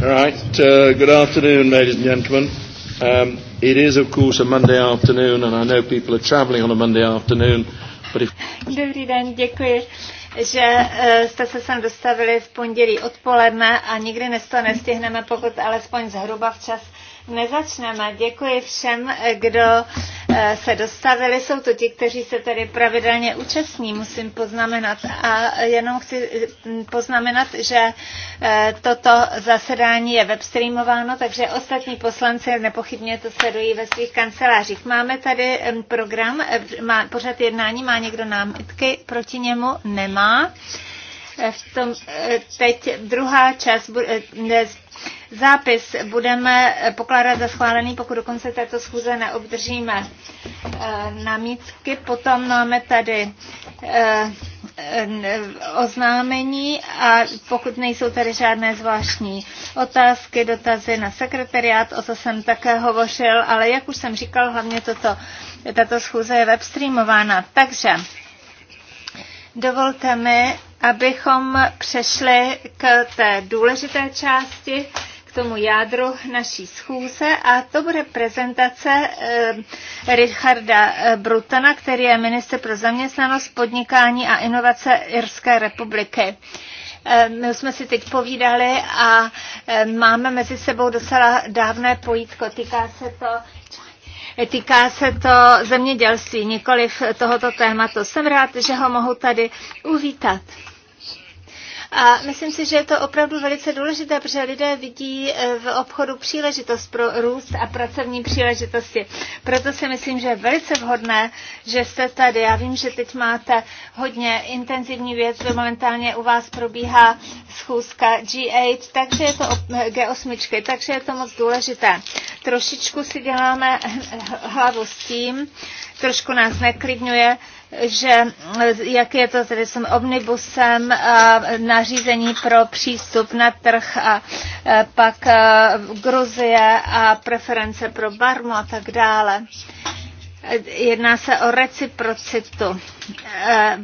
All right. Uh, good afternoon, ladies and gentlemen. Um, it is, of course, a Monday afternoon, and I know people are travelling on a Monday afternoon. But if... Dobrý den, děkuji, že uh, jste se sem dostavili v pondělí odpoledne a nikdy nestane, nestihneme, pokud alespoň zhruba včas nezačneme. Děkuji všem, kdo eh, se dostavili. Jsou to ti, kteří se tady pravidelně účastní, musím poznamenat. A jenom chci hm, poznamenat, že eh, toto zasedání je webstreamováno, takže ostatní poslanci nepochybně to sledují ve svých kancelářích. Máme tady hm, program, eh, má, pořad jednání, má někdo námitky proti němu? Nemá. V tom, eh, teď druhá část eh, zápis budeme eh, pokládat za schválený, pokud do konce této schůze neobdržíme namítky. Potom máme tady oznámení a pokud nejsou tady žádné zvláštní otázky, dotazy na sekretariát, o to jsem také hovořil, ale jak už jsem říkal, hlavně toto, tato schůze je webstreamována. Takže dovolte mi, abychom přešli k té důležité části, k tomu jádru naší schůze a to bude prezentace eh, Richarda eh, Brutana, který je minister pro zaměstnanost, podnikání a inovace Irské republiky. Eh, my jsme si teď povídali a máme mezi sebou docela dávné pojítko. Týká se to Týká se to zemědělství, nikoliv tohoto tématu. Jsem rád, že ho mohu tady uvítat. A myslím si, že je to opravdu velice důležité, protože lidé vidí eh, v obchodu příležitost pro růst a pracovní příležitosti. Proto si myslím, že je velice vhodné, že jste tady. Já vím, že teď máte hodně intenzivní věc, momentálně u vás probíhá schůzka G8, takže je to G8, takže je to moc důležité. Trošičku si děláme hlavu s tím, trošku nás neklidňuje, že jak je to tedy s omnibusem a nařízení pro přístup na trh a pak Gruzie a preference pro Barmu a tak dále. Jedná se o reciprocitu. E,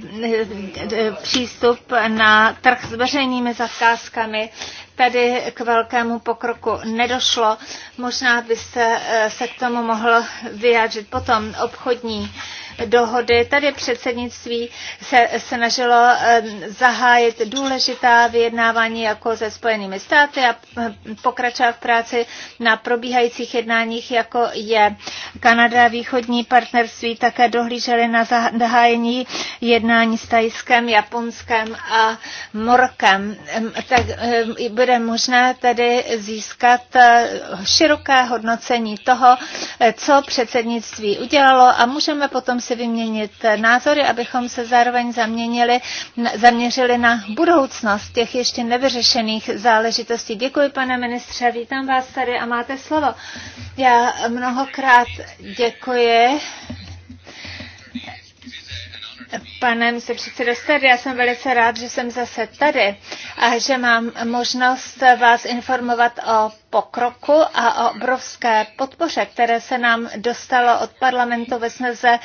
e, přístup na trh s veřejnými zakázkami. Tady k velkému pokroku nedošlo. Možná byste e, se k tomu mohl vyjádřit potom obchodní dohody. Tady předsednictví se snažilo zahájit důležitá vyjednávání jako se Spojenými státy a eh, pokračovat v práci na probíhajících jednáních, jako je Kanada, východní partnerství, také dohlíželi na zahájení jednání s Tajskem, Japonskem a Morkem. Tak bude možné tedy získat eh, široké hodnocení toho, eh, co předsednictví udělalo a můžeme potom si vyměnit názory, abychom se zároveň zaměnili, zaměřili na budoucnost těch ještě nevyřešených záležitostí. Děkuji, pane ministře, vítám vás tady a máte slovo. Já mnohokrát děkuji Pane se předsedo já jsem velice rád, že jsem zase tady a že mám možnost vás informovat o pokroku a o obrovské podpoře, které se nám dostalo od parlamentu ve snaze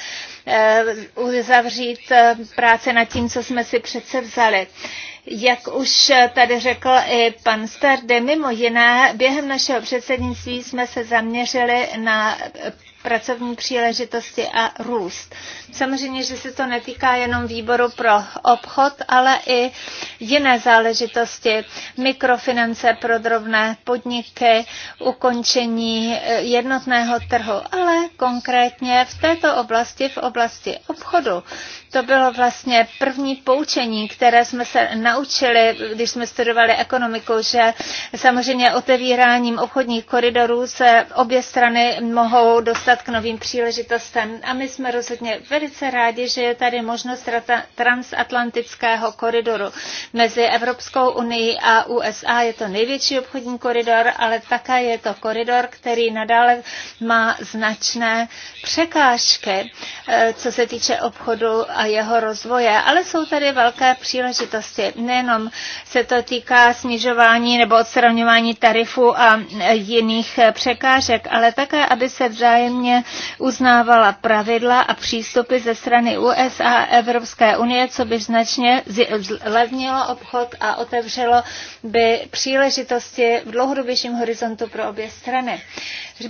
eh, uzavřít eh, práce nad tím, co jsme si přece vzali. Jak už tady řekl i pan Starde, mimo jiné, během našeho předsednictví jsme se zaměřili na pracovní příležitosti a růst. Samozřejmě, že se to netýká jenom výboru pro obchod, ale i jiné záležitosti, mikrofinance pro drobné podniky, ukončení eh, jednotného trhu, ale konkrétně v této oblasti, v oblasti obchodu, to bylo vlastně první poučení, které jsme se naučili, když jsme studovali ekonomiku, že samozřejmě otevíráním obchodních koridorů se obě strany mohou dostat k novým příležitostem. A my jsme rozhodně velice rádi, že je tady možnost transatlantického koridoru. Mezi Evropskou unii a USA je to největší obchodní koridor, ale také je to koridor, který nadále má značné překážky, eh, co se týče obchodu a jeho rozvoje, ale jsou tady velké příležitosti. Nejenom se to týká snižování nebo odstraňování tarifů a jiných překážek, ale také, aby se vzájemně uznávala pravidla a přístupy ze strany USA a Evropské unie, co by značně zlevnilo obchod a otevřelo by příležitosti v dlouhodobějším horizontu pro obě strany.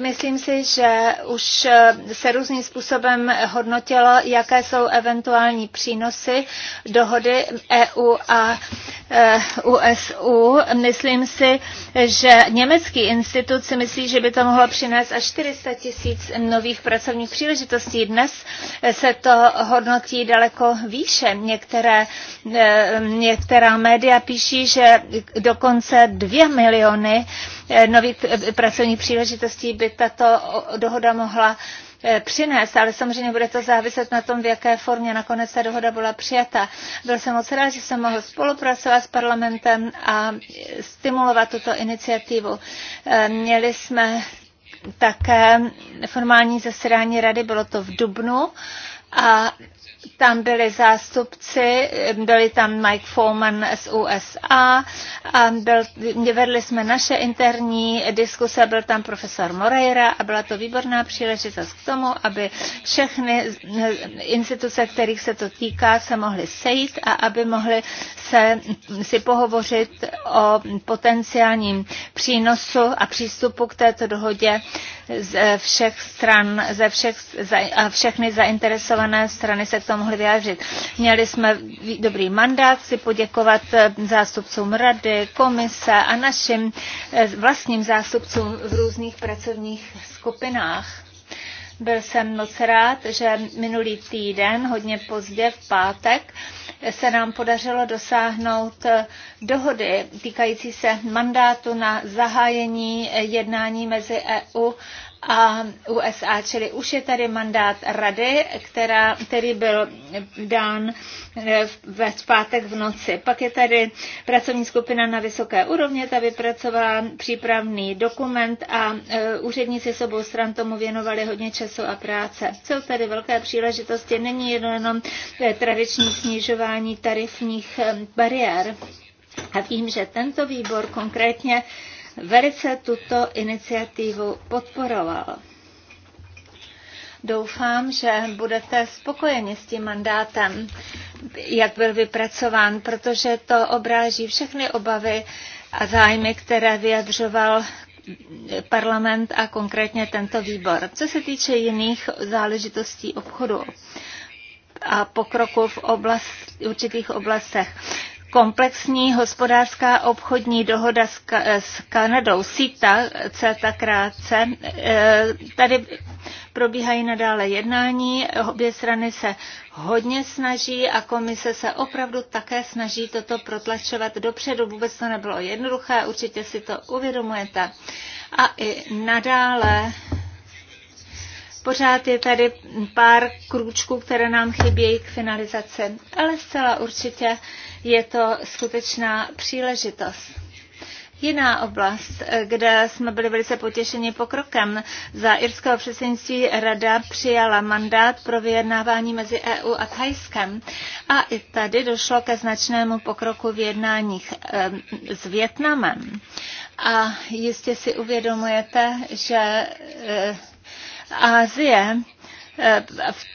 Myslím si, že už se různým způsobem hodnotilo, jaké jsou eventuální globální přínosy dohody EU a USU. E, Myslím si, že německý institut si myslí, že by to mohlo přinést až 400 tisíc nových pracovních příležitostí. Dnes se to hodnotí daleko výše. Některé, e, některá média píší, že dokonce 2 miliony e, nových pracovních příležitostí by tato dohoda mohla Eh, přinést, ale samozřejmě bude to záviset na tom, v jaké formě nakonec ta dohoda byla přijata. Byl jsem moc rád, že jsem mohl spolupracovat s parlamentem a stimulovat tuto iniciativu. Eh, měli jsme také formální zasedání rady, bylo to v Dubnu a tam byli zástupci, byli tam Mike Foreman z USA a byl, vedli jsme naše interní diskuse, byl tam profesor Moreira a byla to výborná příležitost k tomu, aby všechny instituce, kterých se to týká, se mohly sejít a aby mohly se, si pohovořit o potenciálním přínosu a přístupu k této dohodě ze všech stran, ze všech, za, všechny zainteresované strany se k tomu mohly vyjádřit. Měli jsme dobrý mandát, si poděkovat eh, zástupcům rady, komise a našim eh, vlastním zástupcům v různých pracovních skupinách. Byl jsem moc rád, že minulý týden, hodně pozdě v pátek, se nám podařilo dosáhnout eh, dohody týkající se mandátu na zahájení eh, jednání mezi EU a USA, čili už je tady mandát rady, která, který byl dán eh, ve zpátek v noci. Pak je tady pracovní skupina na vysoké úrovně, ta vypracovala přípravný dokument a eh, úředníci s obou stran tomu věnovali hodně času a práce. Jsou tady velké příležitosti, není jenom eh, tradiční snižování tarifních bariér. A vím, že tento výbor konkrétně velice tuto iniciativu podporoval. Doufám, že budete spokojeni s tím mandátem, jak byl vypracován, protože to obráží všechny obavy a zájmy, které vyjadřoval parlament a konkrétně tento výbor. Co se týče jiných záležitostí obchodu a pokroku v oblast, určitých oblastech, komplexní hospodářská obchodní dohoda s, eh, s Kanadou, CETA, CETA krátce. Eh, tady probíhají nadále jednání, obě strany se hodně snaží a komise se opravdu také snaží toto protlačovat dopředu. Vůbec to nebylo jednoduché, určitě si to uvědomujete. A i nadále Pořád je tady pár krůčků, které nám chybějí k finalizaci, ale zcela určitě je to skutečná příležitost. Jiná oblast, kde jsme byli velice potěšeni pokrokem. Za irského předsednictví Rada přijala mandát pro vyjednávání mezi EU a Thajskem. A i tady došlo ke značnému pokroku v jednáních s Větnamem. A jistě si uvědomujete, že Ázie e, Eh,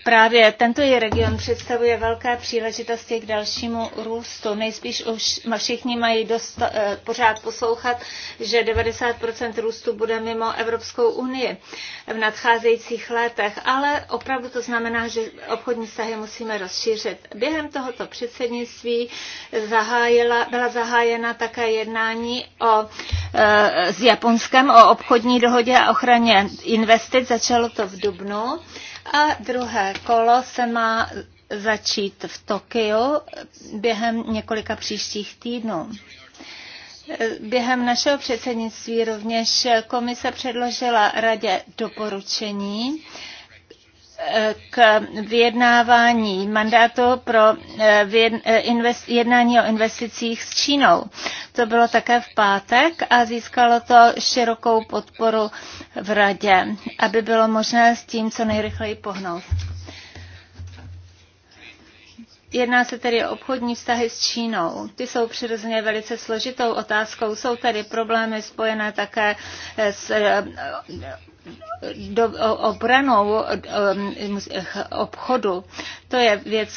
právě tento je region představuje velké příležitosti k dalšímu růstu. Nejspíš už všichni mají dost, eh, pořád poslouchat, že 90% růstu bude mimo Evropskou unii v nadcházejících letech, ale opravdu to znamená, že obchodní vztahy musíme rozšířit. Během tohoto předsednictví zahájila, byla zahájena také jednání o, eh, s Japonskem o obchodní dohodě a ochraně investic. Začalo to v Dubnu. A druhé kolo se má začít v Tokiu během několika příštích týdnů. Během našeho předsednictví rovněž komise předložila radě doporučení k vyjednávání mandátu pro eh, eh, jednání o investicích s Čínou. To bylo také v pátek a získalo to širokou podporu v radě, aby bylo možné s tím co nejrychleji pohnout. Jedná se tedy o obchodní vztahy s Čínou. Ty jsou přirozeně velice složitou otázkou. Jsou tady problémy spojené také s eh, do, obranou obchodu. To je věc,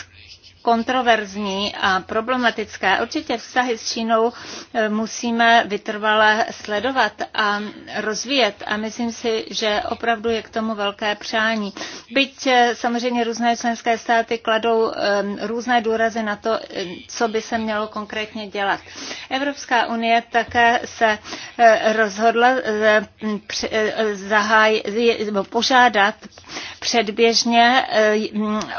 kontroverzní a problematické. Určitě vztahy s Čínou eh, musíme vytrvale sledovat a rozvíjet a myslím si, že opravdu je k tomu velké přání. Byť eh, samozřejmě různé členské státy kladou eh, různé důrazy na to, co by se mělo konkrétně dělat. Evropská unie také se rozhodla požádat předběžně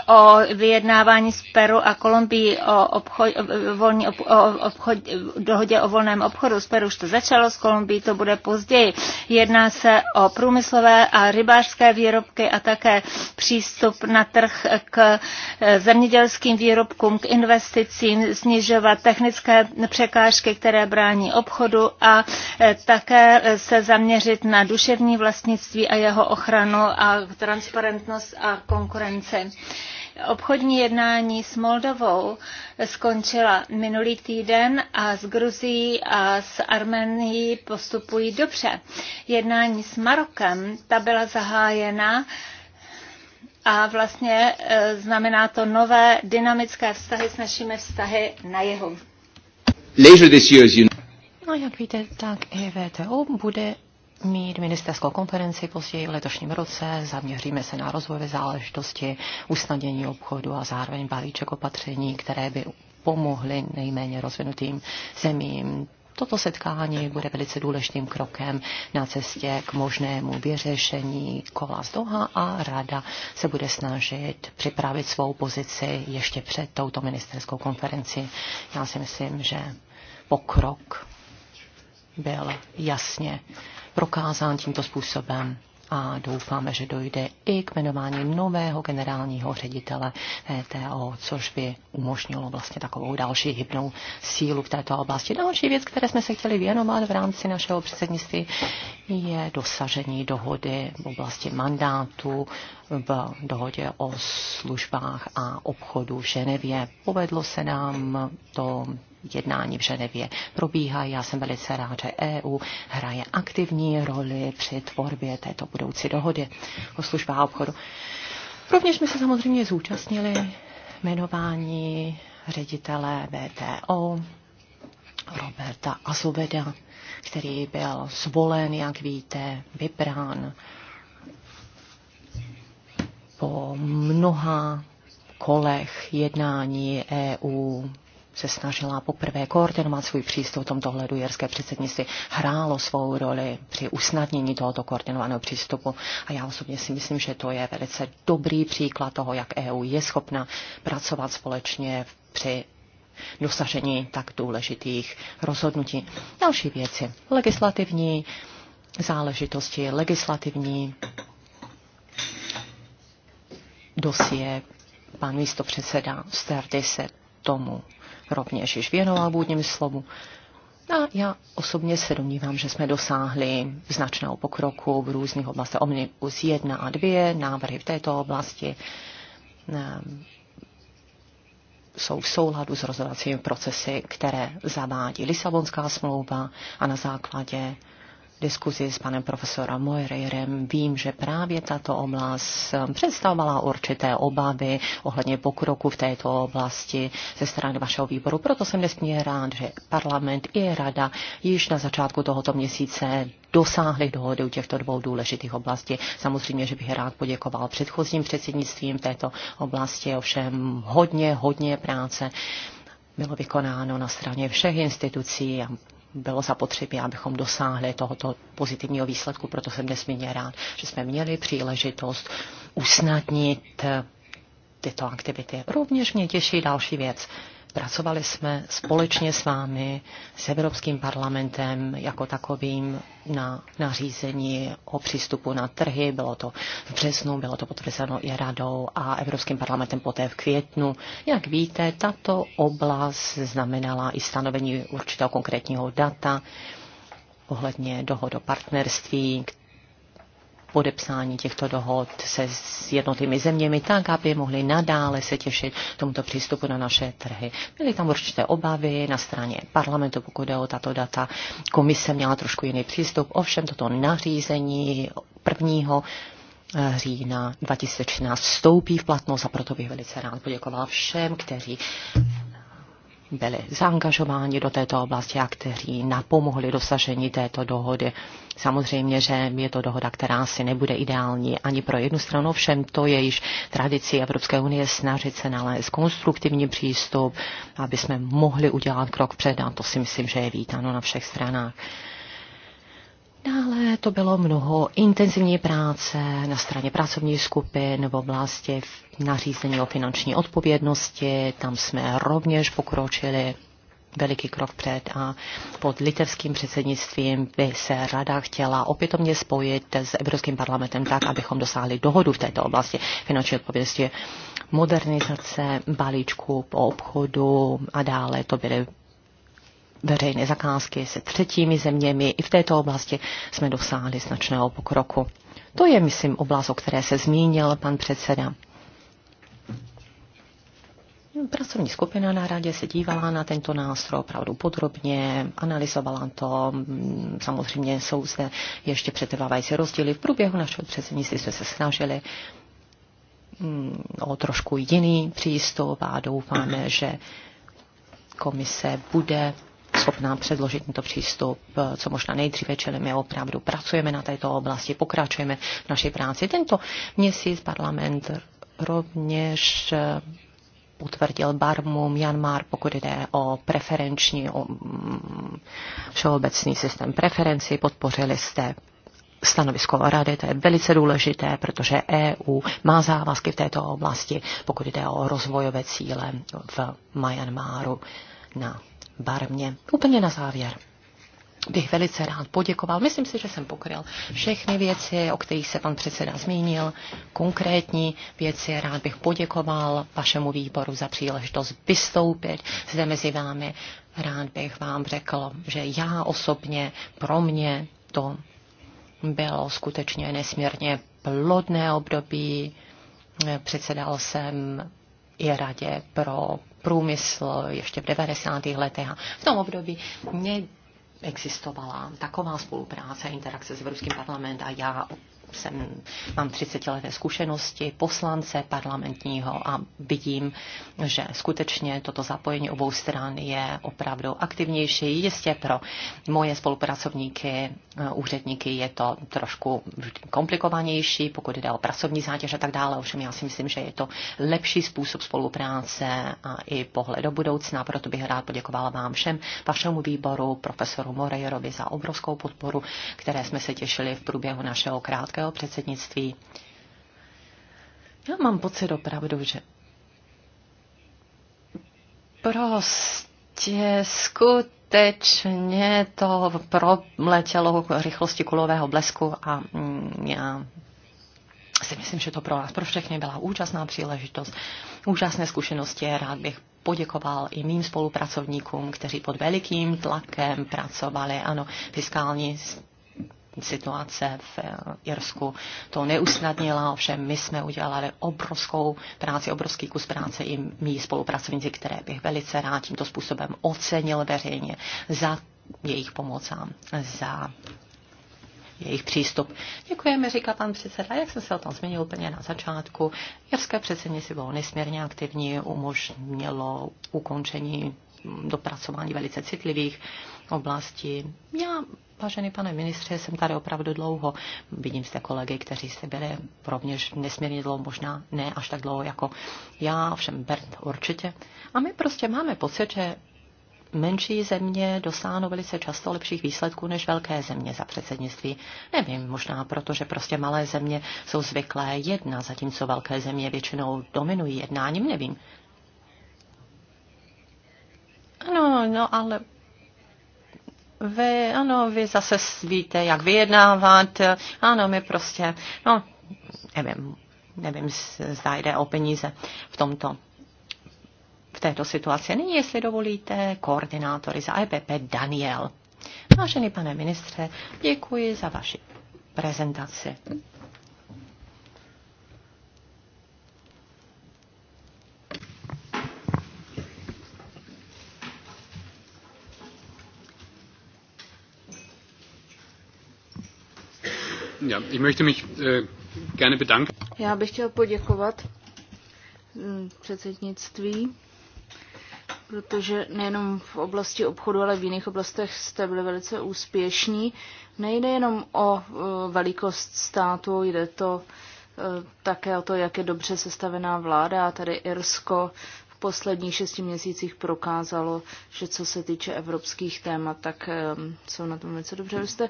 o vyjednávání s Peru Peru a Kolumbii o, obchod, volní, o obchod, dohodě o volném obchodu. S Peru už to začalo, s Kolumbií to bude později. Jedná se o průmyslové a rybářské výrobky a také přístup na trh k zemědělským výrobkům, k investicím, snižovat technické překážky, které brání obchodu a eh, také se zaměřit na duševní vlastnictví a jeho ochranu a transparentnost a konkurenci. Obchodní jednání s Moldovou skončila minulý týden a s Gruzií a s Armenií postupují dobře. Jednání s Marokem, ta byla zahájena a vlastně e, znamená to nové dynamické vztahy s našimi vztahy na jihu. No, jak víte, tak EVTO bude mít ministerskou konferenci později v letošním roce. Zaměříme se na rozvojové záležitosti, usnadnění obchodu a zároveň balíček opatření, které by pomohly nejméně rozvinutým zemím. Toto setkání bude velice důležitým krokem na cestě k možnému vyřešení kola z Doha a rada se bude snažit připravit svou pozici ještě před touto ministerskou konferenci. Já si myslím, že pokrok byl jasně prokázán tímto způsobem a doufáme, že dojde i k jmenování nového generálního ředitele ETO, což by umožnilo vlastně takovou další hybnou sílu v této oblasti. Další věc, které jsme se chtěli věnovat v rámci našeho předsednictví, je dosažení dohody v oblasti mandátu v dohodě o službách a obchodu v Ženevě. Povedlo se nám to jednání v Ženevě probíhají. Já jsem velice rád, že EU hraje aktivní roli při tvorbě této budoucí dohody o službách obchodu. Rovněž jsme se samozřejmě zúčastnili jmenování ředitele VTO Roberta Azoveda, který byl zvolen, jak víte, vybrán po mnoha kolech jednání EU se snažila poprvé koordinovat svůj přístup v tomto hledu. jerské předsednictví hrálo svou roli při usnadnění tohoto koordinovaného přístupu a já osobně si myslím, že to je velice dobrý příklad toho, jak EU je schopna pracovat společně při dosažení tak důležitých rozhodnutí. Další věci. Legislativní záležitosti, legislativní dosie pan předseda Sterdy se tomu rovněž již věnoval v úvodním slovu. A no, já osobně se domnívám, že jsme dosáhli značného pokroku v různých oblastech. Omnibus 1 a 2, návrhy v této oblasti ehm, jsou v souladu s rozhodovacími procesy, které zavádí Lisabonská smlouva a na základě diskuzi s panem profesorem Moirerem vím, že právě tato oblast představovala určité obavy ohledně pokroku v této oblasti ze strany vašeho výboru. Proto jsem nesmírně rád, že parlament i rada již na začátku tohoto měsíce dosáhli dohody u těchto dvou důležitých oblastí. Samozřejmě, že bych rád poděkoval předchozím předsednictvím této oblasti, ovšem hodně, hodně práce bylo vykonáno na straně všech institucí a bylo zapotřebí, abychom dosáhli tohoto pozitivního výsledku. Proto jsem nesmírně rád, že jsme měli příležitost usnadnit eh, tyto aktivity. Rovněž mě těší další věc Pracovali jsme společně s vámi, s Evropským parlamentem jako takovým na nařízení o přístupu na trhy. Bylo to v březnu, bylo to potvrzeno i radou a Evropským parlamentem poté v květnu. Jak víte, tato oblast znamenala i stanovení určitého konkrétního data ohledně dohod o partnerství, podepsání těchto dohod se s jednotlivými zeměmi tak, aby mohli nadále se těšit tomuto přístupu na naše trhy. Byly tam určité obavy na straně parlamentu, pokud jde o tato data. Komise měla trošku jiný přístup, ovšem toto nařízení prvního eh, října 2014 vstoupí v platnost a proto bych velice rád poděkoval všem, kteří byli zaangažováni do této oblasti a kteří napomohli dosažení této dohody. Samozřejmě, že je to dohoda, která si nebude ideální ani pro jednu stranu, všem to je již tradicí Evropské unie snažit se nalézt konstruktivní přístup, aby jsme mohli udělat krok před a to si myslím, že je vítáno na všech stranách. Ale to bylo mnoho intenzivní práce na straně pracovních skupin v oblasti nařízení o finanční odpovědnosti. Tam jsme rovněž pokročili veliký krok před a pod litevským předsednictvím by se rada chtěla opětovně spojit s Evropským parlamentem tak, abychom dosáhli dohodu v této oblasti finanční odpovědnosti modernizace balíčku po obchodu a dále to byly veřejné zakázky se třetími zeměmi. I v této oblasti jsme dosáhli značného pokroku. To je, myslím, oblast, o které se zmínil pan předseda. Pracovní skupina na radě se dívala na tento nástroj opravdu podrobně, analyzovala to. Samozřejmě jsou zde ještě přetrvávající rozdíly. V průběhu našeho předsednictví jsme se snažili mm, o trošku jiný přístup a doufáme, že komise bude schopná předložit tento přístup eh, co možná nejdříve, čili my opravdu pracujeme na této oblasti, pokračujeme v naší práci. Tento měsíc parlament rovněž eh, potvrdil Barmu, Myanmar, pokud jde o preferenční, o mm, všeobecný systém preferenci, podpořili jste stanovisko rady, to je velice důležité, protože EU má závazky v této oblasti, pokud jde o rozvojové cíle v Myanmaru na barmě. Úplně na závěr bych velice rád poděkoval. Myslím si, že jsem pokryl všechny věci, o kterých se pan předseda zmínil, konkrétní věci. Rád bych poděkoval vašemu výboru za příležitost vystoupit zde mezi vámi. Rád bych vám řekl, že já osobně, pro mě to bylo skutečně nesmírně plodné období. Předsedal jsem i radě pro průmysl ještě v 90. letech. A v tom období mě existovala taková spolupráce, interakce s Evropským parlamentem a já jsem, mám 30 leté zkušenosti poslance parlamentního a vidím, že skutečně toto zapojení obou stran je opravdu aktivnější. Jistě pro moje spolupracovníky, eh, úředníky je to trošku komplikovanější, pokud jde o pracovní zátěž a tak dále. Ovšem já si myslím, že je to lepší způsob spolupráce a i pohled do budoucna. Proto bych rád poděkovala vám všem, vašemu výboru, profesoru Morejerovi za obrovskou podporu, které jsme se těšili v průběhu našeho krátkého belgického předsednictví. Já mám pocit opravdu, že prostě skutečně to proletělo rychlosti kulového blesku a mm, já si myslím, že to pro nás, pro všechny byla úžasná příležitost, úžasné zkušenosti. Rád bych poděkoval i mým spolupracovníkům, kteří pod velikým tlakem pracovali. Ano, fiskální situace v eh, Irsku to neusnadnila, ovšem my jsme udělali obrovskou práci, obrovský kus práce i mý spolupracovníci, které bych velice rád tímto způsobem ocenil veřejně za jejich pomoc a za jejich přístup. Děkujeme, říká pan předseda. Jak jsem se o tom zmínil úplně na začátku, jirské předsednictví bylo nesmírně aktivní, umožnilo ukončení dopracování velice citlivých oblastí. Já, vážený pane ministře, jsem tady opravdu dlouho. Vidím zde kolegy, kteří jste byli rovněž nesmírně dlouho, možná ne až tak dlouho jako já, všem Bert určitě. A my prostě máme pocit, že menší země dosáhnou velice často lepších výsledků než velké země za předsednictví. Nevím, možná proto, že prostě malé země jsou zvyklé jedna, zatímco velké země většinou dominují jednáním, nevím. Ano, no ale vy, ano, vy zase víte, jak vyjednávat. Ano, my prostě, no, nevím, nevím, zda jde o peníze v tomto v této situaci. Nyní, jestli dovolíte, koordinátory za EPP Daniel. Vážený pane ministře, děkuji za vaši prezentaci. Ja, ich möchte mich äh, gerne bedanken. Já bych chtěl poděkovat mm, předsednictví, protože nejenom v oblasti obchodu, ale v jiných oblastech jste byli velice úspěšní. Nejde jenom o e, velikost státu, jde to e, také o to, jak je dobře sestavená vláda. A Tady Irsko v posledních šesti měsících prokázalo, že co se týče evropských témat, tak e, jsou na tom velice dobře. Vy jste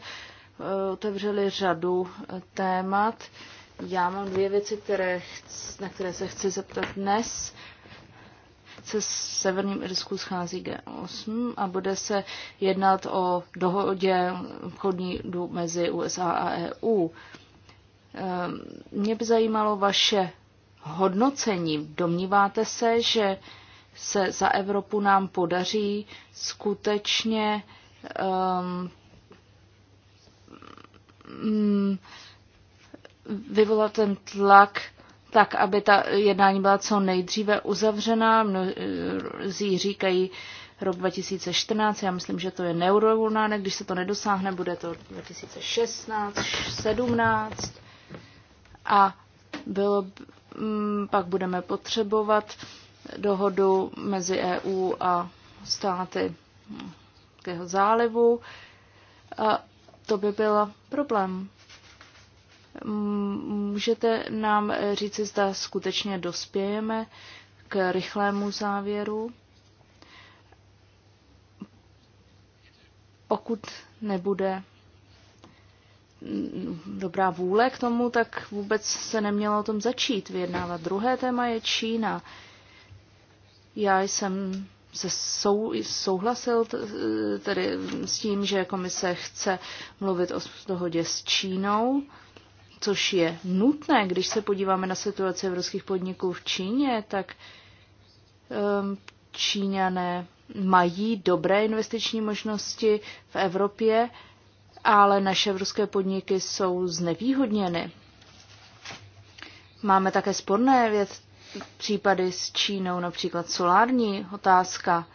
otevřeli řadu eh, témat. Já mám dvě věci, které, na které se chci zeptat dnes. Se Severním Irsku schází G8 a bude se jednat o dohodě obchodní mezi USA a EU. Ehm, mě by zajímalo vaše hodnocení. Domníváte se, že se za Evropu nám podaří skutečně um, Mm, vyvolat ten tlak tak, aby ta jednání byla co nejdříve uzavřená. Mnozí říkají rok 2014, já myslím, že to je neurovolnáne, když se to nedosáhne, bude to 2016, 17 a bylo, mm, pak budeme potřebovat dohodu mezi EU a státy Kého zálivu. A to by byl problém. Můžete nám říci, zda skutečně dospějeme k rychlému závěru? Pokud nebude dobrá vůle k tomu, tak vůbec se nemělo o tom začít vyjednávat. Druhé téma je Čína. Já jsem se sou, souhlasil tedy s tím, že komise chce mluvit o dohodě s Čínou, což je nutné, když se podíváme na situaci evropských podniků v Číně, tak um, Číňané mají dobré investiční možnosti v Evropě, ale naše evropské podniky jsou znevýhodněny. Máme také sporné věc, případy s Čínou, například solární otázka.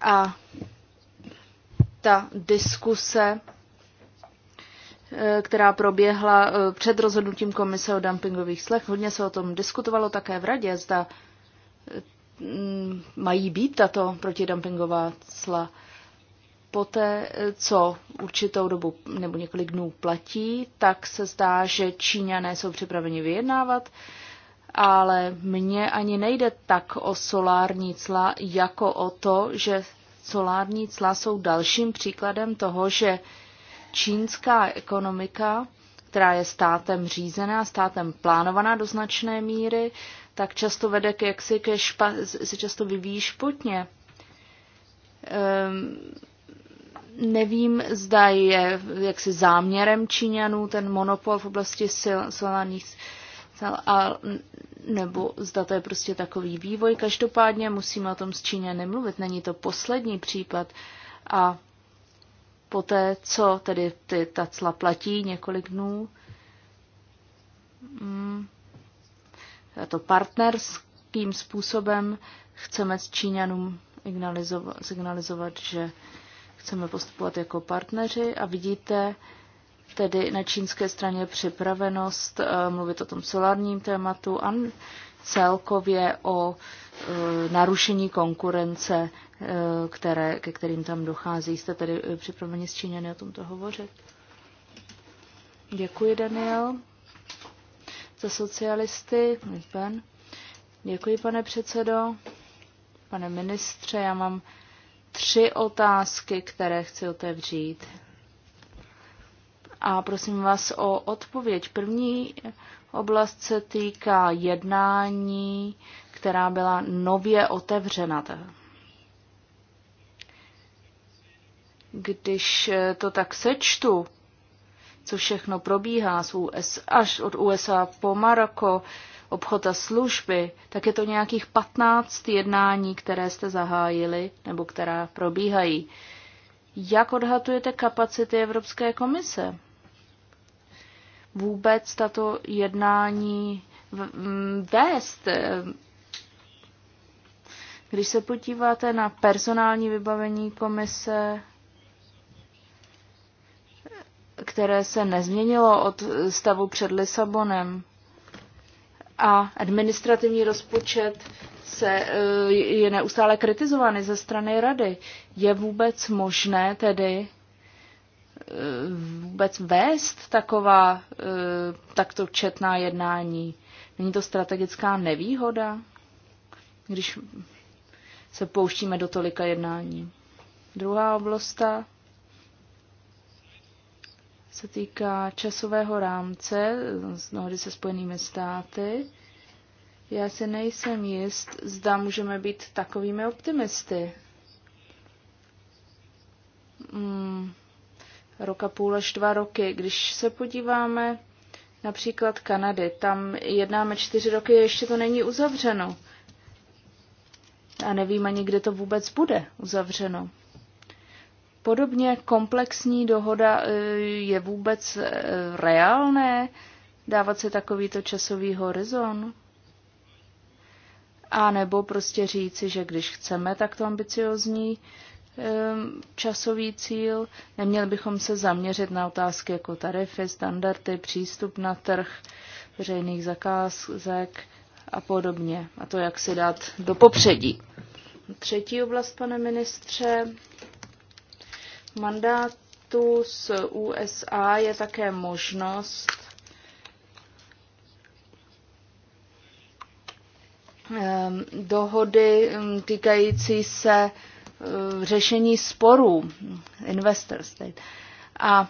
A ta diskuse, eh, která proběhla eh, před rozhodnutím komise o dumpingových slech, hodně se o tom diskutovalo také v radě, zda mm, mají být tato protidumpingová cla. Poté, eh, co určitou dobu nebo několik dnů platí, tak se zdá, že Číňané jsou připraveni vyjednávat ale mně ani nejde tak o solární cla, jako o to, že solární cla jsou dalším příkladem toho, že čínská ekonomika, která je státem řízená, státem plánovaná do značné míry, tak často vede k jaksi ke špa, se často vyvíjí špatně. Ehm, nevím, zda je jaksi záměrem Číňanů ten monopol v oblasti sil, solárních a, nebo zda to je prostě takový vývoj. Každopádně musíme o tom s Číně nemluvit, není to poslední případ a poté, co tedy ty, ta cla platí několik dnů, mm, to partnerským způsobem chceme s Číňanům signalizovat, že chceme postupovat jako partneři a vidíte, tedy na čínské straně připravenost eh, mluvit o tom solárním tématu a celkově o eh, narušení konkurence, eh, které, ke kterým tam dochází. Jste tedy připraveni s Číňany o tomto hovořit? Děkuji, Daniel. Za socialisty, Ben. Děkuji, pane předsedo. Pane ministře, já mám tři otázky, které chci otevřít a prosím vás o odpověď. První oblast se týká jednání, která byla nově otevřena. Když to tak sečtu, co všechno probíhá z USA, až od USA po Maroko, obchod a služby, tak je to nějakých 15 jednání, které jste zahájili nebo která probíhají. Jak odhadujete kapacity Evropské komise? vůbec tato jednání mm, vést. Když se podíváte na personální vybavení komise, které se nezměnilo od stavu před Lisabonem, a administrativní rozpočet se, eh, je neustále kritizovaný ze strany rady. Je vůbec možné tedy vůbec vést taková eh, takto četná jednání? Není to strategická nevýhoda, když se pouštíme do tolika jednání? Druhá oblast se týká časového rámce z dohody se Spojenými státy. Já si nejsem jist, zda můžeme být takovými optimisty. Hmm roka půl až dva roky. Když se podíváme například Kanady, tam jednáme čtyři roky, ještě to není uzavřeno. A nevím ani, kde to vůbec bude uzavřeno. Podobně komplexní dohoda e, je vůbec e, reálné dávat se takovýto časový horizont? A nebo prostě říci, že když chceme takto ambiciozní Ehm, časový cíl. Neměli bychom se zaměřit na otázky jako tarify, standardy, přístup na trh, veřejných zakázek a podobně. A to, jak si dát do popředí. Třetí oblast, pane ministře, mandátu z USA je také možnost ehm, dohody ehm, týkající se Eh, řešení sporů, investor state. A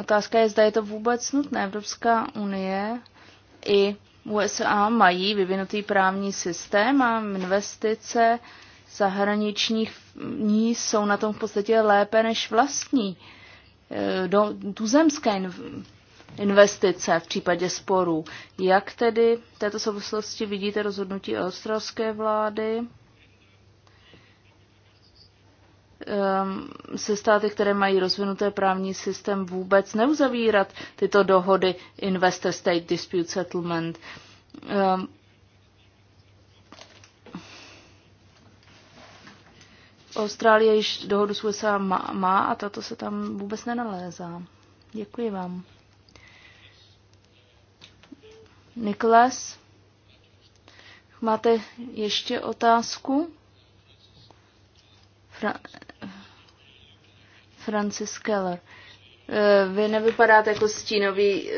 otázka je, zda je to vůbec nutné. Evropská unie i USA mají vyvinutý právní systém a investice zahraničních ní jsou na tom v podstatě lépe než vlastní eh, do tuzemské investice v případě sporů. Jak tedy v této souvislosti vidíte rozhodnutí australské vlády? Um, se státy, které mají rozvinuté právní systém, vůbec neuzavírat tyto dohody Investor State Dispute Settlement. Um, Austrálie již dohodu s USA má, má a tato se tam vůbec nenalézá. Děkuji vám. Niklas, máte ještě otázku? Fra- Francis Keller. Eh, vy nevypadáte jako stínový,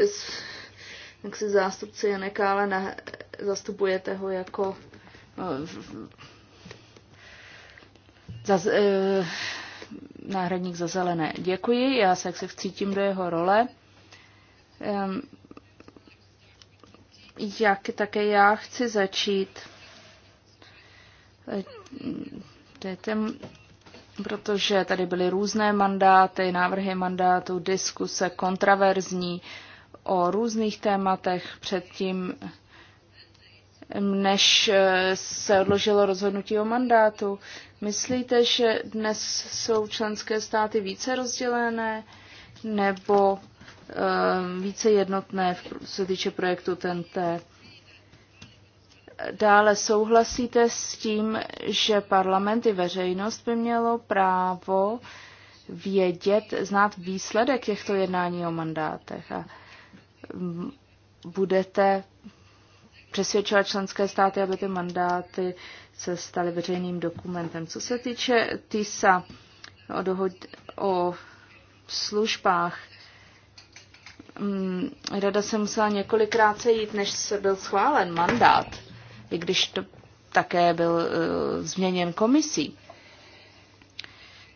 jak se zástupce Janeka, ale ne, zastupujete ho jako no, zaz, eh, náhradník za zelené. Děkuji, já se jak se vcítím do jeho role. Jak také já chci začít eh, ten protože tady byly různé mandáty, návrhy mandátů, diskuse kontraverzní o různých tématech předtím, než eh, se odložilo rozhodnutí o mandátu. Myslíte, že dnes jsou členské státy více rozdělené nebo eh, více jednotné, co se týče projektu TNT? Dále souhlasíte s tím, že parlament i veřejnost by mělo právo vědět, znát výsledek těchto jednání o mandátech a mm, budete přesvědčovat členské státy, aby ty mandáty se staly veřejným dokumentem. Co se týče TISA o, dohod, o službách, mm, rada se musela několikrát sejít, než se byl schválen mandát i když to také byl uh, změněn komisí.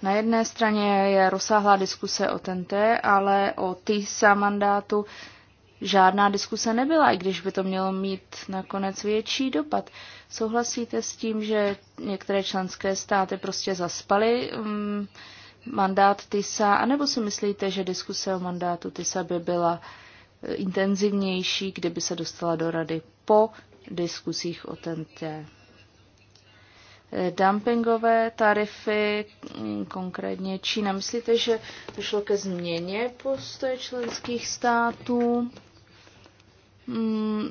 Na jedné straně je rozsáhlá diskuse o TNT, ale o TISA mandátu žádná diskuse nebyla, i když by to mělo mít nakonec větší dopad. Souhlasíte s tím, že některé členské státy prostě zaspaly um, mandát TISA, anebo si myslíte, že diskuse o mandátu TISA by byla e, intenzivnější, kdyby se dostala do rady po diskusích o tentě. Eh, dumpingové tarify, mm, konkrétně Čína. Myslíte, že došlo ke změně postoje členských států? Mm,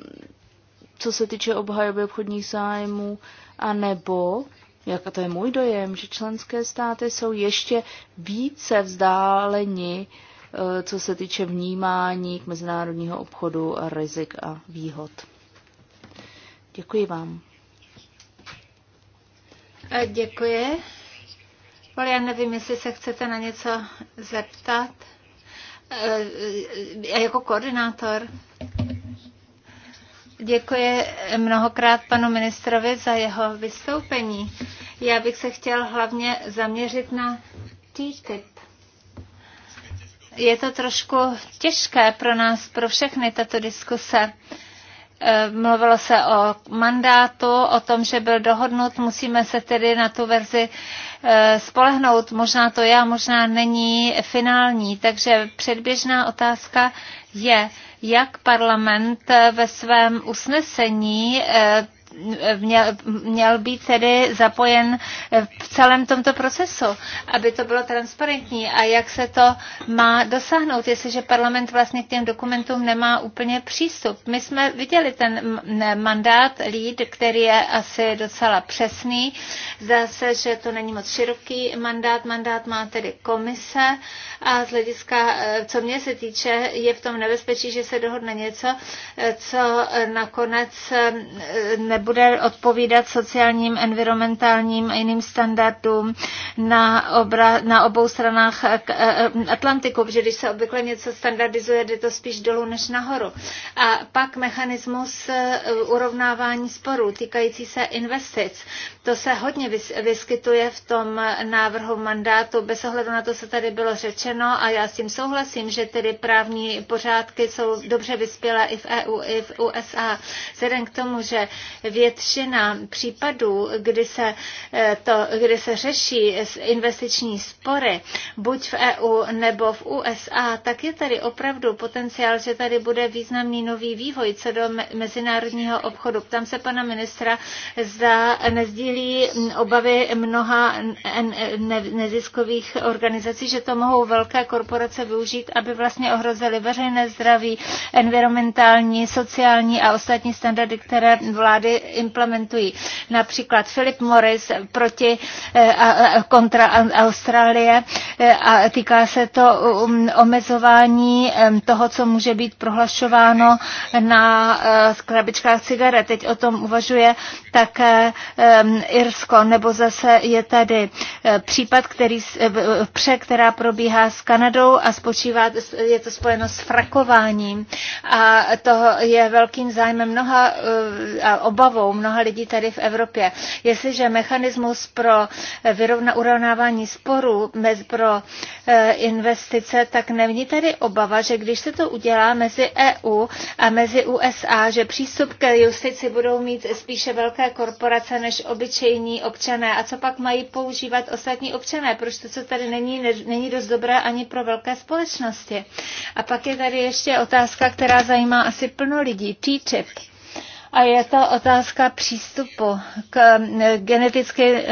co se týče obhajoby obchodních zájmů, a nebo jak to je můj dojem, že členské státy jsou ještě více vzdáleni, eh, co se týče vnímání k mezinárodního obchodu, a rizik a výhod. Děkuji vám. E, děkuji. Ale já nevím, jestli se chcete na něco zeptat. Já e, e, jako koordinátor. Děkuji mnohokrát panu ministrovi za jeho vystoupení. Já bych se chtěl hlavně zaměřit na TTIP. Je to trošku těžké pro nás, pro všechny tato diskuse Eh, mluvilo se o mandátu, o tom, že byl dohodnut, musíme se tedy na tu verzi eh, spolehnout. Možná to já, možná není finální. Takže předběžná otázka je, jak parlament eh, ve svém usnesení měl, měl být tedy zapojen v celém tomto procesu, aby to bylo transparentní a jak se to má dosáhnout, jestliže parlament vlastně k těm dokumentům nemá úplně přístup. My jsme viděli ten mandát lead, který je asi docela přesný. Zdá se, že to není moc široký mandát. Mandát má tedy komise a z hlediska, e, co mě se týče, je v tom nebezpečí, že se dohodne něco, e, co nakonec e, ne bude odpovídat sociálním, environmentálním a jiným standardům na, obra, na obou stranách eh, eh, eh, Atlantiku, protože když se obvykle něco standardizuje, jde to spíš dolů než nahoru. A pak mechanismus urovnávání sporů týkající se investic. To se hodně vyskytuje v tom návrhu mandátu. Bez ohledu na to, co tady bylo řečeno, a já s tím souhlasím, že tedy právní pořádky jsou dobře vyspělé i v EU, i v USA. Vzhledem k tomu, že většina případů, kdy se, eh, to, kdy se řeší investiční spory, buď v EU nebo v USA, tak je tady opravdu potenciál, že tady bude významný nový vývoj co do mezinárodního obchodu. Ptám se pana ministra, zda nezdílí hm, obavy mnoha neziskových organizací, že to mohou velké korporace využít, aby vlastně ohrozily veřejné zdraví, environmentální, sociální a ostatní standardy, které vlády implementují. Například Philip Morris proti eh, kontra Austrálie eh, a týká se to um, omezování toho, co může být prohlašováno na eh, krabičkách cigaret. Teď o tom uvažuje také Irsko, nebo zase je tady případ, který, pře, která probíhá s Kanadou a spočívá, je to spojeno s frakováním. A to je velkým zájmem mnoha a obavou mnoha lidí tady v Evropě. Jestliže mechanismus pro eh, vyrovna, urovnávání sporů pro eh, investice, tak není tady obava, že když se to udělá mezi EU a mezi USA, že přístup ke justici budou mít spíše velké korporace než obyčejní občané. A co pak mají používat ostatní občané? Proč to, co tady není, není dost dobré ani pro velké společnosti? A pak je tady ještě otázka, která zajímá asi plno lidí. TTIP. A je to otázka přístupu k geneticky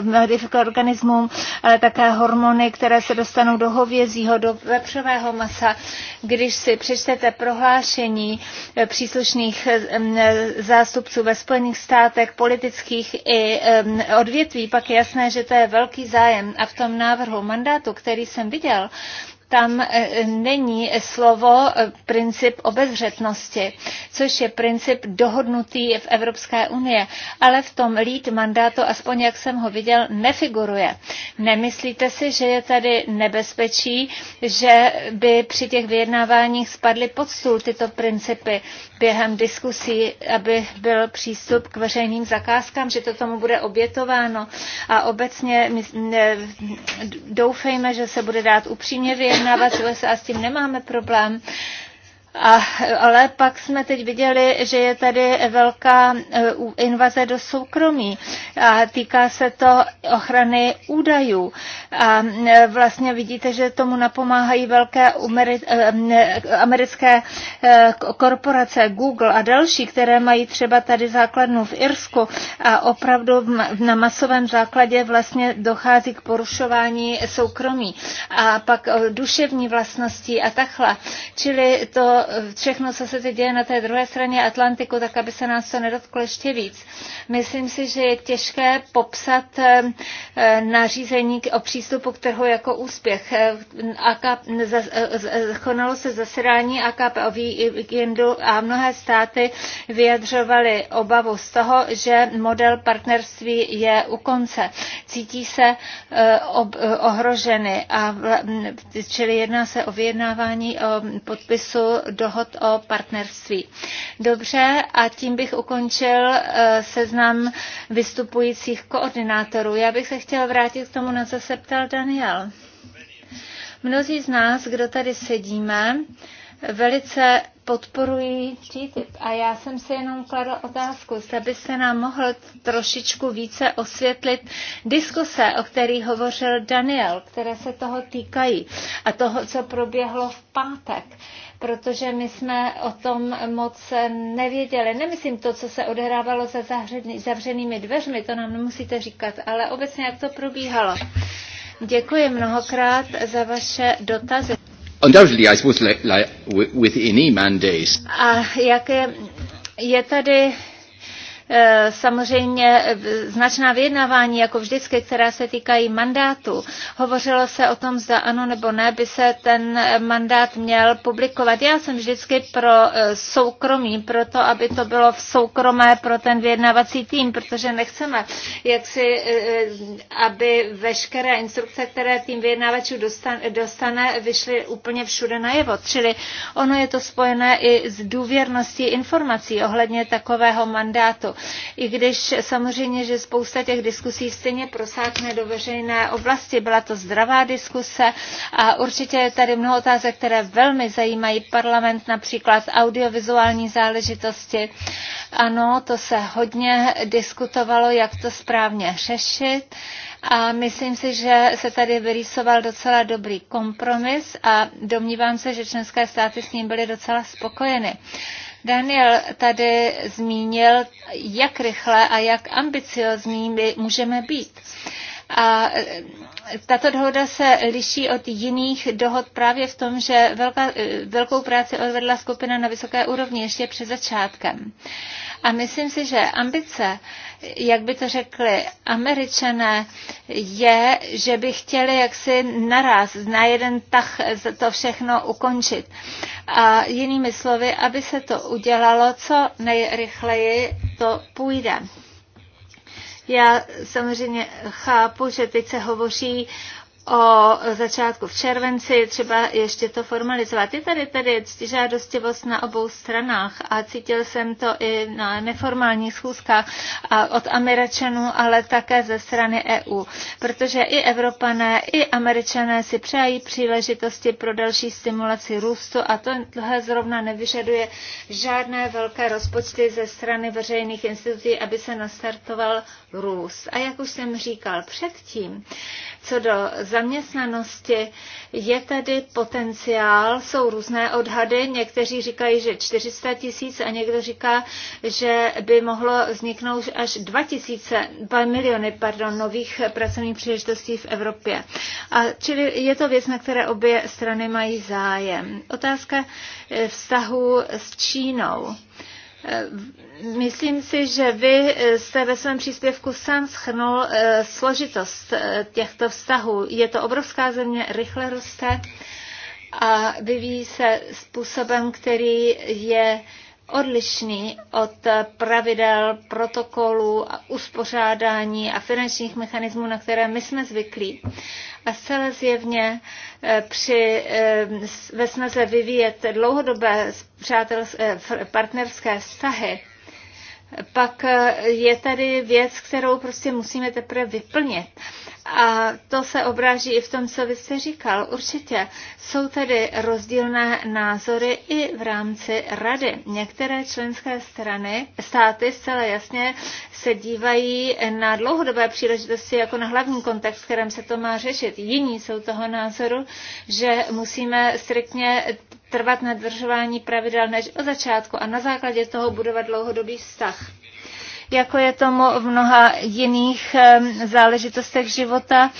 modifikovaným organismům, ale také hormony, které se dostanou do hovězího, do vepřového masa. Když si přečtete prohlášení e, příslušných e, zástupců ve Spojených státech, politických i e, odvětví, pak je jasné, že to je velký zájem. A v tom návrhu mandátu, který jsem viděl, tam eh, není slovo eh, princip obezřetnosti, což je princip dohodnutý v Evropské unie, ale v tom lít mandátu, aspoň jak jsem ho viděl, nefiguruje. Nemyslíte si, že je tady nebezpečí, že by při těch vyjednáváních spadly pod stůl tyto principy, během diskusí, aby byl přístup k veřejným zakázkám, že to tomu bude obětováno. A obecně doufejme, že se bude dát upřímně vyjednávat s USA, s tím nemáme problém, a, ale pak jsme teď viděli, že je tady velká e, invaze do soukromí a týká se to ochrany údajů. A e, vlastně vidíte, že tomu napomáhají velké e, americké korporace Google a další, které mají třeba tady základnu v Irsku a opravdu na masovém základě vlastně dochází k porušování soukromí a pak duševní vlastnosti a takhle. Čili to všechno, co se teď děje na té druhé straně Atlantiku, tak aby se nás to nedotklo ještě víc. Myslím si, že je těžké popsat eh, eh, nařízení o přístupu k trhu jako úspěch. Eh, konalo se zasedání AKP o víkendu a mnohé státy vyjadřovaly obavu z toho, že model partnerství je u konce. Cítí se ohroženy a čili jedná se o vyjednávání o podpisu dohod o partnerství. Dobře, a tím bych ukončil eh, seznam vystupujících koordinátorů. Já bych se chtěl vrátit k tomu, na co se ptal Daniel. Mnozí z nás, kdo tady sedíme, velice podporují TTIP. A já jsem se jenom kladla otázku, zda by se nám mohl trošičku více osvětlit diskuse, o kterých hovořil Daniel, které se toho týkají a toho, co proběhlo v pátek protože my jsme o tom moc nevěděli. Nemyslím to, co se odehrávalo za zavřenými dveřmi, to nám nemusíte říkat, ale obecně jak to probíhalo. Děkuji mnohokrát za vaše dotazy. Undoubtedly, I suppose, like, like, within e A jak je, je tady Eh, samozřejmě eh, značná vyjednávání, jako vždycky, která se týkají mandátu. Hovořilo se o tom, zda ano nebo ne by se ten eh, mandát měl publikovat. Já jsem vždycky pro soukromí, pro to, aby to bylo v soukromé pro ten vyjednávací tým, protože nechceme, jak si, aby veškeré instrukce, které tým vyjednávačů dostane, vyšly úplně všude najevo. Čili ono je to spojené i s důvěrností informací ohledně takového mandátu. I když samozřejmě, že spousta těch diskusí stejně prosákne do veřejné oblasti. Byla to zdravá diskuse a určitě je tady mnoho otázek, které velmi zajímají parlament, například audiovizuální záležitosti. Ano, to se hodně diskutovalo, jak to správně řešit. A myslím si, že se tady vyrýsoval docela dobrý kompromis a domnívám se, že členské státy s ním byly docela spokojeny. Daniel tady zmínil, jak rychle a jak ambiciozní můžeme být. A tato dohoda se liší od jiných dohod právě v tom, že velká, eh, velkou práci odvedla skupina na vysoké úrovni ještě před začátkem. A myslím si, že ambice, jak by to řekli američané, je, že by chtěli jaksi naraz na jeden tah to všechno ukončit. A jinými slovy, aby se to udělalo, co nejrychleji to půjde. Já samozřejmě chápu, že teď se hovoří o začátku v červenci, třeba ještě to formalizovat. Je tady tady žádostivost na obou stranách a cítil jsem to i na neformálních schůzkách a od Američanů, ale také ze strany EU, protože i Evropané, i Američané si přejí příležitosti pro další stimulaci růstu a tohle zrovna nevyžaduje žádné velké rozpočty ze strany veřejných institucí, aby se nastartoval růst. A jak už jsem říkal předtím, co do zaměstnanosti je tady potenciál, jsou různé odhady, někteří říkají, že 400 tisíc a někdo říká, že by mohlo vzniknout až 2 tisíce, 2 miliony pardon, nových pracovních příležitostí v Evropě. A čili je to věc, na které obě strany mají zájem. Otázka eh, vztahu s Čínou. Eh, myslím si, že vy eh, jste ve svém příspěvku sám schrnul eh, složitost těchto vztahů. Je to obrovská země, rychle roste a vyvíjí se způsobem, který je odlišný od pravidel, protokolů, uspořádání a finančních mechanismů, na které my jsme zvyklí. A zcela zjevně eh, při, eh, ve snaze vyvíjet dlouhodobé přátelské, eh, partnerské vztahy pak eh, je tady věc, kterou prostě musíme teprve vyplnit. A to se obráží i v tom, co vy jste říkal. Určitě jsou tady rozdílné názory i v rámci rady. Některé členské strany, státy zcela jasně se dívají na dlouhodobé příležitosti jako na hlavní kontext, kterém se to má řešit. Jiní jsou toho názoru, že musíme striktně trvat na dodržování pravidel než od začátku a na základě toho budovat dlouhodobý vztah jako je tomu v mnoha jiných záležitostech života.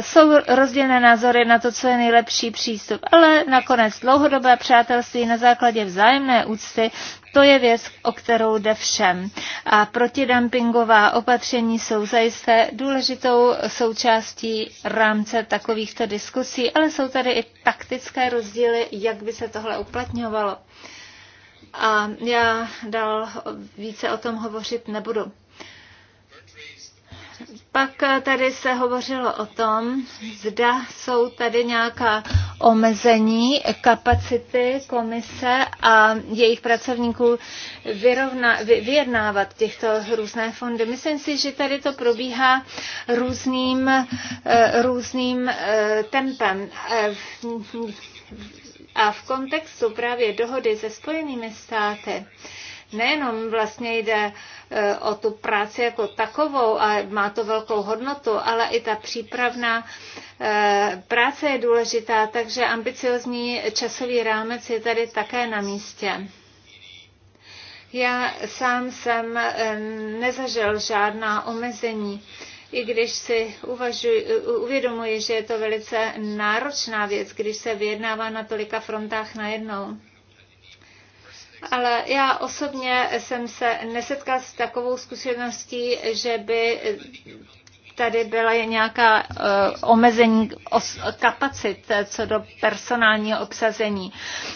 Jsou rozdílné názory na to, co je nejlepší přístup, ale nakonec dlouhodobé přátelství na základě vzájemné úcty to je věc, o kterou jde všem. A protidumpingová opatření jsou zajisté důležitou součástí rámce takovýchto diskusí, ale jsou tady i taktické rozdíly, jak by se tohle uplatňovalo a já dál více o tom hovořit nebudu. Pak tady se hovořilo o tom, zda jsou tady nějaká omezení kapacity komise a jejich pracovníků vyrovna, vy, vyjednávat těchto různé fondy. Myslím si, že tady to probíhá různým, eh, různým eh, tempem eh, a v kontextu právě dohody se Spojenými státy nejenom vlastně jde e, o tu práci jako takovou a má to velkou hodnotu, ale i ta přípravná e, práce je důležitá, takže ambiciozní časový rámec je tady také na místě. Já sám jsem e, nezažil žádná omezení i když si uvažuji, uvědomuji, že je to velice náročná věc, když se vyjednává na tolika frontách najednou. Ale já osobně jsem se nesetkal s takovou zkušeností, že by tady byla nějaká uh, omezení os- kapacit eh, co do personálního obsazení.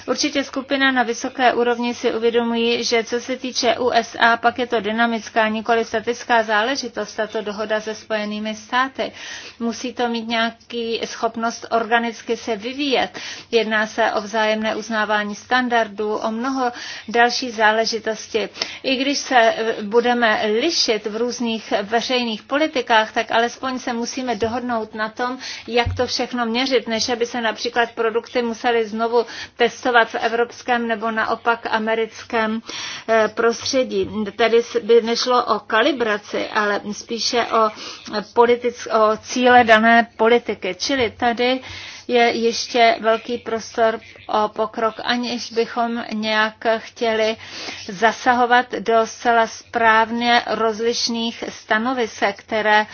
Určitě skupina na vysoké úrovni si uvědomují, že co se týče USA, pak je to dynamická, nikoli statická záležitost, tato dohoda se Spojenými státy. Musí to mít nějaký schopnost organicky se vyvíjet. Jedná se o vzájemné uznávání standardů, o mnoho další záležitosti. I když se eh, budeme lišit v různých veřejných politikách, tak alespoň se musíme dohodnout na tom, jak to všechno měřit, než aby se například produkty musely znovu testovat v evropském nebo naopak americkém eh, prostředí. Tady by nešlo o kalibraci, ale spíše o, eh, politic, o cíle dané politiky. Čili tady je ještě velký prostor o pokrok, aniž bychom nějak chtěli zasahovat do zcela správně rozlišných stanovisek, které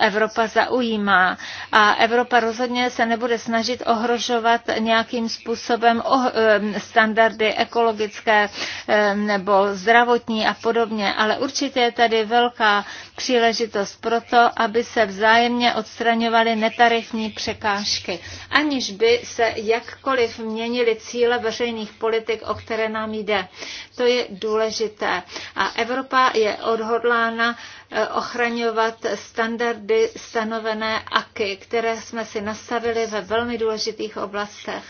Evropa zaujímá. A Evropa rozhodně se nebude snažit ohrožovat nějakým způsobem oh, standardy ekologické nebo zdravotní a podobně, ale určitě je tady velká příležitost pro to, aby se vzájemně odstraňovaly netarifní překážky překážky, aniž by se jakkoliv měnily cíle veřejných politik, o které nám jde. To je důležité. A Evropa je odhodlána eh, ochraňovat standardy stanovené AKY, které jsme si nastavili ve velmi důležitých oblastech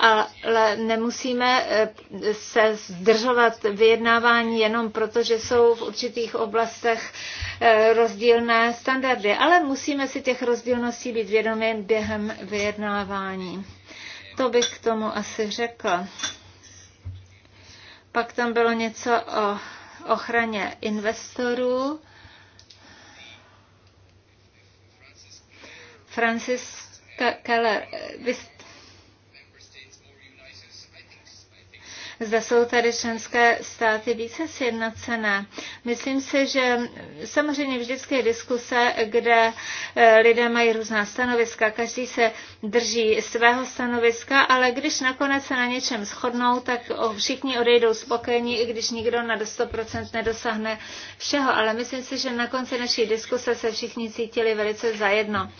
ale nemusíme eh, se zdržovat vyjednávání jenom proto, že jsou v určitých oblastech eh, rozdílné standardy, ale musíme si těch rozdílností být vědomi během vyjednávání. To bych k tomu asi řekla. Pak tam bylo něco o ochraně investorů. Francis Keller, vy Zda jsou tady členské státy více sjednocené. Myslím si, že samozřejmě vždycky je diskuse, kde eh, lidé mají různá stanoviska, každý se drží svého stanoviska, ale když nakonec se na něčem shodnou, tak všichni odejdou spokojení, i když nikdo na 100% nedosáhne všeho. Ale myslím si, že na konci naší diskuse se všichni cítili velice zajedno.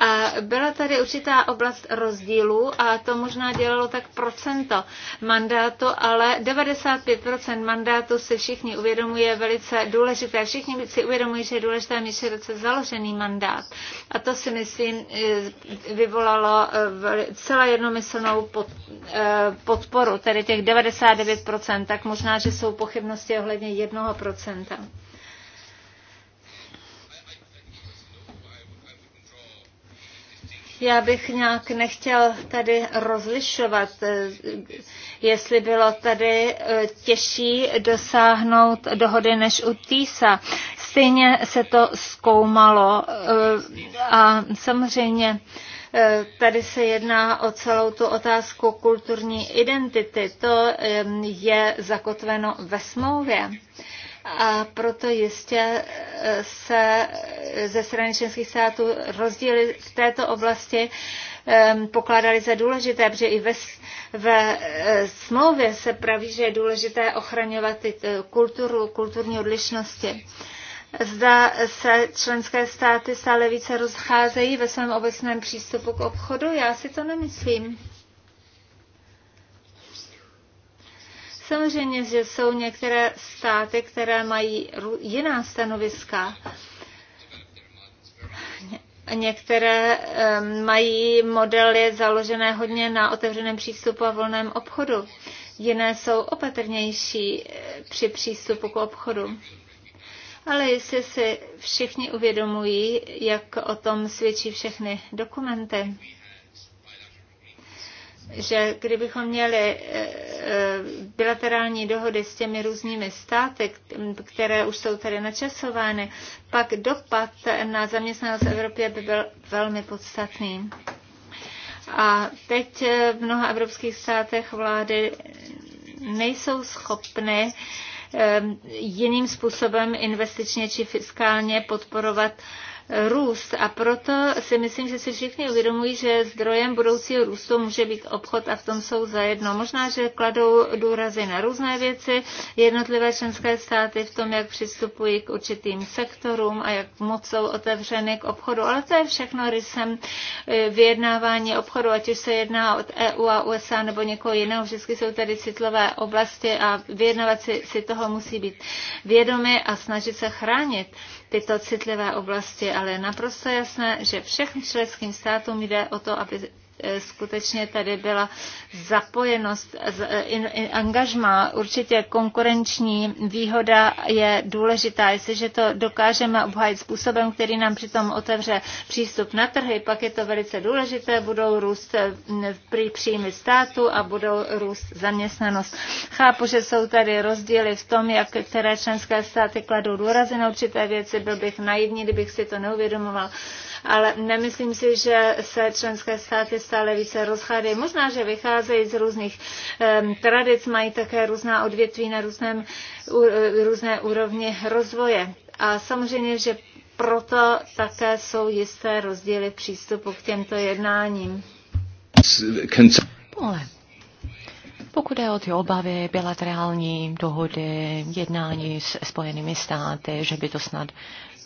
A byla tady určitá oblast rozdílů a to možná dělalo tak procento mandátu ale 95% mandátu si všichni uvědomuje velice důležité. Všichni si uvědomují, že je důležité mít široce založený mandát. A to si myslím eh, vyvolalo eh, celá jednomyslnou eh, podporu, tedy těch 99%, tak možná, že jsou pochybnosti ohledně 1%. Já bych nějak nechtěl tady rozlišovat, eh, jestli bylo tady eh, těžší dosáhnout dohody než u TISA. Stejně se to zkoumalo eh, a samozřejmě tady se jedná o celou tu otázku kulturní identity. To je zakotveno ve smlouvě a proto jistě e, se e, ze strany členských států rozdíly v této oblasti e, pokládali za důležité, protože i ve, ve smlouvě se praví, že je důležité ochraňovat kulturu, kulturní odlišnosti. Zda se členské státy stále více rozcházejí ve svém obecném přístupu k obchodu? Já si to nemyslím. Samozřejmě, že jsou některé státy, které mají jiná stanoviska. Některé mají modely založené hodně na otevřeném přístupu a volném obchodu. Jiné jsou opatrnější eh, při přístupu k obchodu. Ale jestli si všichni uvědomují, jak o tom svědčí všechny dokumenty, že kdybychom měli eh, eh, bilaterální dohody s těmi různými státy, které už jsou tady načasovány, pak dopad na zaměstnanost v Evropě by byl velmi podstatný. A teď eh, v mnoha evropských státech vlády nejsou schopny jiným způsobem investičně či fiskálně podporovat růst a proto si myslím, že si všichni uvědomují, že zdrojem budoucího růstu může být obchod a v tom jsou zajedno. Možná, že kladou důrazy na různé věci, jednotlivé členské státy v tom, jak přistupují k určitým sektorům a jak moc jsou otevřeny k obchodu, ale to je všechno rysem eh, vyjednávání obchodu, ať už se jedná od EU a USA nebo někoho jiného, vždycky jsou tady citlové oblasti a vyjednavaci si toho musí být vědomi a snažit se chránit tyto citlivé oblasti, ale je naprosto jasné, že všem členským státům jde o to, aby E, skutečně tady byla zapojenost, e, angažma, určitě konkurenční výhoda je důležitá. Jestliže to dokážeme obhájit způsobem, který nám přitom otevře přístup na trhy, pak je to velice důležité, budou růst e, příjmy státu a budou růst zaměstnanost. Chápu, že jsou tady rozdíly v tom, jak které členské státy kladou důrazy na určité věci, byl bych naivní, kdybych si to neuvědomoval ale nemyslím si, že se členské státy stále více rozchádají. Možná, že vycházejí z různých um, tradic, mají také různá odvětví na různém, u, e, různé úrovni rozvoje. A samozřejmě, že proto také jsou jisté rozdíly přístupu k těmto jednáním. Pole. Pokud je o ty obavy, bilaterální dohody, jednání s Spojenými státy, že by to snad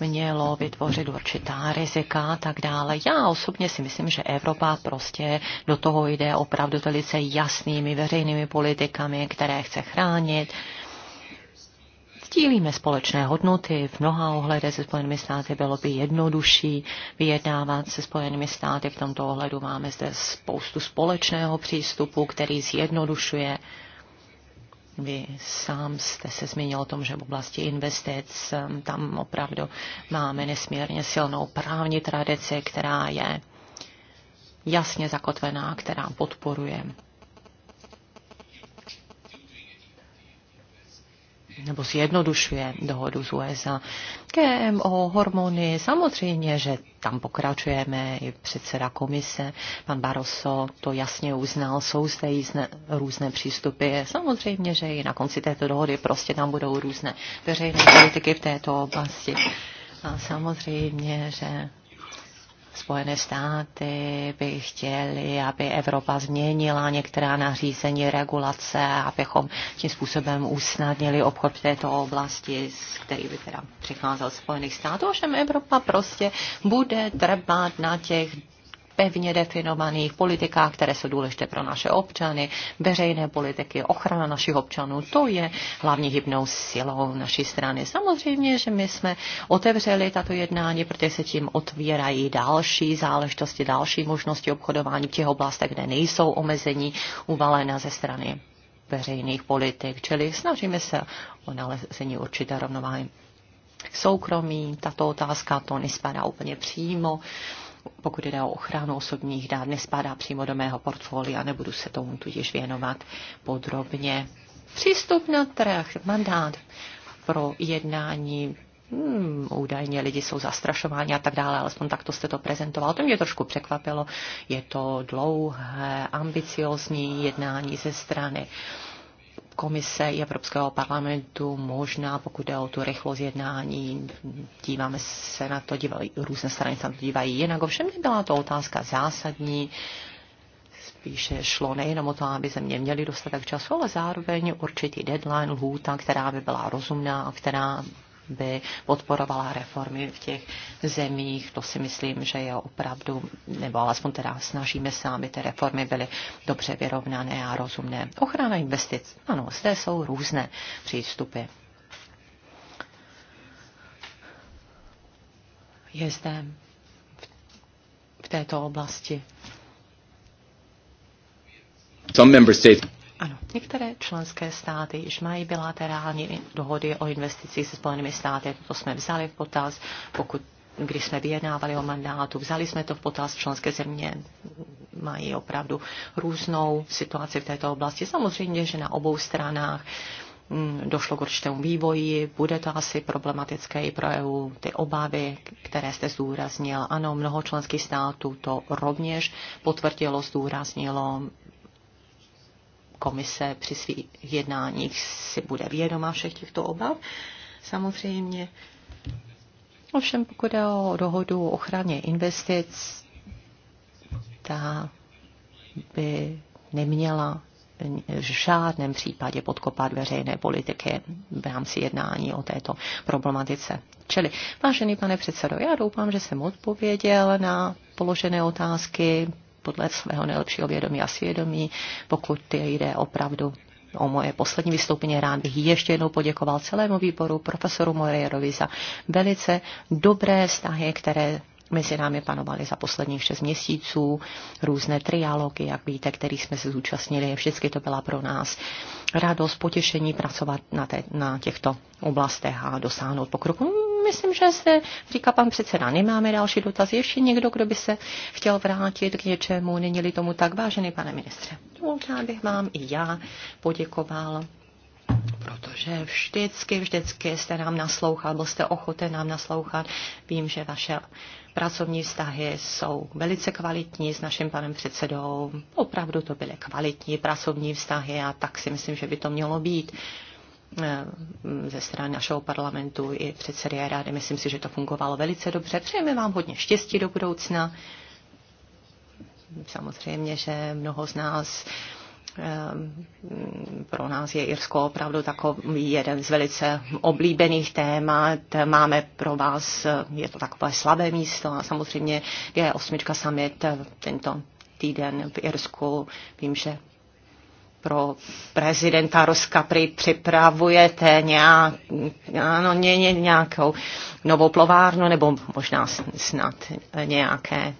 mělo vytvořit určitá rizika a tak dále. Já osobně si myslím, že Evropa prostě do toho jde opravdu velice jasnými veřejnými politikami, které chce chránit. Sdílíme společné hodnoty, v mnoha ohledech se Spojenými státy bylo by jednodušší vyjednávat se Spojenými státy. V tomto ohledu máme zde spoustu společného přístupu, který zjednodušuje uh, vy sám jste se zmínil o tom, že v oblasti investic um, tam opravdu máme nesmírně silnou právní tradici, která je jasně zakotvená, která podporuje nebo zjednodušuje dohodu z USA. GMO, hormony, samozřejmě, že tam pokračujeme, i předseda komise, pan Barroso to jasně uznal, jsou zde jízne, různé přístupy. Samozřejmě, že i na konci této dohody prostě tam budou různé veřejné politiky v této oblasti. A samozřejmě, že Spojené státy by chtěli, aby Evropa změnila některá nařízení, regulace, abychom tím způsobem usnadnili obchod v této oblasti, z který by teda přicházel Spojených států. Ovšem Evropa prostě bude trvat na těch pevně definovaných politikách, které jsou důležité pro naše občany, veřejné politiky, ochrana našich občanů. To je hlavní hybnou silou naší strany. Samozřejmě, že my jsme otevřeli tato jednání, protože se tím otvírají další záležitosti, další možnosti obchodování v těch oblastech, kde nejsou omezení uvalena ze strany veřejných politik, čili snažíme se o nalezení určité rovnováhy soukromí. Tato otázka to nespadá úplně přímo pokud jde o ochranu osobních dát, nespadá přímo do mého portfolia, nebudu se tomu tudíž věnovat podrobně. Přístup na trh, mandát pro jednání hmm, údajně lidi jsou zastrašováni a tak dále, alespoň takto jste to prezentoval. To mě trošku překvapilo. Je to dlouhé, ambiciozní jednání ze strany komise i Evropského parlamentu možná, pokud jde o tu rychlost jednání, díváme se na to, dívají, různé strany se na to dívají jinak. Ovšem nebyla to otázka zásadní, spíše šlo nejenom o to, aby země měly dostatek času, ale zároveň určitý deadline, lhůta, která by byla rozumná a která by podporovala reformy v těch zemích. To si myslím, že je opravdu, nebo alespoň teda snažíme se, aby ty reformy byly dobře vyrovnané a rozumné. Ochrana investic. Ano, zde jsou různé přístupy. Je zde v této oblasti. Some member states ano, některé členské státy již mají bilaterální dohody o investicích se Spojenými státy, to jsme vzali v potaz, pokud když jsme vyjednávali o mandátu, vzali jsme to v potaz, členské země mají opravdu různou situaci v této oblasti. Samozřejmě, že na obou stranách mm, došlo k určitému vývoji, bude to asi problematické i pro EU, ty obavy, které jste zdůraznil. Ano, mnoho členských států to rovněž potvrdilo, zdůraznilo, komise při svých jednáních si bude vědoma všech těchto obav. Samozřejmě. Ovšem, pokud je o dohodu o ochraně investic, ta by neměla v žádném případě podkopat veřejné politiky v rámci jednání o této problematice. Čili, vážený pane předsedo, já doufám, že jsem odpověděl na položené otázky podle svého nejlepšího vědomí a svědomí, pokud jde opravdu o moje poslední vystoupení. Rád bych ještě jednou poděkoval celému výboru, profesoru Morejerovi za velice dobré vztahy, které mezi námi panovaly za posledních šest měsíců, různé trialogy, jak víte, kterých jsme se zúčastnili. Vždycky to byla pro nás radost, potěšení pracovat na, te, na těchto oblastech a dosáhnout pokroku. No, myslím, že se říká pan předseda, nemáme další dotaz. Ještě někdo, kdo by se chtěl vrátit k něčemu, není-li tomu tak, vážený pane ministře. Možná bych vám i já poděkoval protože vždycky, vždycky jste nám naslouchal, byl jste ochoten nám naslouchat. Vím, že vaše pracovní vztahy jsou velice kvalitní s naším panem předsedou. Opravdu to byly kvalitní pracovní vztahy a tak si myslím, že by to mělo být ze strany našeho parlamentu i předsedy rády. Myslím si, že to fungovalo velice dobře. Přejeme vám hodně štěstí do budoucna. Samozřejmě, že mnoho z nás ehm, pro nás je Irsko opravdu takový jeden z velice oblíbených témat. Máme pro vás, je to takové slabé místo a samozřejmě je osmička summit tento týden v Irsku. Vím, že pro prezidenta Ruska připravujete nějak, ano, ně, ně, nějakou novou plovárnu nebo možná snad nějaké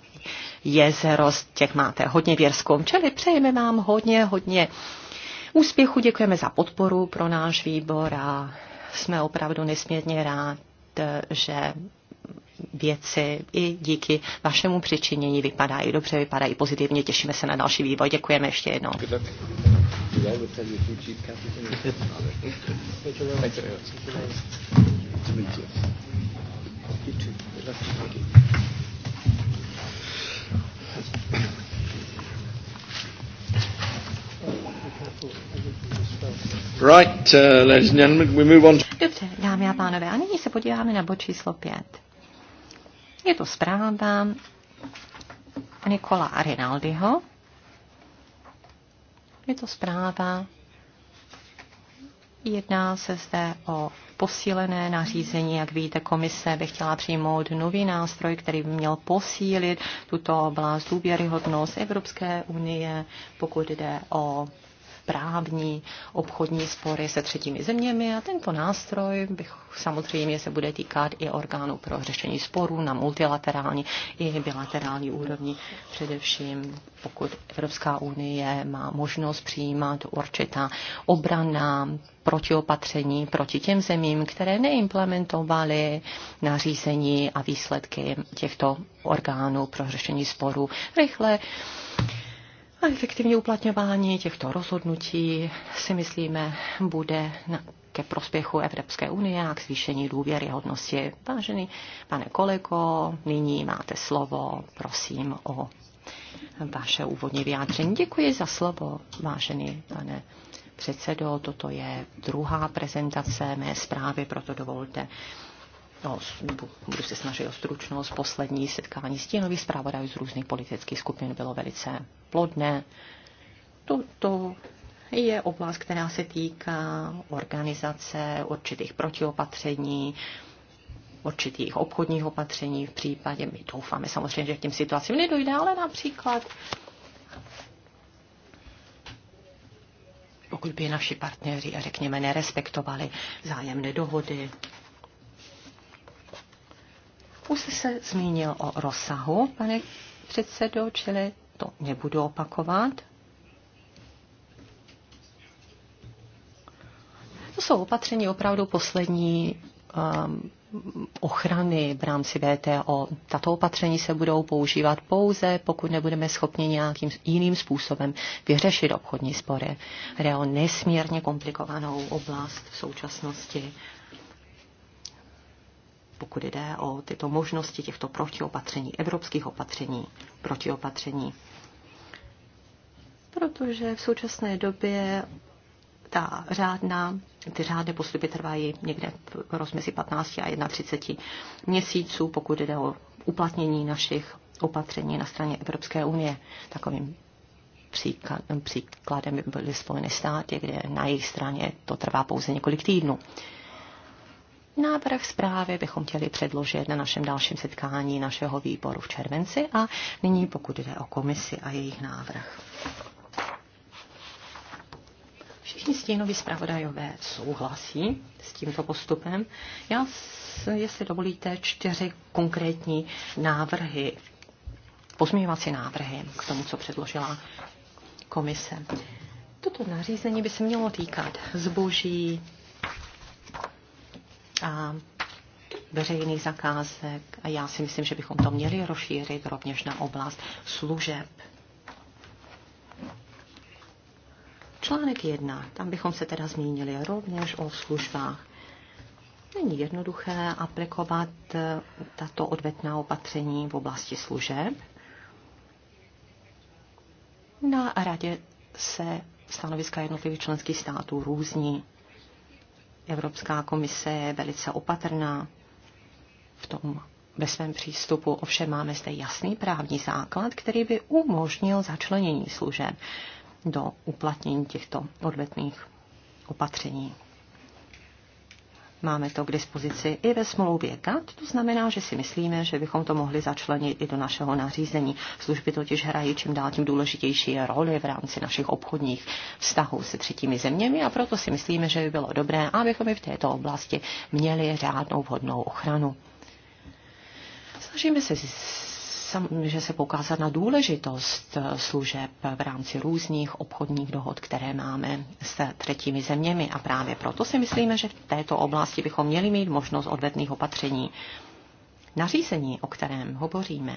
jezero, z těch máte hodně v čili přejeme vám hodně, hodně úspěchu, děkujeme za podporu pro náš výbor a jsme opravdu nesmírně rád, že věci i díky vašemu přičinění vypadá dobře, vypadá pozitivně. Těšíme se na další vývoj. Děkujeme ještě jednou. Right, uh, ladies and gentlemen, we move on. Dobře, dámy a pánové, a nyní se podíváme na bod číslo 5. Je to zpráva Nikola Rinaldiho. Je to zpráva. Jedná se zde o posílené nařízení. Jak víte, komise by chtěla přijmout nový nástroj, který by měl posílit tuto oblast důvěryhodnost Evropské unie, pokud jde o právní obchodní spory se třetími zeměmi a tento nástroj bych samozřejmě se bude týkat i orgánů pro řešení sporů na multilaterální i bilaterální úrovni, především pokud Evropská unie má možnost přijímat určitá obraná protiopatření proti těm zemím, které neimplementovaly nařízení a výsledky těchto orgánů pro řešení sporů rychle a efektivní uplatňování těchto rozhodnutí si myslíme bude na, ke prospěchu Evropské unie a k zvýšení hodnosti. Vážený pane kolego, nyní máte slovo, prosím o vaše úvodní vyjádření. Děkuji za slovo, vážený pane předsedo. Toto je druhá prezentace mé zprávy, proto dovolte, no, budu se snažit o stručnost, poslední setkání stínových zpravodajů z různých politických skupin bylo velice plodné. To, to je oblast, která se týká organizace určitých protiopatření, určitých obchodních opatření v případě, my doufáme samozřejmě, že k těm situacím nedojde, ale například pokud by naši partneři, řekněme, nerespektovali zájemné dohody, už se zmínil o rozsahu, pane předsedo, čili to nebudu opakovat. To jsou opatření opravdu poslední um, ochrany v rámci VTO. Tato opatření se budou používat pouze, pokud nebudeme schopni nějakým jiným způsobem vyřešit obchodní spory. Jde o nesmírně komplikovanou oblast v současnosti pokud jde o tyto možnosti těchto protiopatření, evropských opatření, protiopatření. Protože v současné době ta řádná, ty řádné postupy trvají někde v rozmezí 15 a 31 měsíců, pokud jde o uplatnění našich opatření na straně Evropské unie. Takovým příkladem by byly Spojené státy, kde na jejich straně to trvá pouze několik týdnů. Návrh zprávy bychom chtěli předložit na našem dalším setkání našeho výboru v červenci a nyní pokud jde o komisi a jejich návrh. Všichni stínoví zpravodajové souhlasí s tímto postupem. Já, jestli dovolíte, čtyři konkrétní návrhy, pozměňovací návrhy k tomu, co předložila komise. Toto nařízení by se mělo týkat zboží, a veřejných zakázek a já si myslím, že bychom to měli rozšířit rovněž na oblast služeb. Článek 1, tam bychom se teda zmínili rovněž o službách. Není jednoduché aplikovat eh, tato odvetná opatření v oblasti služeb. Na radě se stanoviska jednotlivých členských států různí. Evropská komise je velice opatrná v tom ve svém přístupu. Ovšem máme zde jasný právní základ, který by umožnil začlenění služeb do uplatnění těchto odvetných opatření. Máme to k dispozici i ve smlouvě GATT, to znamená, že si myslíme, že bychom to mohli začlenit i do našeho nařízení. Služby totiž hrají čím dál tím důležitější roli v rámci našich obchodních vztahů se třetími zeměmi a proto si myslíme, že by bylo dobré, abychom i v této oblasti měli řádnou vhodnou ochranu. Snažíme se že se poukázat na důležitost eh, služeb v rámci různých obchodních dohod, které máme s třetími zeměmi. A právě proto si myslíme, že v této oblasti bychom měli mít možnost odvetných opatření. Nařízení, o kterém hovoříme,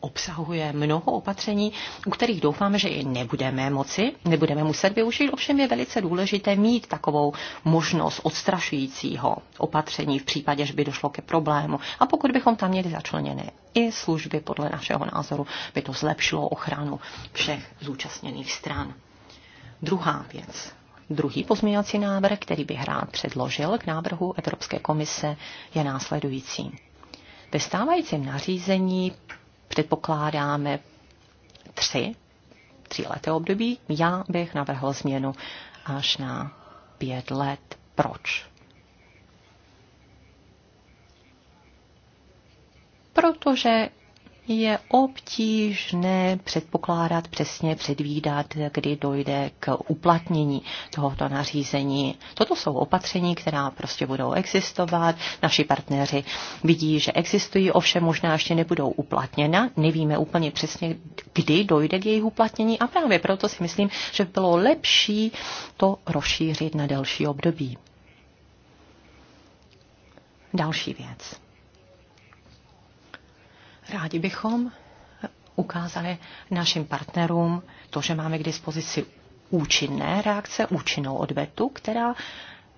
obsahuje mnoho opatření, u kterých doufáme, že i nebudeme moci, nebudeme muset využít, ovšem je velice důležité mít takovou možnost odstrašujícího opatření v případě, že by došlo ke problému. A pokud bychom tam měli začleněné i služby, podle našeho názoru by to zlepšilo ochranu všech zúčastněných stran. Druhá věc. Druhý pozměňovací návrh, který bych rád předložil k návrhu Evropské komise, je následující. Ve stávajícím nařízení předpokládáme tři, leté období. Já bych navrhl změnu až na pět let. Proč? Protože je obtížné předpokládat, přesně předvídat, kdy dojde k uplatnění tohoto nařízení. Toto jsou opatření, která prostě budou existovat. Naši partneři vidí, že existují, ovšem možná ještě nebudou uplatněna. Nevíme úplně přesně, kdy dojde k jejich uplatnění a právě proto si myslím, že bylo lepší to rozšířit na delší období. Další věc. Rádi bychom ukázali našim partnerům to, že máme k dispozici účinné reakce, účinnou odvetu, která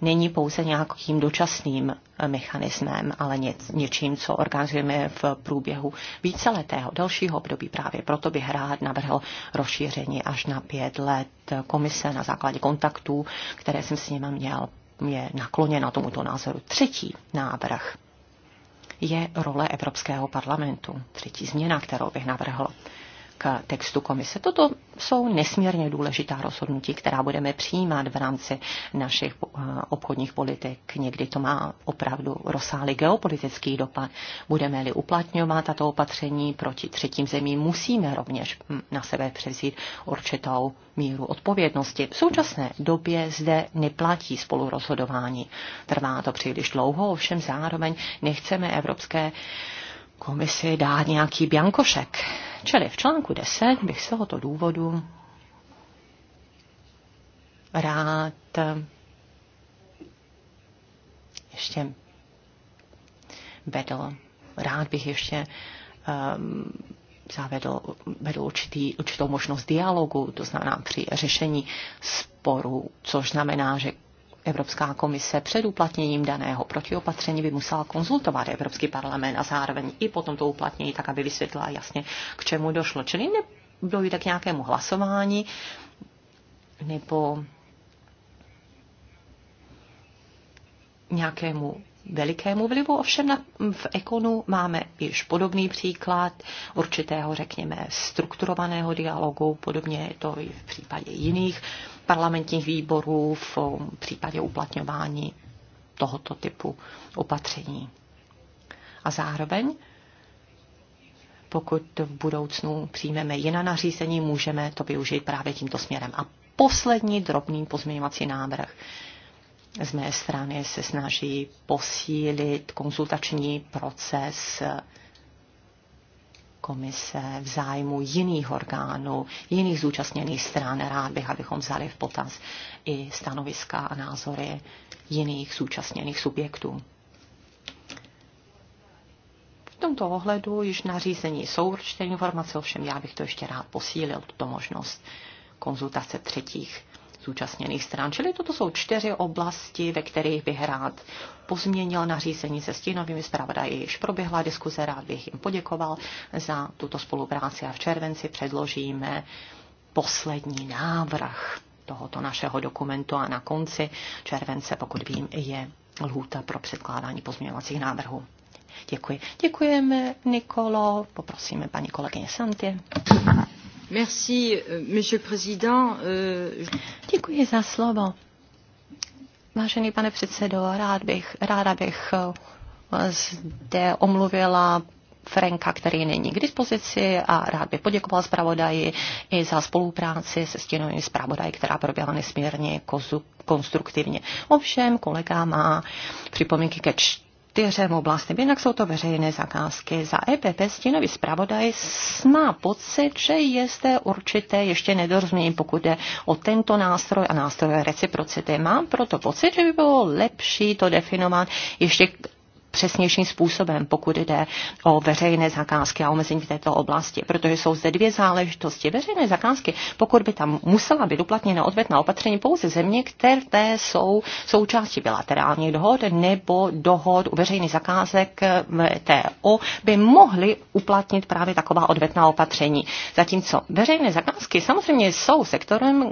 není pouze nějakým dočasným mechanismem, ale něčím, co organizujeme v průběhu víceletého dalšího období. Právě proto bych rád navrhl rozšíření až na pět let komise na základě kontaktů, které jsem s nimi měl, je nakloněna tomuto názoru. Třetí návrh je role Evropského parlamentu. Třetí změna, kterou bych navrhl k textu komise. Toto jsou nesmírně důležitá rozhodnutí, která budeme přijímat v rámci našich eh, obchodních politik. Někdy to má opravdu rozsáhlý geopolitický dopad. Budeme-li uplatňovat tato opatření proti třetím zemím, musíme rovněž hm, na sebe převzít určitou míru odpovědnosti. V současné době zde neplatí spolurozhodování. Trvá to příliš dlouho, ovšem zároveň nechceme evropské uh, komisi dá nějaký biankošek. Čili v článku 10 bych z tohoto důvodu rád ještě vedl, rád bych ještě um, zavedl vedl určitý, určitou možnost dialogu, to znamená při řešení sporů, což znamená, že Evropská komise před uplatněním daného protiopatření by musela konzultovat Evropský parlament a zároveň i potom to uplatnění, tak aby vysvětlila jasně, k čemu došlo. Čili dojde k nějakému hlasování nebo nějakému velikému vlivu. Ovšem na, v ekonu máme již podobný příklad určitého, řekněme, strukturovaného dialogu, podobně je to i v případě jiných uh, parlamentních výborů v případě uplatňování tohoto typu opatření. A zároveň, pokud v budoucnu přijmeme jiná nařízení, můžeme to využít právě tímto směrem. A poslední drobný pozměňovací návrh z mé strany se snaží posílit konzultační proces komise v zájmu jiných orgánů, jiných zúčastněných stran. Rád bych, abychom vzali v potaz i stanoviska a názory jiných zúčastněných subjektů. V tomto ohledu již nařízení jsou určité informace, ovšem já bych to ještě rád posílil, tuto možnost konzultace třetích zúčastněných stran. Čili toto jsou čtyři oblasti, ve kterých bych rád pozměnil nařízení se stínovými zpravodaji, již proběhla diskuze, rád bych jim poděkoval za tuto spolupráci a v červenci předložíme poslední návrh tohoto našeho dokumentu a na konci července, pokud vím, je lhůta pro předkládání pozměňovacích návrhů. Děkuji. Děkujeme, Nikolo. Poprosíme paní kolegyně Santy. Merci, euh, monsieur président. Euh, Děkuji za slovo. Vážený pane předsedo, rád bych, ráda bych eh, zde omluvila Franka, který není k dispozici a rád bych poděkoval zpravodaji i za spolupráci se stěnovým zpravodaji, která proběhla nesmírně konstruktivně. Ovšem kolega má připomínky ke čtyř čtyřem oblastem. Jinak jsou to veřejné zakázky. Za EPP stínový zpravodaj má pocit, že je zde určité ještě nedorozumění, pokud jde o tento nástroj a nástroje reciprocity. Mám proto pocit, že by bylo lepší to definovat ještě přesnějším způsobem, pokud jde o veřejné zakázky a omezení v této oblasti, protože jsou zde dvě záležitosti. Veřejné zakázky, pokud by tam musela být uplatněna odvetná opatření pouze země, které jsou součástí bilaterálních dohod nebo dohod u veřejných zakázek VTO, by mohly uplatnit právě taková odvetná opatření. Zatímco veřejné zakázky samozřejmě jsou sektorem,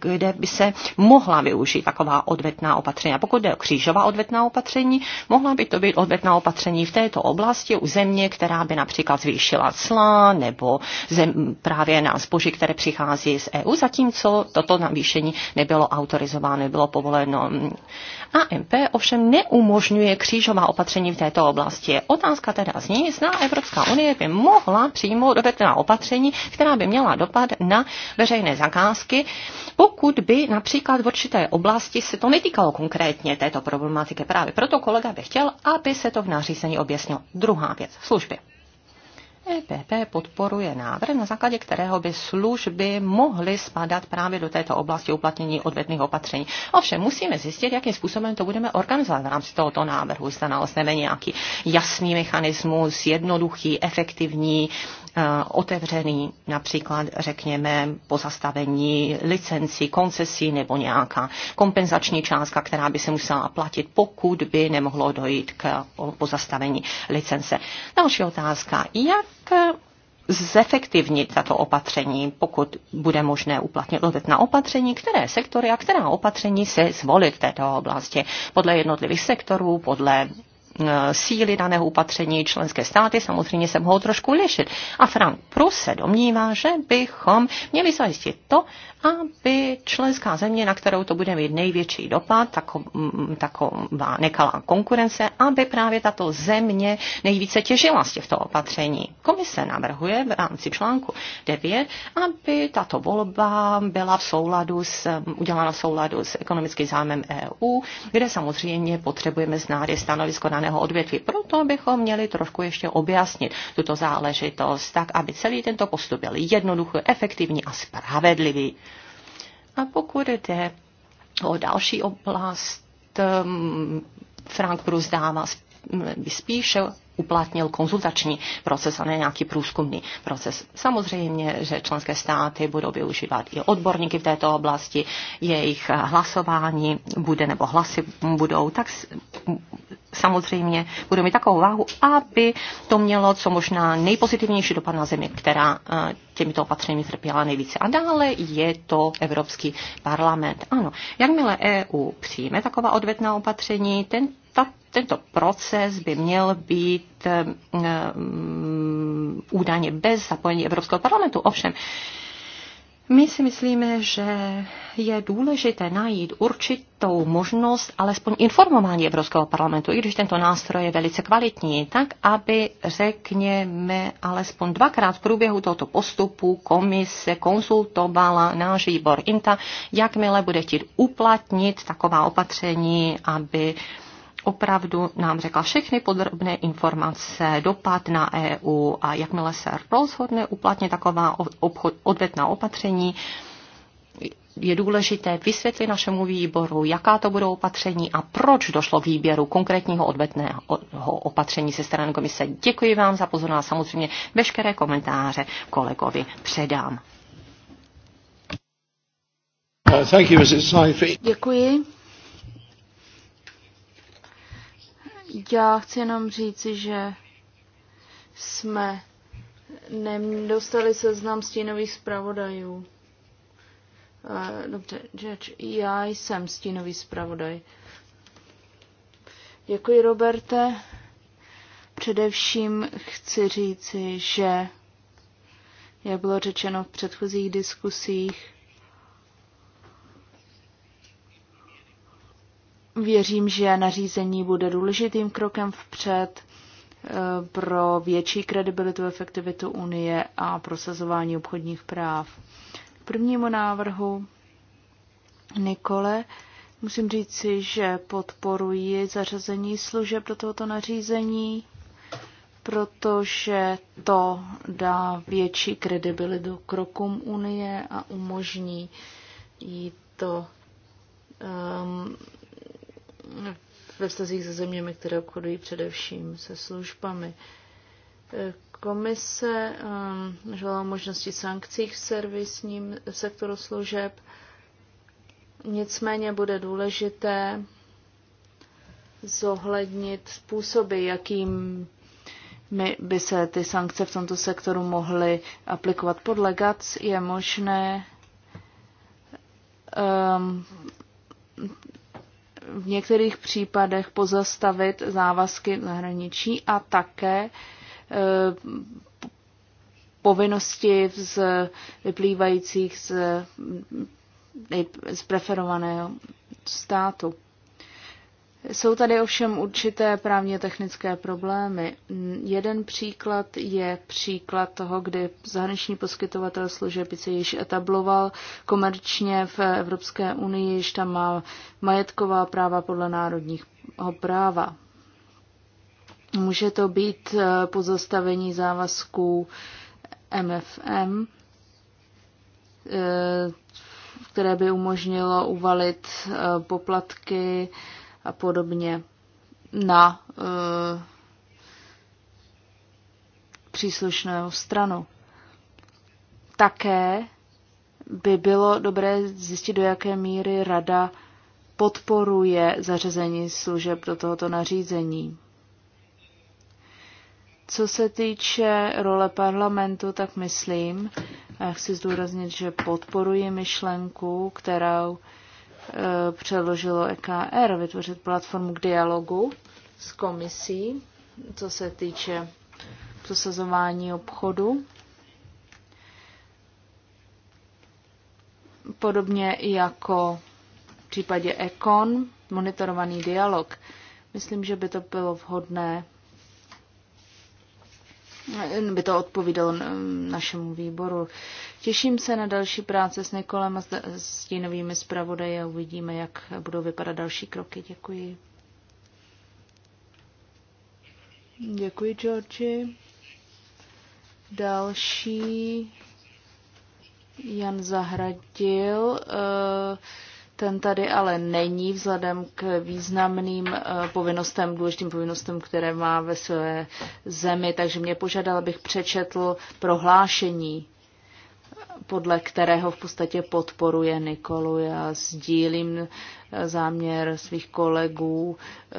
kde by se mohla využít taková odvetná opatření. A pokud jde o křížová odvetná opatření, mohla by to být být odvetná opatření v této oblasti u země, která by například zvýšila cla nebo zem, právě na zboží, které přichází z EU, zatímco toto navýšení nebylo autorizováno, nebylo povoleno. AMP ovšem neumožňuje křížová opatření v této oblasti. Otázka teda zní, zda Evropská unie by mohla přijmout odvetná opatření, která by měla dopad na veřejné zakázky, pokud by například v určité oblasti se to netýkalo konkrétně této problematiky. Právě proto kolega by chtěl, aby se to v nařízení objasnilo. Druhá věc, služby. EPP podporuje návrh, na základě kterého by služby mohly spadat právě do této oblasti uplatnění odvetných opatření. Ovšem musíme zjistit, jakým způsobem to budeme organizovat v rámci tohoto návrhu, Zda nalezneme nějaký jasný mechanismus, jednoduchý, efektivní, Eh, otevřený, například řekněme pozastavení licenci, koncesí nebo nějaká kompenzační částka, která by se musela platit, pokud by nemohlo dojít k pozastavení licence. Další otázka, jak eh, zefektivnit tato opatření, pokud bude možné uplatnit na opatření, které sektory a která opatření se zvolit v této oblasti podle jednotlivých sektorů, podle Eh, síly daného upatření členské státy samozřejmě se mohou trošku lišit. A Frank Prus se domnívá, že bychom měli zajistit to, aby členská země, na kterou to bude mít největší dopad, mm, taková nekalá konkurence, aby právě tato země nejvíce těžila z těchto opatření. Komise navrhuje v rámci článku 9, aby tato volba byla v souladu s, udělána v souladu s ekonomickým zájmem EU, kde samozřejmě potřebujeme znát je stanovisko na daného odvětví. Proto bychom měli trošku ještě objasnit tuto záležitost, tak aby celý tento postup byl jednoduchý, efektivní a spravedlivý. A pokud jde o další oblast, ehm, Frank Prus dává spíše uplatnil konzultační proces a ne nějaký průzkumný proces. Samozřejmě, že členské státy budou využívat i odborníky v této oblasti, jejich hlasování bude nebo hlasy budou, tak samozřejmě budou mít takovou váhu, aby to mělo co možná nejpozitivnější dopad na zemi, která eh, těmito opatřeními trpěla nejvíce. A dále je to Evropský parlament. Ano, jakmile EU přijme taková odvetná opatření, ten ta, tento proces by měl být um, údajně bez zapojení Evropského parlamentu. Ovšem, my si myslíme, že je důležité najít určitou možnost alespoň informování Evropského parlamentu, i když tento nástroj je velice kvalitní, tak aby, řekněme, alespoň dvakrát v průběhu tohoto postupu komise konsultovala náš výbor INTA, jakmile bude chtít uplatnit taková opatření, aby uh, opravdu nám řekla všechny podrobné informace, dopad na EU a jakmile se rozhodne uplatnit taková obchod, odvetná opatření, je důležité vysvětlit našemu výboru, jaká to budou opatření a proč došlo výběru konkrétního odvetného opatření ze strany komise. Děkuji vám za pozornost a samozřejmě veškeré komentáře kolegovi předám. Uh, Děkuji. Já chci jenom říci, že jsme nedostali seznam stínových zpravodajů. Eh, dobře, Judge, já jsem stínový zpravodaj. Děkuji, Roberte. Především chci říci, že, jak bylo řečeno v předchozích diskusích, Věřím, že nařízení bude důležitým krokem vpřed eh, pro větší kredibilitu, efektivitu Unie a prosazování obchodních práv. K prvnímu návrhu Nikole musím říci, že podporuji zařazení služeb do tohoto nařízení, protože to dá větší kredibilitu krokům Unie a umožní jí to um, ve vztazích se zeměmi, které obchodují především se službami. Komise um, žádala možnosti sankcí v servisním sektoru služeb, nicméně bude důležité zohlednit způsoby, jakým by se ty sankce v tomto sektoru mohly aplikovat. Podle GATS je možné um, v některých případech pozastavit závazky v zahraničí a také eh, povinnosti z vyplývajících z, z preferovaného státu. Jsou tady ovšem určité právně technické problémy. Jeden příklad je příklad toho, kdy zahraniční poskytovatel služeb se již etabloval komerčně v Evropské unii, již tam má majetková práva podle národního práva. Může to být eh, pozastavení závazků MFM, eh, které by umožnilo uvalit eh, poplatky a podobně na e, příslušnou stranu. Také by bylo dobré zjistit, do jaké míry rada podporuje zařazení služeb do tohoto nařízení. Co se týče role parlamentu, tak myslím, a chci zdůraznit, že podporuji myšlenku, kterou Eh, přeložilo EKR, vytvořit platformu k dialogu s komisí, co se týče prosazování obchodu. Podobně jako v případě Econ, monitorovaný dialog. Myslím, že by to bylo vhodné by to odpovídalo mm, našemu výboru. Těším se na další práce s Nikolem a s stínovými zpravodaji a uvidíme, jak budou vypadat další kroky. Děkuji. Děkuji, Georgi. Další Jan Zahradil. Uh, ten tady ale není vzhledem k významným eh, povinnostem, důležitým povinnostem, které má ve své zemi, takže mě požádal, abych přečetl prohlášení, podle kterého v podstatě podporuje Nikolu. Já sdílím eh, záměr svých kolegů, eh,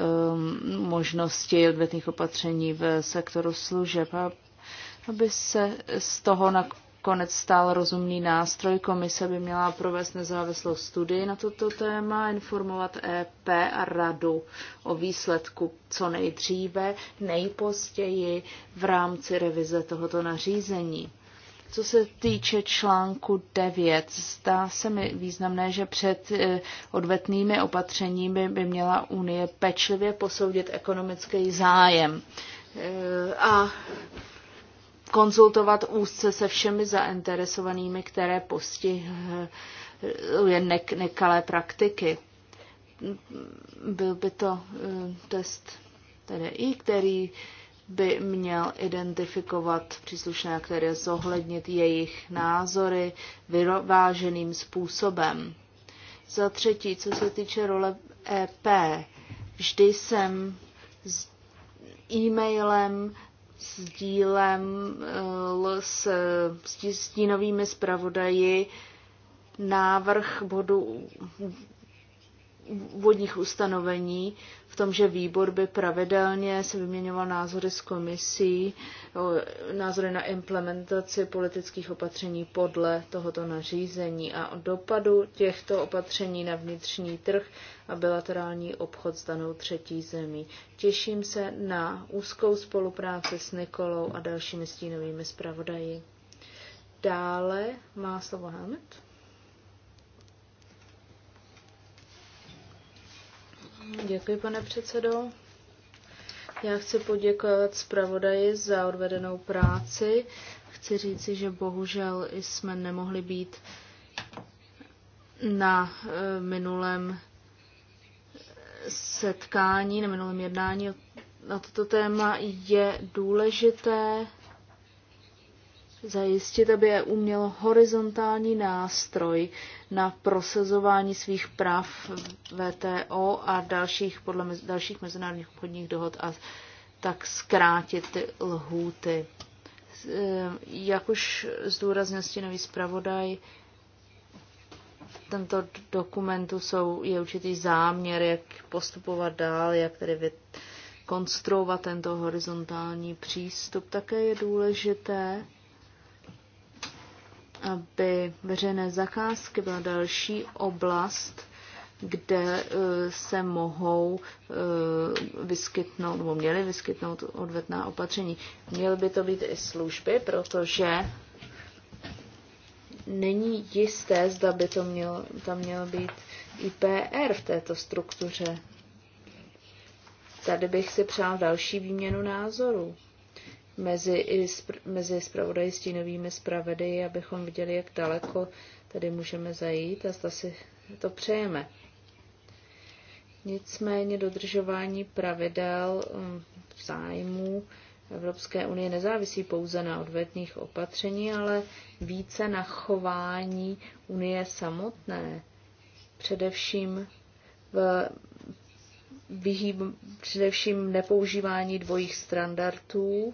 možnosti odvětných opatření v sektoru služeb, aby se z toho konec stál rozumný nástroj. Komise by měla provést nezávislou studii na toto téma, informovat EP a radu o výsledku co nejdříve, nejpozději v rámci revize tohoto nařízení. Co se týče článku 9, zdá se mi významné, že před eh, odvetnými opatřeními by měla Unie pečlivě posoudit ekonomický zájem. Eh, a konzultovat úzce se všemi zainteresovanými, které postihly nek- nekalé praktiky. Byl by to eh, test TDI, který by měl identifikovat příslušné aktéry, zohlednit jejich názory vyváženým způsobem. Za třetí, co se týče role EP, vždy jsem s e-mailem sdílem eh, s stínovými zpravodaji návrh bodu úvodních ustanovení v tom, že výbor by pravidelně se vyměňoval názory s komisí, názory na implementaci politických opatření podle tohoto nařízení a o dopadu těchto opatření na vnitřní trh a bilaterální obchod s danou třetí zemí. Těším se na úzkou spolupráci s Nikolou a dalšími stínovými zpravodaji. Dále má slovo Hamet. Děkuji, pane předsedo. Já chci poděkovat zpravodaji za odvedenou práci. Chci říci, že bohužel jsme nemohli být na eh, minulém eh, setkání, na minulém jednání na toto téma je důležité zajistit, aby je uměl horizontální nástroj na prosazování svých práv VTO a dalších, podle mez, dalších mezinárodních obchodních dohod a tak zkrátit ty lhůty. E, jak už zdůraznil stínový zpravodaj, tento dokumentu jsou, je určitý záměr, jak postupovat dál, jak tedy vy, konstruovat tento horizontální přístup. Také je důležité, aby veřejné zakázky byla další oblast, kde e, se mohou e, vyskytnout, nebo měly vyskytnout odvetná opatření. Měly by to být i služby, protože není jisté, zda by to mělo, tam mělo být IPR v této struktuře. Tady bych si přál další výměnu názorů mezi, i spr- mezi spravodaji stínovými zpravedy, abychom viděli, jak daleko tady můžeme zajít a zda si to přejeme. Nicméně dodržování pravidel um, zájmů Evropské unie nezávisí pouze na odvetných opatření, ale více na chování unie samotné. Především v vyhýb, především nepoužívání dvojích standardů,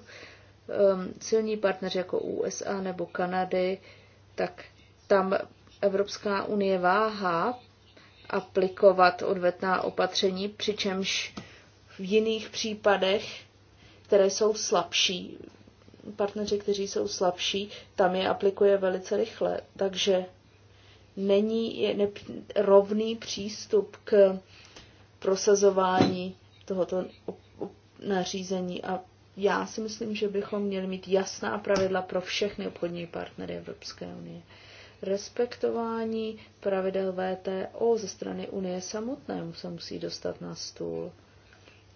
Um, silní partneři jako USA nebo Kanady, tak tam Evropská unie váhá aplikovat odvetná opatření, přičemž v jiných případech, které jsou slabší, partneři, kteří jsou slabší, tam je aplikuje velice rychle. Takže není je ne, rovný přístup k prosazování tohoto nařízení a já si myslím, že bychom měli mít jasná pravidla pro všechny obchodní partnery Evropské unie. Respektování pravidel VTO ze strany Unie samotnému se musí dostat na stůl.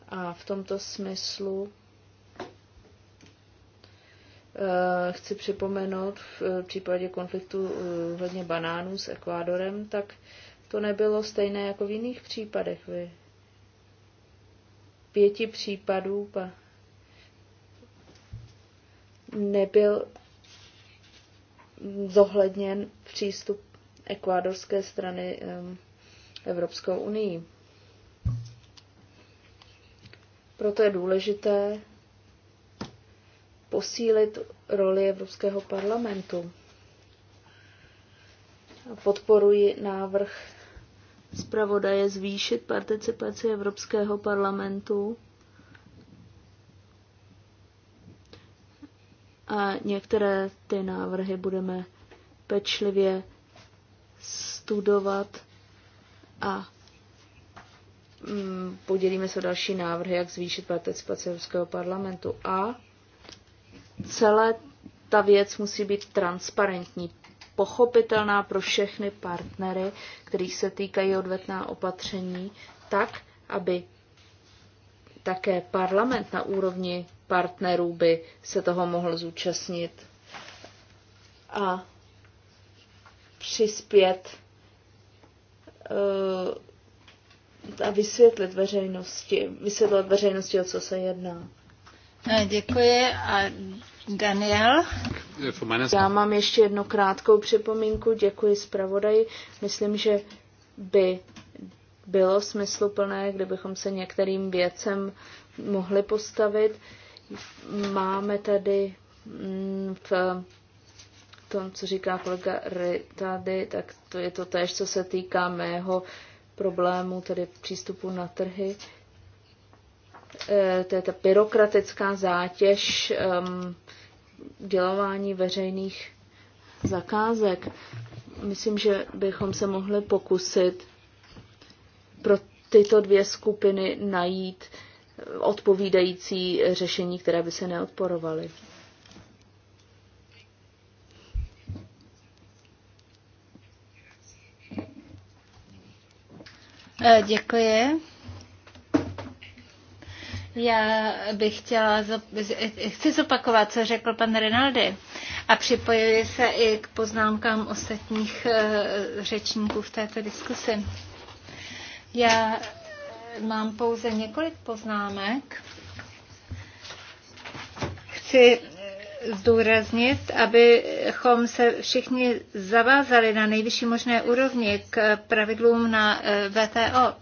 A v tomto smyslu eh, chci připomenout v eh, případě konfliktu hodně eh, banánů s Ekvádorem, tak to nebylo stejné jako v jiných případech. Vy. Pěti případů, pa, nebyl zohledněn přístup ekvádorské strany Evropskou unii. Proto je důležité posílit roli Evropského parlamentu. Podporuji návrh zpravodaje zvýšit participaci Evropského parlamentu A některé ty návrhy budeme pečlivě studovat a mm, podělíme se o další návrhy, jak zvýšit participaci Evropského parlamentu. A celé ta věc musí být transparentní, pochopitelná pro všechny partnery, kterých se týkají odvetná opatření, tak, aby také parlament na úrovni partnerů by se toho mohl zúčastnit a přispět eh, a vysvětlit veřejnosti, vysvětlit veřejnosti, o co se jedná. Eh, děkuji a Daniel. Já mám ještě jednu krátkou připomínku. Děkuji zpravodaji. Myslím, že by bylo smysluplné, kdybychom se některým věcem mohli postavit. Máme tady mm, v tom, co říká kolega tady, tak to je to též, co se týká mého problému, tedy přístupu na trhy. E, to je ta byrokratická zátěž dělování veřejných zakázek. Myslím, že bychom se mohli pokusit pro tyto dvě skupiny najít odpovídající řešení, které by se neodporovaly. E, děkuji. Já bych chtěla, chci zopakovat, co řekl pan Rinaldi a připojuji se i k poznámkám ostatních e, řečníků v této diskusi. Já mám pouze několik poznámek. Chci eh, zdůraznit, abychom se všichni zavázali na nejvyšší možné úrovni k eh, pravidlům na eh, VTO.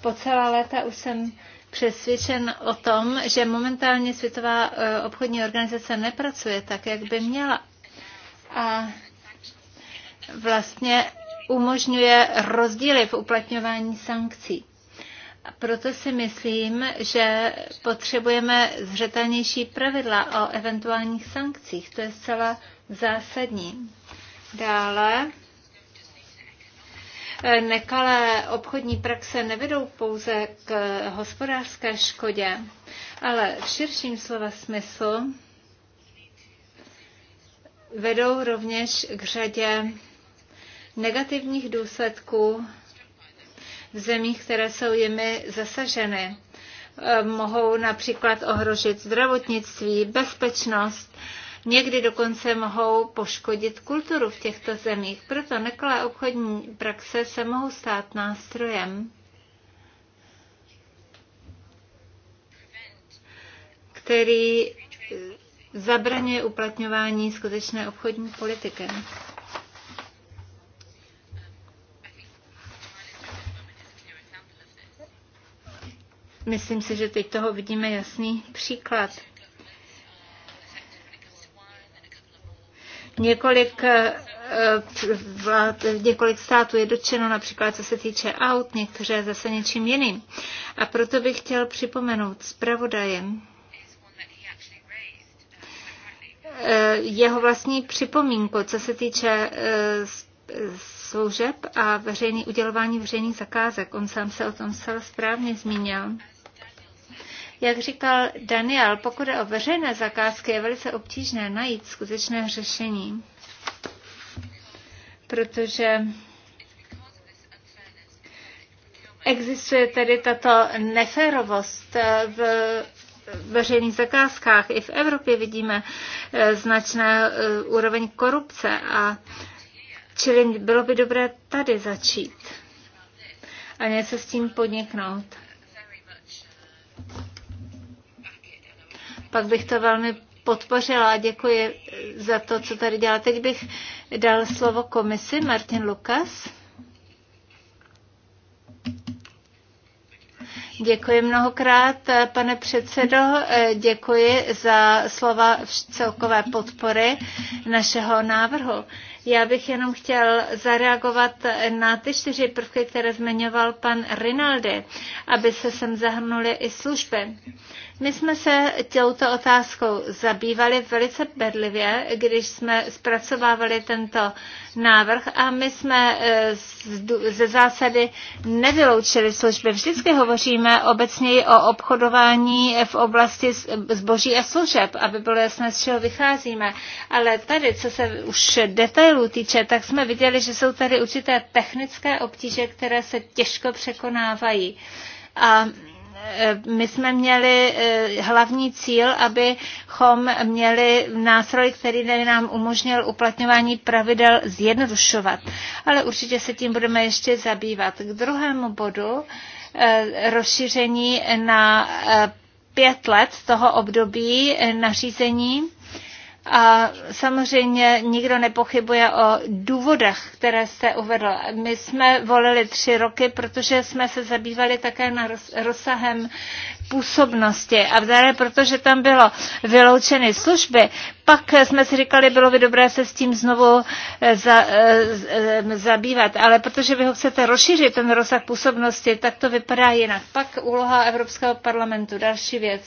Po celá léta už jsem přesvědčen o tom, že momentálně Světová obchodní organizace nepracuje tak, jak by měla. A vlastně umožňuje rozdíly v uplatňování sankcí. Proto si myslím, že potřebujeme zřetelnější pravidla o eventuálních sankcích. To je zcela zásadní. Dále eh, nekalé obchodní praxe nevedou pouze k hospodářské škodě, ale v širším slova smyslu vedou rovněž k řadě negativních důsledků v zemích, které jsou jimi zasaženy. E, mohou například ohrožit zdravotnictví, bezpečnost, někdy dokonce mohou poškodit kulturu v těchto zemích. Proto nekalé obchodní praxe se mohou stát nástrojem, který zabraňuje uplatňování skutečné obchodní politiky. Myslím si, že teď toho vidíme jasný příklad. Několik, eh, vlád, několik států je dotčeno například co se týče aut, některé zase něčím jiným. A proto bych chtěl připomenout zpravodajem, eh, jeho vlastní připomínku, co se týče eh, služeb a veřejný, udělování veřejných zakázek. On sám se o tom zcela správně zmínil. Jak říkal Daniel, pokud je o veřejné zakázky, je velice obtížné najít skutečné řešení, protože existuje tedy tato neférovost eh, v veřejných zakázkách. I v Evropě vidíme eh, značné eh, úroveň korupce a čili bylo by dobré tady začít a něco s tím podniknout pak bych to velmi podpořila a děkuji za to, co tady dělá. Teď bych dal slovo komisi Martin Lukas. Děkuji mnohokrát, pane předsedo. Děkuji za slova celkové podpory našeho návrhu. Já bych jenom chtěl zareagovat na ty čtyři prvky, které zmiňoval pan Rinaldi, aby se sem zahrnuly i služby. My jsme se těmto otázkou zabývali velice bedlivě, když jsme zpracovávali tento návrh a my jsme eh, ze zásady nevyloučili služby. Vždycky hovoříme obecněji o obchodování v oblasti zboží a služeb, aby bylo jasné, z čeho vycházíme. Ale tady, co se už detailů týče, tak jsme viděli, že jsou tady určité technické obtíže, které se těžko překonávají. A Eh, my jsme měli eh, hlavní cíl, abychom měli nástroj, který nám umožnil uplatňování pravidel zjednodušovat. Ale určitě se tím budeme ještě zabývat. K druhému bodu eh, rozšíření na pět let toho období nařízení a samozřejmě nikdo nepochybuje o důvodech, které jste uvedl. My jsme volili tři roky, protože jsme se zabývali také na rozsahem působnosti. A vzhledem, protože tam bylo vyloučeny služby, pak jsme si říkali, bylo by dobré se s tím znovu eh, za, eh, eh, zabývat. Ale protože vy ho chcete rozšířit, ten rozsah působnosti, tak to vypadá jinak. Pak úloha Evropského parlamentu, další věc.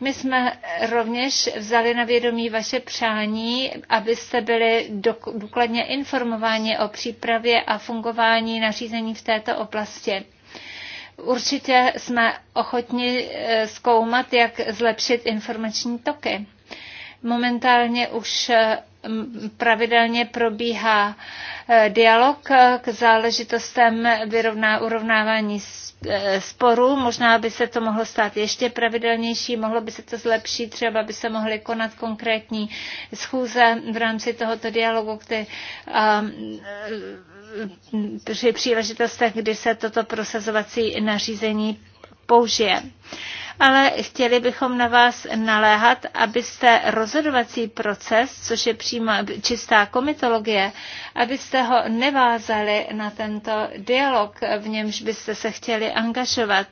My jsme rovněž vzali na vědomí vaše přání, abyste byli důkladně informováni o přípravě a fungování nařízení v této oblasti. Určitě jsme ochotni eh, zkoumat, jak zlepšit informační toky. Momentálně už eh, pravidelně probíhá e, dialog e, k záležitostem vyrovná, urovnávání e, sporů. Možná by se to mohlo stát ještě pravidelnější, mohlo by se to zlepšit, třeba by se mohly konat konkrétní schůze v rámci tohoto dialogu, který, a, při příležitostech, kdy se toto prosazovací nařízení použije ale chtěli bychom na vás naléhat, abyste rozhodovací proces, což je přímo čistá komitologie, abyste ho nevázali na tento dialog, v němž byste se chtěli angažovat,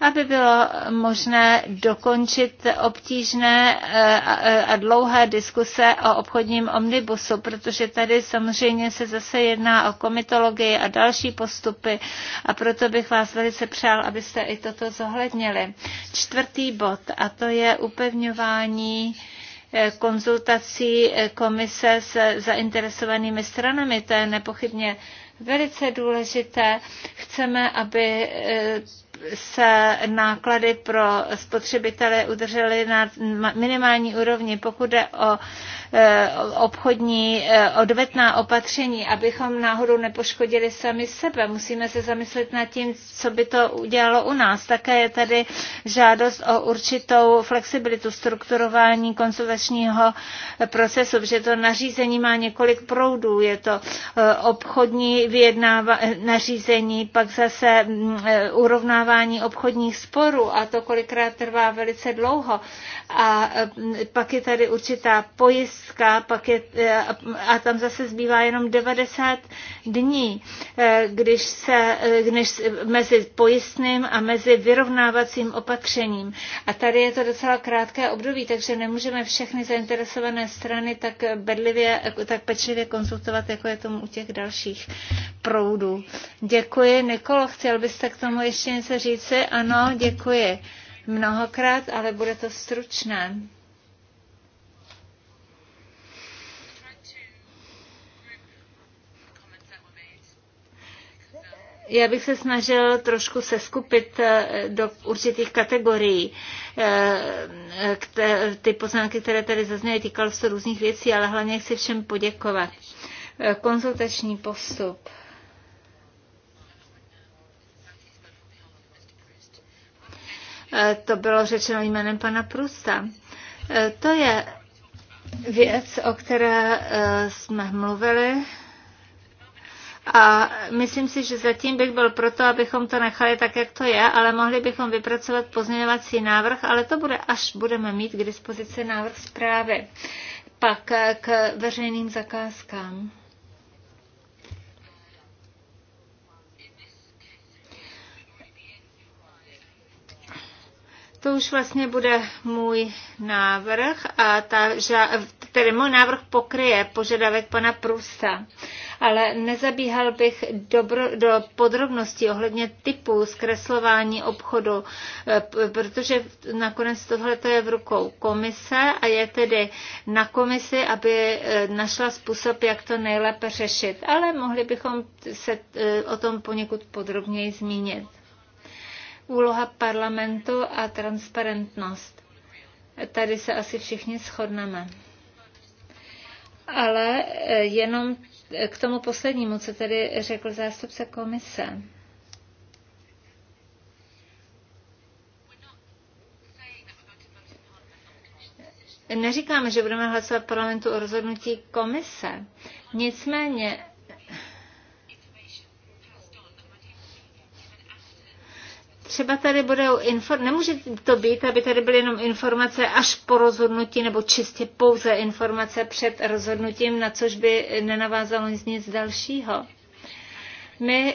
aby bylo možné dokončit obtížné eh, a dlouhé diskuse o obchodním omnibusu, protože tady samozřejmě se zase jedná o komitologii a další postupy a proto bych vás velice přál, abyste i toto zohlednili čtvrtý bod a to je upevňování eh, konzultací eh, komise s eh, zainteresovanými stranami. To je nepochybně velice důležité. Chceme, aby se náklady pro spotřebitele udržely na minimální úrovni. Pokud jde o e, obchodní e, odvetná opatření, abychom náhodou nepoškodili sami sebe, musíme se zamyslet nad tím, co by to udělalo u nás. Také je tady žádost o určitou flexibilitu strukturování konzultačního procesu, že to nařízení má několik proudů. Je to e, obchodní vyjednává, nařízení, pak zase urovnávání vyjednávání obchodních sporů a to kolikrát trvá velice dlouho a e, pak je tady určitá pojistka pak je, e, a tam zase zbývá jenom 90 dní, e, když se, když mezi pojistným a mezi vyrovnávacím opatřením. A tady je to docela krátké období, takže nemůžeme všechny zainteresované strany tak bedlivě, tak pečlivě konzultovat, jako je tomu u těch dalších proudů. Děkuji. Nikolo, chtěl byste k tomu ještě něco říci? Ano, děkuji mnohokrát, ale bude to stručné. Já bych se snažil trošku seskupit eh, do určitých kategorií. Eh, ty poznámky, které tady zazněly, týkaly se různých věcí, ale hlavně chci všem poděkovat. Eh, konzultační postup Eh, to bylo řečeno jménem pana Prusta. Eh, to je věc, o které eh, jsme mluvili a myslím si, že zatím bych byl proto, abychom to nechali tak, jak to je, ale mohli bychom vypracovat pozměňovací návrh, ale to bude, až budeme mít k dispozici návrh zprávy. Pak k veřejným zakázkám. To už vlastně bude můj návrh a ta, tedy můj návrh pokryje požadavek pana Prusa, ale nezabíhal bych dobro, do podrobností ohledně typu zkreslování obchodu, eh, protože nakonec tohle je v rukou komise a je tedy na komisi, aby eh, našla způsob, jak to nejlépe řešit. Ale mohli bychom se eh, o tom poněkud podrobněji zmínit úloha parlamentu a transparentnost. Tady se asi všichni shodneme. Ale e, jenom k tomu poslednímu, co tady řekl zástupce komise. Neříkáme, že budeme hlasovat parlamentu o rozhodnutí komise. Nicméně třeba tady budou informace, nemůže to být, aby tady byly jenom informace až po rozhodnutí, nebo čistě pouze informace před rozhodnutím, na což by nenavázalo nic dalšího. My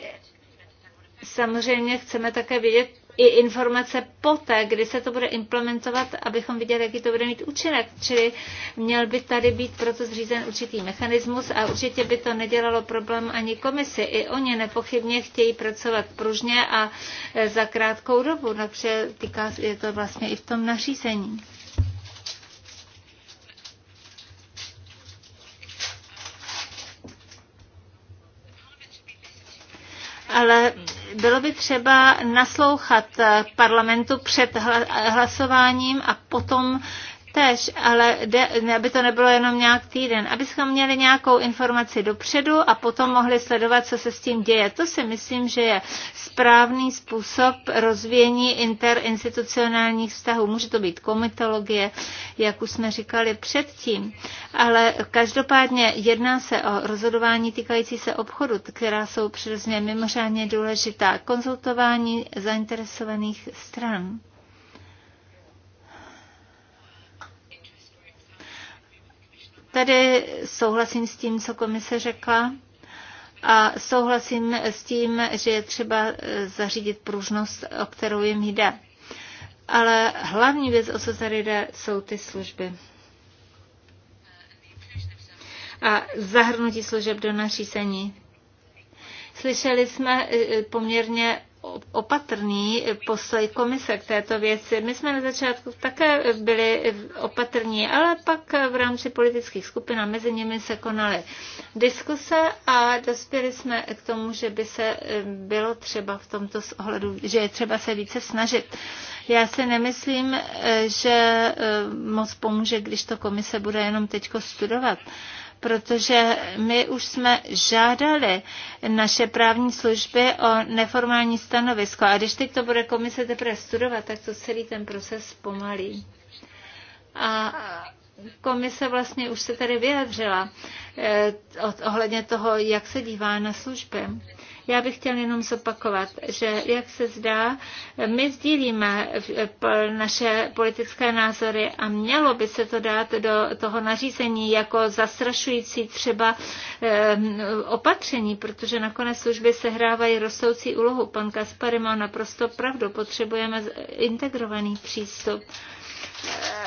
samozřejmě chceme také vědět, i informace poté, kdy se to bude implementovat, abychom viděli, jaký to bude mít účinek. Čili měl by tady být proto zřízen určitý mechanismus a určitě by to nedělalo problém ani komisi. I oni nepochybně chtějí pracovat pružně a e, za krátkou dobu, takže týká je to vlastně i v tom nařízení. Ale bylo by třeba naslouchat eh, parlamentu před hlasováním a potom tež, ale de, aby to nebylo jenom nějak týden, abychom měli nějakou informaci dopředu a potom mohli sledovat, co se s tím děje. To si myslím, že je správný způsob rozvíjení interinstitucionálních vztahů. Může to být komitologie, jak už jsme říkali předtím, ale každopádně jedná se o rozhodování týkající se obchodu, která jsou přirozeně mimořádně důležitá. Konzultování zainteresovaných stran. Tady souhlasím s tím, co komise řekla a souhlasím s tím, že je třeba eh, zařídit pružnost, o kterou jim jde. Ale hlavní věc, o co tady jde, jsou ty služby. A zahrnutí služeb do nařízení. Slyšeli jsme eh, poměrně opatrný postoj komise k této věci. My jsme na začátku také byli opatrní, ale pak v rámci politických skupin a mezi nimi se konaly diskuse a dospěli jsme k tomu, že by se eh, bylo třeba v tomto ohledu, že je třeba se více snažit. Já si nemyslím, eh, že eh, moc pomůže, když to komise bude jenom teď studovat protože my už jsme žádali naše právní služby o neformální stanovisko a když teď to bude komise teprve studovat, tak to celý ten proces pomalí. A komise vlastně už se tady vyjadřila eh, ohledně toho, jak se dívá na služby. Já bych chtěl jenom zopakovat, že jak se zdá, my sdílíme eh, naše politické názory a mělo by se to dát do toho nařízení jako zastrašující třeba ehm, opatření, protože nakonec služby sehrávají rostoucí úlohu. Pan Kaspary má naprosto pravdu, potřebujeme integrovaný přístup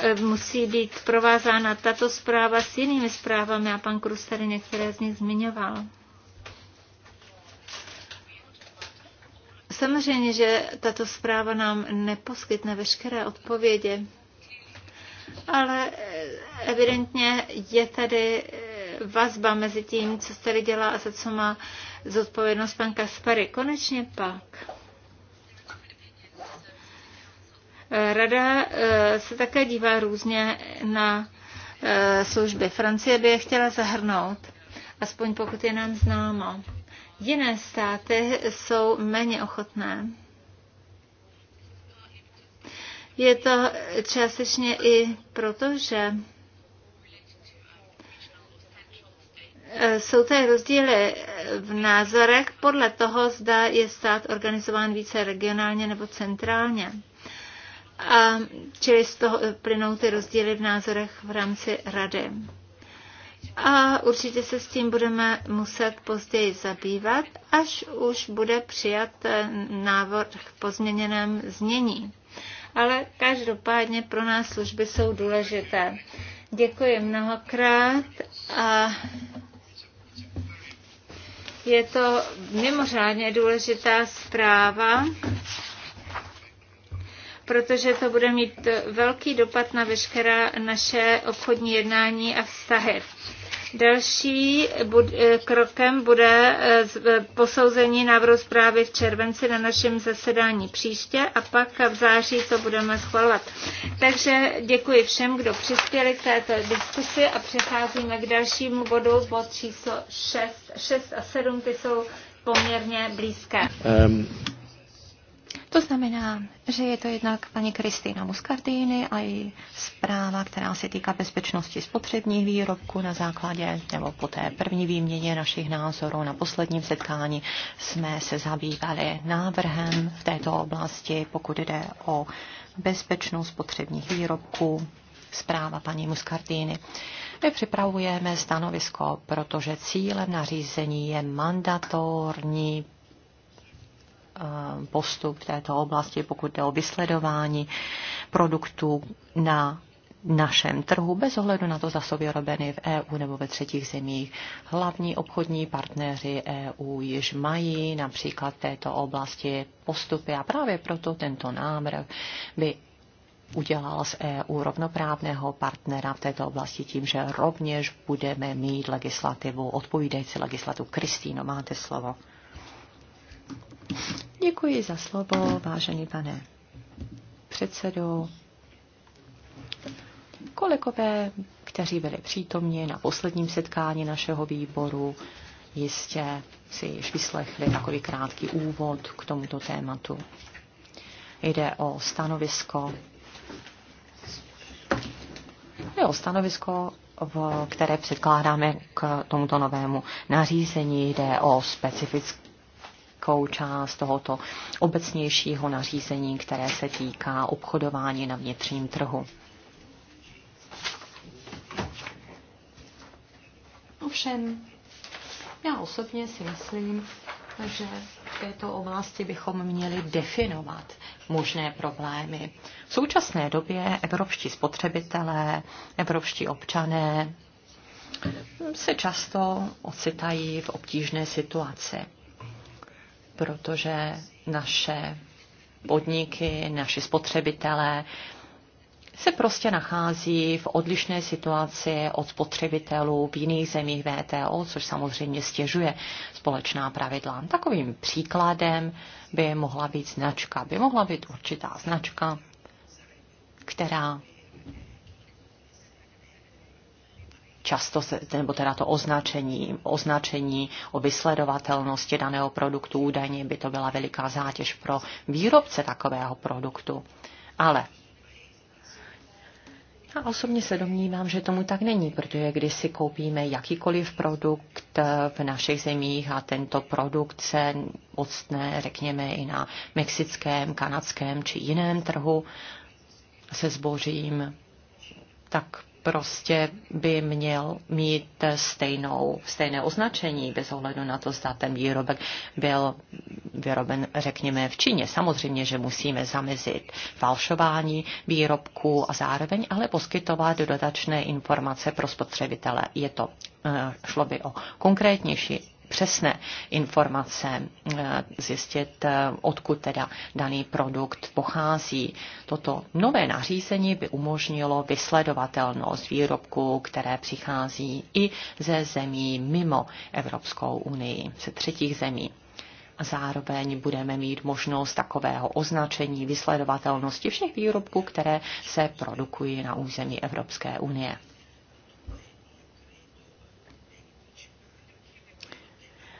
eh, musí být provázána tato zpráva s jinými zprávami a pan Krus tady některé z nich zmiňoval. Samozřejmě, že tato zpráva nám neposkytne veškeré odpovědi, ale eh, evidentně je tady eh, vazba mezi tím, co tady dělá a za co má zodpovědnost pan Kaspary. Konečně pak. Eh, rada se také dívá různě na služby. Francie by je chtěla zahrnout, aspoň pokud je nám známo. Jiné státy jsou méně ochotné. Je to částečně i proto, že jsou tady rozdíly v názorech podle toho, zda je stát organizován více regionálně nebo centrálně. A čili z toho plynou ty rozdíly v názorech v rámci rady a určitě se s tím budeme muset později zabývat, až už bude přijat eh, návrh pozměněném znění. Ale každopádně pro nás služby jsou důležité. Děkuji mnohokrát a je to mimořádně důležitá zpráva protože to bude mít velký dopad na veškerá naše obchodní jednání a vztahy. Další eh, krokem bude eh, eh, posouzení návrhu zprávy v červenci na našem zasedání příště a pak v září to budeme schvalovat. Takže děkuji všem, kdo přispěli k této diskusi a přecházíme k dalšímu bodu, bod číslo 6. 6 a 7 ty jsou poměrně blízké. Um. To znamená, že je to jednak paní Kristýna Muscardini a její zpráva, která se týká bezpečnosti spotřebních výrobků na základě nebo po té první výměně našich názorů na posledním setkání jsme se zabývali návrhem v této oblasti, pokud jde o bezpečnost spotřebních výrobků, zpráva paní Muscardini. My připravujeme stanovisko, protože cílem nařízení je mandatorní Eh, postup v této oblasti, pokud jde o vysledování produktů na našem trhu, bez ohledu na to, zda jsou vyrobeny v EU nebo ve třetích zemích. Hlavní obchodní partnéři EU již mají například v této oblasti postupy a právě proto tento návrh by udělal z EU rovnoprávného partnera v této oblasti tím, že rovněž budeme mít legislativu, odpovídající legislativu. Kristýno, máte slovo. Děkuji za slovo, vážený pane předsedo. Kolegové, kteří byli přítomni na posledním setkání našeho výboru, jistě si již vyslechli takový krátký úvod k tomuto tématu. Jde o stanovisko, jde o stanovisko, které předkládáme k tomuto novému nařízení. Jde o specifický velkou část tohoto obecnějšího nařízení, které se týká obchodování na vnitřním trhu. Ovšem, já osobně si myslím, že v této oblasti bychom měli definovat možné problémy. V současné době evropští spotřebitelé, evropští občané se často ocitají v obtížné situaci protože naše podniky, naši spotřebitelé se prostě nachází v odlišné situaci od spotřebitelů v jiných zemích VTO, což samozřejmě stěžuje společná pravidla. Takovým příkladem by mohla být značka, by mohla být určitá značka, která často se, nebo teda to označení, označení o vysledovatelnosti daného produktu, údajně by to byla veliká zátěž pro výrobce takového produktu. Ale já osobně se domnívám, že tomu tak není, protože když si koupíme jakýkoliv produkt v našich zemích a tento produkt se odstne, řekněme, i na mexickém, kanadském či jiném trhu se zbožím, tak prostě by měl mít stejnou, stejné označení bez ohledu na to, zda ten výrobek byl vyroben, řekněme, v Číně. Samozřejmě, že musíme zamezit falšování výrobků a zároveň ale poskytovat dodatečné informace pro spotřebitele. Je to eh, šlo by o konkrétnější přesné informace, eh, zjistit, eh, odkud teda daný produkt pochází. Toto nové nařízení by umožnilo vysledovatelnost výrobků, které přichází i ze zemí mimo Evropskou unii, ze třetích zemí. A zároveň budeme mít možnost takového označení vysledovatelnosti všech výrobků, které se produkují na území Evropské unie.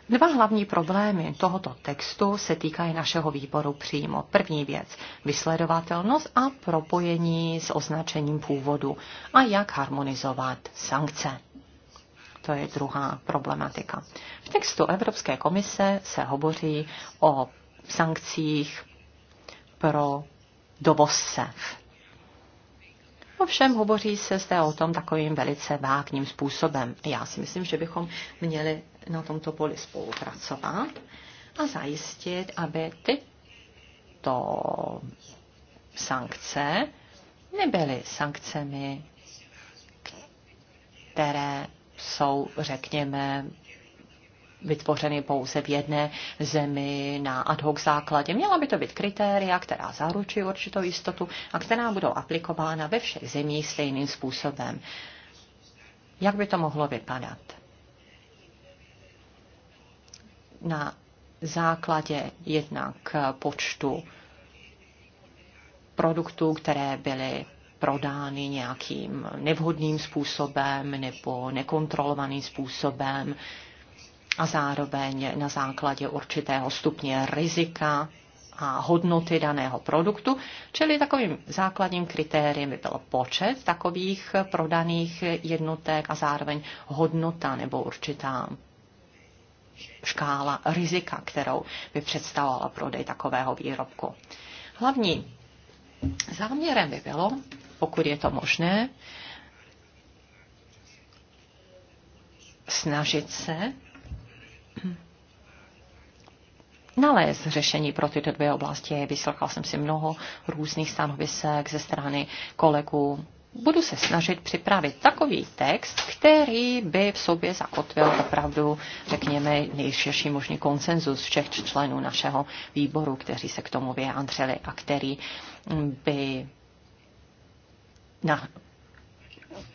Dva hlavní problémy tohoto textu se týkají našeho výboru přímo. První věc, vysledovatelnost a propojení s označením původu a jak harmonizovat sankce. To je druhá problematika. V textu Evropské komise se hovoří o sankcích pro dovozce. Ovšem hovoří se zde o tom takovým velice vágním způsobem. Já si myslím, že bychom měli na tomto poli spolupracovat a zajistit, aby tyto sankce nebyly sankcemi, které jsou, řekněme, vytvořeny pouze v jedné zemi na ad hoc základě. Měla by to být kritéria, která zaručí určitou jistotu a která budou aplikována ve všech zemích stejným způsobem. Jak by to mohlo vypadat? na základě jednak počtu produktů, které byly prodány nějakým nevhodným způsobem nebo nekontrolovaným způsobem a zároveň na základě určitého stupně rizika a hodnoty daného produktu, čili takovým základním kritériem by byl počet takových prodaných jednotek a zároveň hodnota nebo určitá škála rizika, kterou by představovala prodej takového výrobku. Hlavní záměrem by bylo, pokud je to možné, snažit se nalézt řešení pro tyto dvě oblasti. Vyslechal jsem si mnoho různých stanovisek ze strany kolegů budu se snažit připravit takový text, který by v sobě zakotvil opravdu, řekněme, nejširší možný konsenzus všech členů našeho výboru, kteří se k tomu vyjádřili a který by na,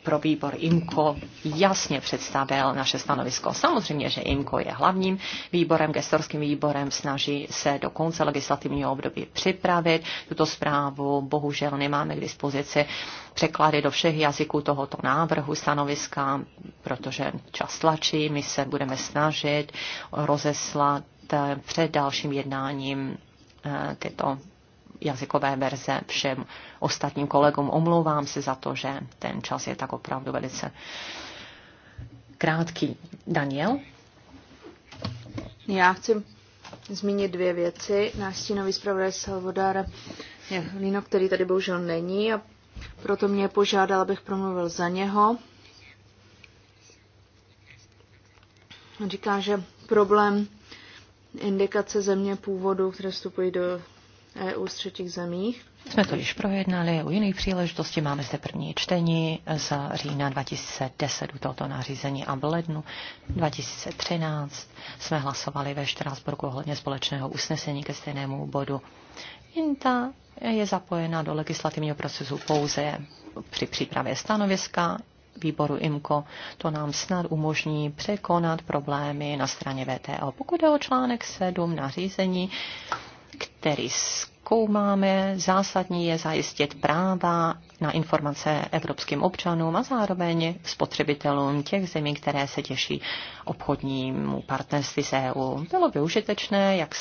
pro výbor IMCO jasně představil naše stanovisko. Samozřejmě, že IMCO je hlavním výborem, gestorským výborem, snaží se do konce legislativního období připravit tuto zprávu. Bohužel nemáme k dispozici překlady do všech jazyků tohoto návrhu stanoviska, protože čas tlačí, my se budeme snažit rozeslat před dalším jednáním eh, tyto jazykové verze všem ostatním kolegům. Omlouvám se za to, že ten čas je tak opravdu velice krátký. Daniel? Já chci zmínit dvě věci. Náš stínový zpravodaj Salvodar Lino, který tady bohužel není a proto mě požádal, abych promluvil za něho. On říká, že problém indikace země původu, které vstupují do EU z třetích zemích. Jsme to již projednali u jiných příležitosti. Máme zde první čtení z října 2010 u tohoto nařízení a v lednu 2013 jsme hlasovali ve Štrásburku ohledně společného usnesení ke stejnému bodu. INTA je zapojena do legislativního procesu pouze při přípravě stanoviska výboru IMCO. To nám snad umožní překonat problémy na straně VTO. Pokud je o článek 7 nařízení, který zkoumáme. Zásadní je zajistit práva na informace evropským občanům a zároveň spotřebitelům těch zemí, které se těší obchodnímu partnerství s EU. Bylo by užitečné, jak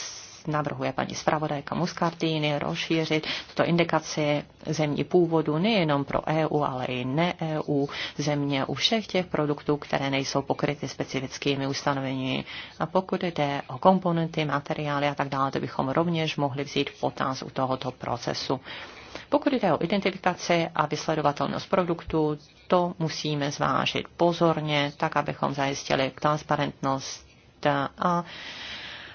navrhuje paní zpravodajka Muscardini rozšířit tuto indikaci zemí původu nejenom pro EU, ale i ne-EU země u všech těch produktů, které nejsou pokryty specifickými ustanovení. A pokud jde o komponenty, materiály a tak dále, to bychom rovněž mohli vzít v potaz u tohoto procesu. Pokud jde o identifikaci a vysledovatelnost produktu, to musíme zvážit pozorně, tak abychom zajistili transparentnost a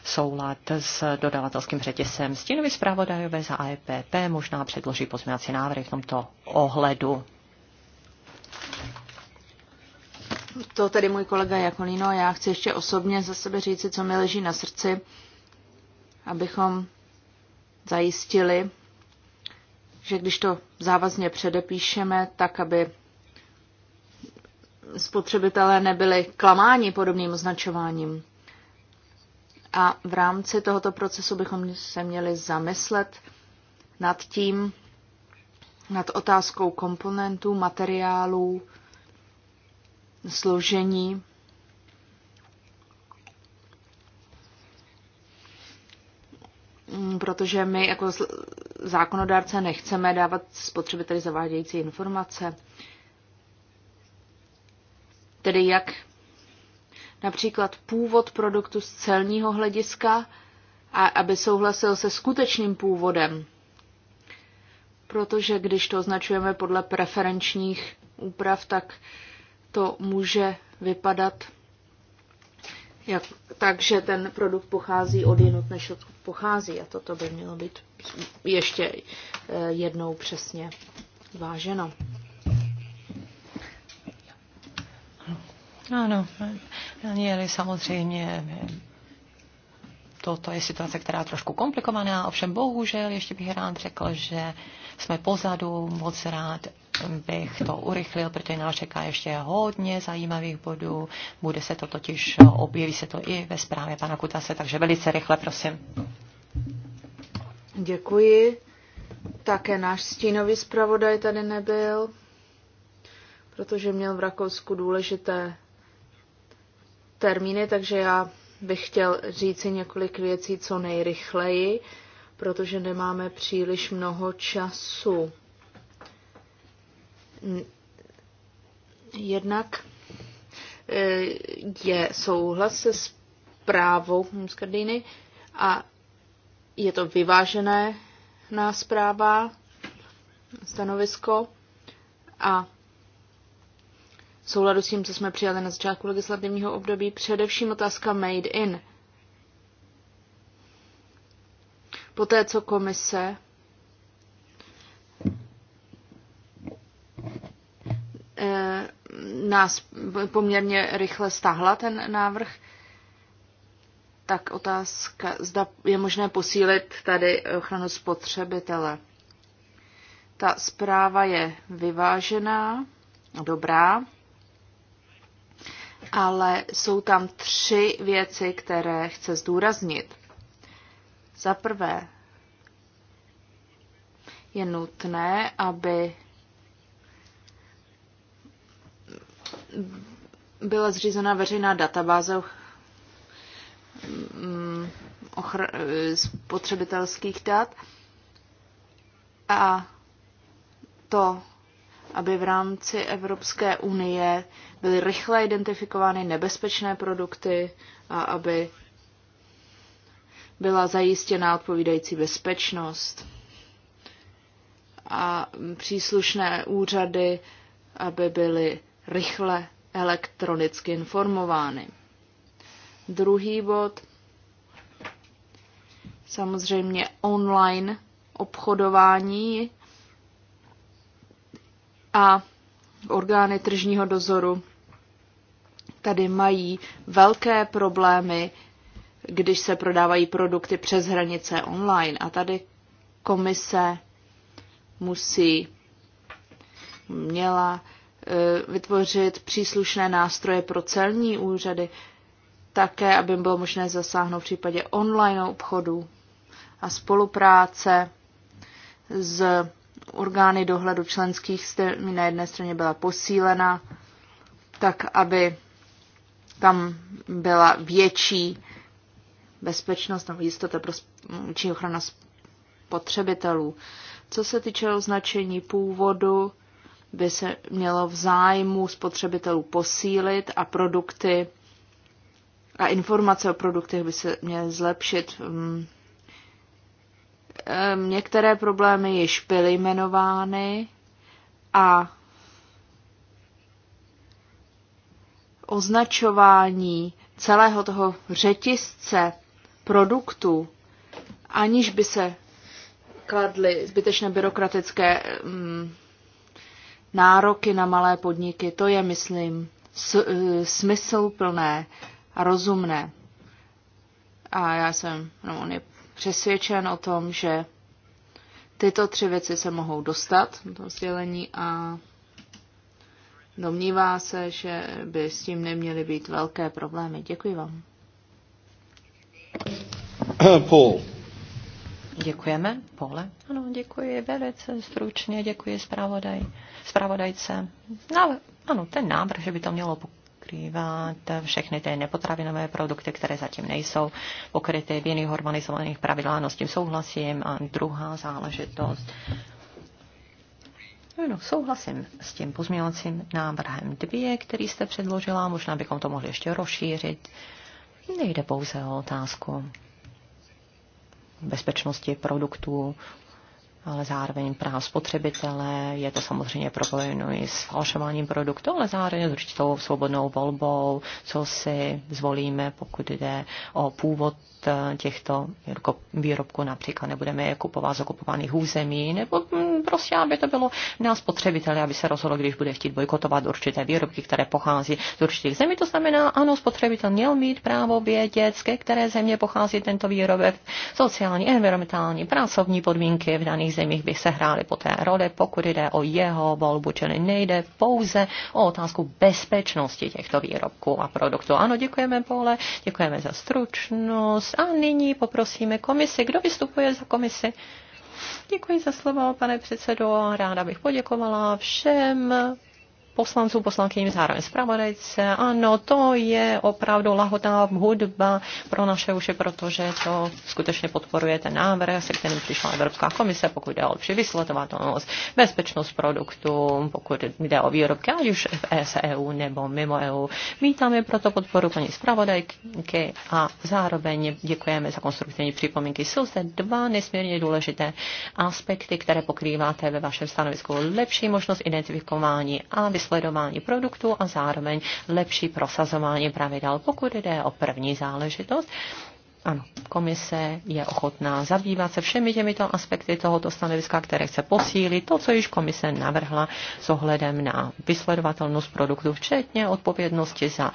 soulad s dodavatelským řetězem. Stínovi zpravodajové za AEPP možná předloží pozměňovací návrhy v tomto ohledu. To tedy můj kolega Jakolino, já chci ještě osobně za sebe říci, co mi leží na srdci, abychom zajistili, že když to závazně předepíšeme, tak aby spotřebitelé nebyli klamáni podobným označováním. A v rámci tohoto procesu bychom se měli zamyslet nad tím, nad otázkou komponentů, materiálů, složení. Mm, protože my jako zákonodárce nechceme dávat spotřebiteli zavádějící informace. Tedy jak například původ produktu z celního hlediska a aby souhlasil se skutečným původem. Protože když to označujeme podle preferenčních úprav, tak to může vypadat jak, takže ten produkt pochází od jinot, než od pochází. A toto by mělo být ještě eh, jednou přesně váženo. Ano, Danieli, samozřejmě toto je situace, která je trošku komplikovaná, ovšem bohužel ještě bych rád řekl, že jsme pozadu, moc rád bych to urychlil, protože nás čeká ještě hodně zajímavých bodů. Bude se to totiž, objeví se to i ve zprávě pana Kutase, takže velice rychle, prosím. Děkuji. Také náš stínový zpravodaj tady nebyl, protože měl v Rakousku důležité termíny, takže já bych chtěl říci několik věcí co nejrychleji, protože nemáme příliš mnoho času. Jednak e, je souhlas se zprávou Muscardini a je to vyvážené na zpráva, stanovisko a v souladu s tím, co jsme přijali na začátku legislativního období, především otázka made in. Poté, co komise eh, nás poměrně rychle stáhla ten návrh, tak otázka, zda je možné posílit tady ochranu spotřebitele. Ta zpráva je vyvážená, dobrá ale jsou tam tři věci, které chce zdůraznit. Za prvé, je nutné, aby byla zřízena veřejná databáze mm, spotřebitelských dat a to aby v rámci Evropské unie byly rychle identifikovány nebezpečné produkty a aby byla zajištěná odpovídající bezpečnost a příslušné úřady, aby byly rychle elektronicky informovány. Druhý bod, samozřejmě online obchodování a orgány tržního dozoru tady mají velké problémy, když se prodávají produkty přes hranice online. A tady komise musí měla eh, vytvořit příslušné nástroje pro celní úřady, také, aby bylo možné zasáhnout v případě online obchodu a spolupráce s orgány dohledu členských zemí na jedné straně byla posílena, tak aby tam byla větší bezpečnost nebo jistota pro větší ochrana spotřebitelů. Co se týče označení původu, by se mělo v zájmu spotřebitelů posílit a produkty a informace o produktech by se měly zlepšit. Mm, Ehm, některé problémy již byly jmenovány a označování celého toho řetisce produktů, aniž by se kladly zbytečné byrokratické mm, nároky na malé podniky, to je, myslím, e, smysluplné a rozumné. A já jsem, no on je přesvědčen o tom, že tyto tři věci se mohou dostat do sdělení a domnívá se, že by s tím neměly být velké problémy. Děkuji vám. Paul. Děkujeme, Pole. Ano, děkuji velice stručně, děkuji zpravodaj, zpravodajce. No, ano, ten návrh, že by to mělo pokrývat všechny ty nepotravinové produkty, které zatím nejsou pokryty v jiných harmonizovaných pravidlách, no s tím souhlasím. A druhá záležitost, no, no, souhlasím s tím pozměňovacím návrhem dvě, který jste předložila. Možná bychom to mohli ještě rozšířit. Nejde pouze o otázku bezpečnosti produktů, ale zároveň práv spotřebitele, je to samozřejmě propojeno i s falšováním produktu, ale zároveň s určitou svobodnou volbou, co si zvolíme, pokud jde o původ eh, těchto výrobků například nebudeme je kupovat z okupovaných území, nebo hm, prostě, aby to bylo na spotřebitele, aby se rozhodl, když bude chtít bojkotovat určité výrobky, které pochází z určitých zemí. To znamená, ano, spotřebitel měl mít právo vědět, ke které země pochází tento výrobek. Sociální, environmentální, pracovní podmínky v daných zemích by se hrály po té role, pokud jde o jeho volbu, čili nejde pouze o otázku bezpečnosti těchto výrobků a produktů. Ano, děkujeme, Pole, děkujeme za stručnost a nyní poprosíme komisi. Kdo vystupuje za komisi? Děkuji za slovo, pane předsedo. Ráda bych poděkovala všem poslanců, poslankyním, zároveň zpravodajce. Ano, to je opravdu lahodná hudba pro naše uši, protože to skutečně podporuje ten návrh, se kterým přišla Evropská komise, pokud jde o lepší vysledovatelnost, bezpečnost produktů, pokud jde o výrobky, ať už v EU e nebo mimo EU. Vítáme proto podporu paní zpravodajky a zároveň děkujeme za konstruktivní připomínky. Jsou zde dva nesmírně důležité aspekty, které pokrýváte ve vašem stanovisku. Lepší možnost identifikování a vysledování sledování produktů a zároveň lepší prosazování pravidel, pokud jde o první záležitost. Ano, komise je ochotná zabývat se všemi těmito aspekty tohoto stanoviska, které chce posílit to, co již komise navrhla s ohledem na vysledovatelnost produktu, včetně odpovědnosti za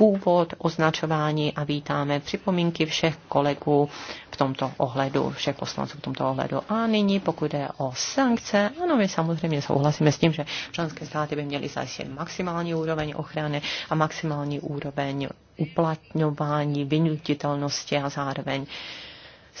původ, označování a vítáme připomínky všech kolegů v tomto ohledu, všech poslanců v tomto ohledu. A nyní, pokud je o sankce, ano, my samozřejmě souhlasíme s tím, že členské státy by měly zajistit maximální úroveň ochrany a maximální úroveň uplatňování, vynutitelnosti a zároveň uh,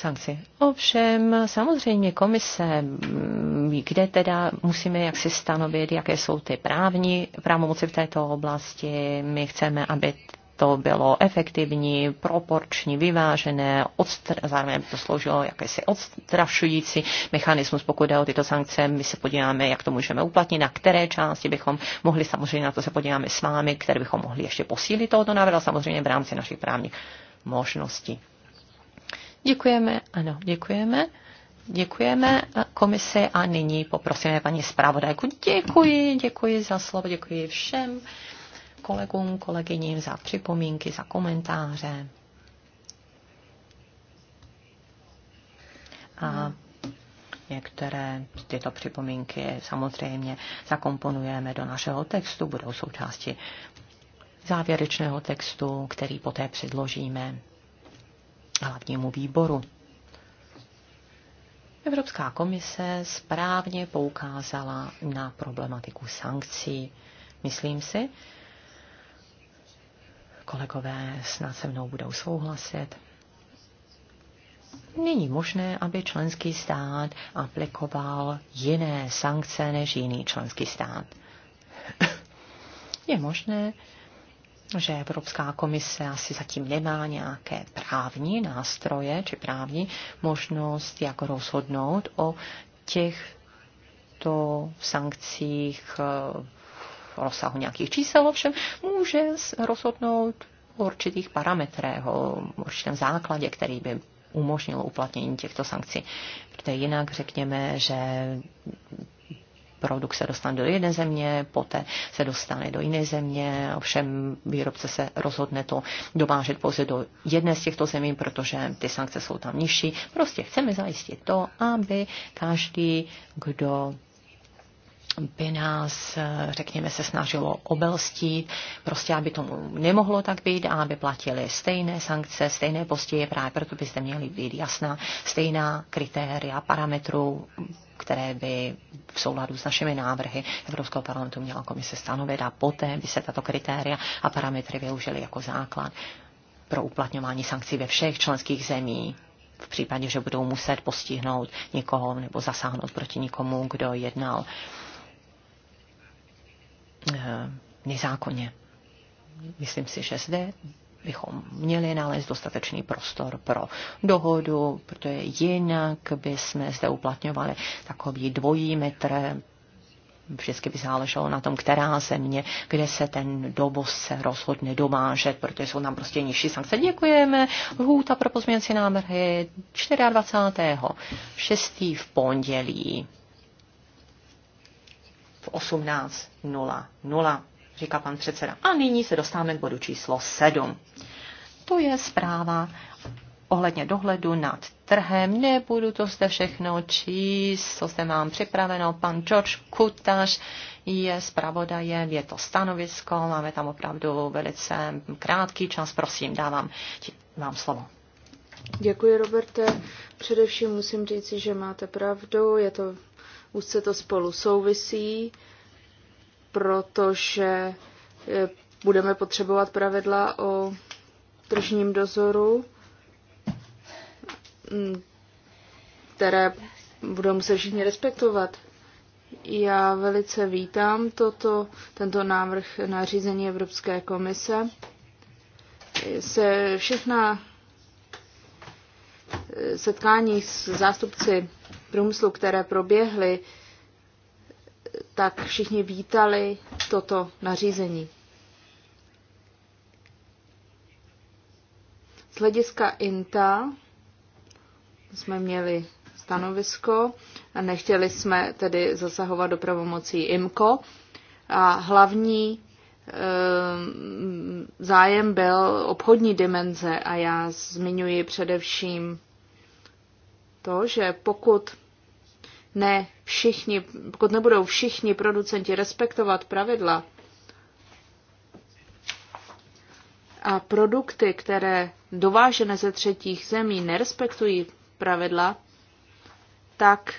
sankci. Ovšem, samozřejmě komise, mm, kde teda musíme jaksi stanovit, jaké jsou ty právní pravomoci v této oblasti. My chceme, aby to bylo efektivní, proporční, vyvážené, odstr- zároveň to sloužilo jakési odstrašující mechanismus, pokud jde o tyto sankce. My se podíváme, jak to můžeme uplatnit, na které části bychom mohli, samozřejmě na to se podíváme s vámi, které bychom mohli ještě posílit tohoto návrhu, samozřejmě v rámci našich právních možností. Děkujeme, ano, děkujeme. Děkujeme eh, komisi a nyní poprosíme paní zpravodajku. Děkuji, děkuji za slovo, děkuji všem kolegům, kolegyním za připomínky, za komentáře. A některé tyto připomínky samozřejmě zakomponujeme do našeho textu, budou součástí závěrečného textu, který poté předložíme hlavnímu výboru. Evropská komise správně poukázala na problematiku sankcí. Myslím si, kolegové snad se mnou budou souhlasit. Není možné, aby členský stát aplikoval jiné sankce než jiný členský stát. Je možné, že Evropská komise asi zatím nemá nějaké právní nástroje či právní možnost, jak rozhodnout o těchto sankcích eh, v rozsahu nějakých čísel, ovšem může rozhodnout o určitých parametrech, o určitém základě, který by umožnil uplatnění těchto sankcí. Protože jinak řekněme, že produkt se dostane do jedné země, poté se dostane do jiné země, ovšem výrobce se rozhodne to dovážet pouze do jedné z těchto zemí, protože ty sankce jsou tam nižší. Prostě chceme zajistit to, aby každý, kdo by nás, řekněme, se snažilo obelstít, prostě aby tomu nemohlo tak být a aby platili stejné sankce, stejné postihy, právě proto by zde měly být jasná, stejná kritéria parametrů které by v souladu s našimi návrhy Evropského parlamentu měla komise stanovit a poté by se tato kritéria a parametry využily jako základ pro uplatňování sankcí ve všech členských zemí v případě, že budou muset postihnout někoho nebo zasáhnout proti někomu, kdo jednal eh, nezákonně. Myslím si, že zde bychom měli nalézt dostatečný prostor pro dohodu, protože jinak by jsme zde uplatňovali takový dvojí metr, vždycky by záleželo na tom, která země, kde se ten dovoz se rozhodne domážet, protože jsou tam prostě nižší sankce. Děkujeme. Lhůta pro pozměnci námrhy 24. 6. v pondělí v 18.00, říká pan předseda. A nyní se dostáváme k bodu číslo 7 to je zpráva ohledně dohledu nad trhem. Nebudu to zde všechno číst, co zde mám připraveno. Pan George Kutaš je zpravodajem, je to stanovisko, máme tam opravdu velice krátký čas. Prosím, dávám vám slovo. Děkuji, Roberte. Především musím říct, že máte pravdu, je to, už se to spolu souvisí, protože eh, budeme potřebovat pravidla o tržním dozoru, mm, které budou muset všichni respektovat. Já velice vítám toto, tento návrh na řízení Evropské komise. Se všechna eh, setkání s zástupci průmyslu, které proběhly, eh, tak všichni vítali toto nařízení. hlediska INTA jsme měli stanovisko a nechtěli jsme tedy zasahovat do pravomocí IMCO. A hlavní eh, zájem byl obchodní dimenze a já zmiňuji především to, že pokud ne všichni, pokud nebudou všichni producenti respektovat pravidla a produkty, které dovážené ze třetích zemí nerespektují pravidla, tak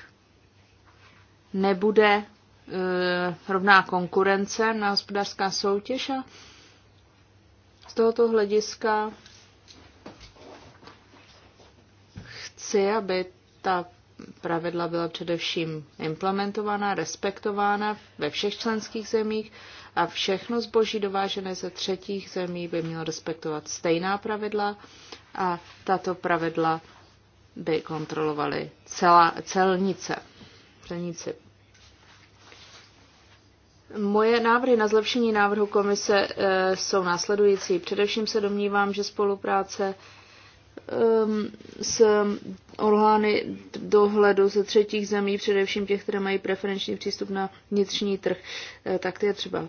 nebude e, rovná konkurence na hospodářská soutěž a z tohoto hlediska chci, aby ta pravidla byla především implementována, respektována ve všech členských zemích, a všechno zboží dovážené ze třetích zemí by mělo respektovat stejná pravidla a tato pravidla by kontrolovaly celá, celnice. Celníci. Moje návrhy na zlepšení návrhu komise e, jsou následující. Především se domnívám, že spolupráce ehm, s orgány dohledu ze třetích zemí, především těch, které mají preferenční přístup na vnitřní trh, eh, tak ty je třeba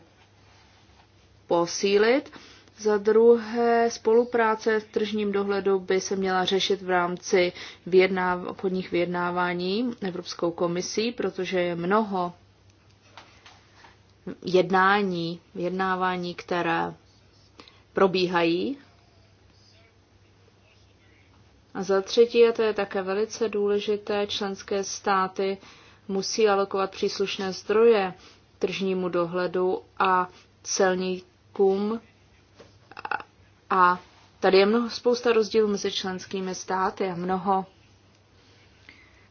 posílit. Za druhé, spolupráce v tržním dohledu by se měla řešit v rámci vyjednáv- obchodních vyjednávání Evropskou komisí, protože je mnoho jednání, vyjednávání, které probíhají. A za třetí, a to je také velice důležité, členské státy musí alokovat příslušné zdroje tržnímu dohledu a celní kum a tady je mnoho, spousta rozdílů mezi členskými státy a mnoho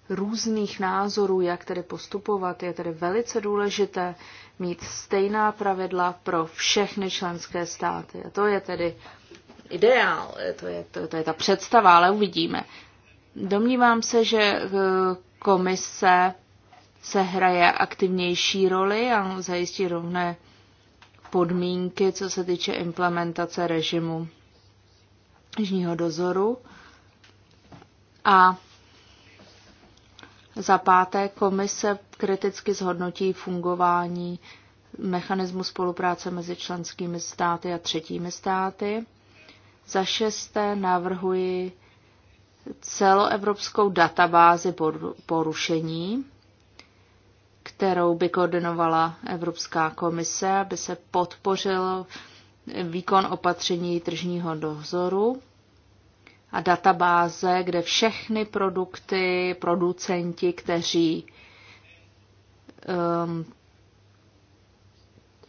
různých názorů, jak tedy postupovat. Je tedy velice důležité mít stejná pravidla pro všechny členské státy. A to je tedy ideál, to je, to, to je ta představa, ale uvidíme. Domnívám se, že eh, komise se hraje aktivnější roli a zajistí rovné podmínky, co se týče implementace režimu jižního dozoru. A za páté, komise kriticky zhodnotí fungování mechanismu spolupráce mezi členskými státy a třetími státy. Za šesté navrhuji celoevropskou databázi porušení kterou by koordinovala Evropská komise, aby se podpořil výkon opatření tržního dozoru a databáze, kde všechny produkty, producenti, kteří um,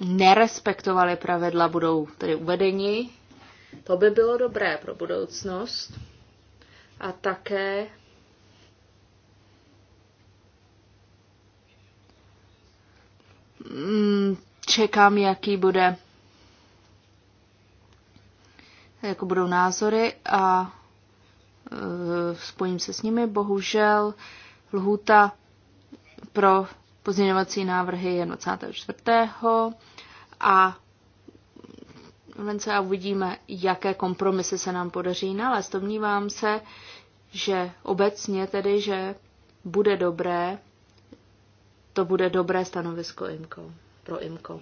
nerespektovali pravidla, budou tedy uvedeni. To by bylo dobré pro budoucnost. A také Mm, čekám, jaký bude jako budou názory a e, spojím se s nimi. Bohužel lhůta pro pozměňovací návrhy je 24. a a uvidíme, jaké kompromisy se nám podaří nalézt. Domnívám se, že obecně tedy, že bude dobré to bude dobré stanovisko IMCO, pro IMCO.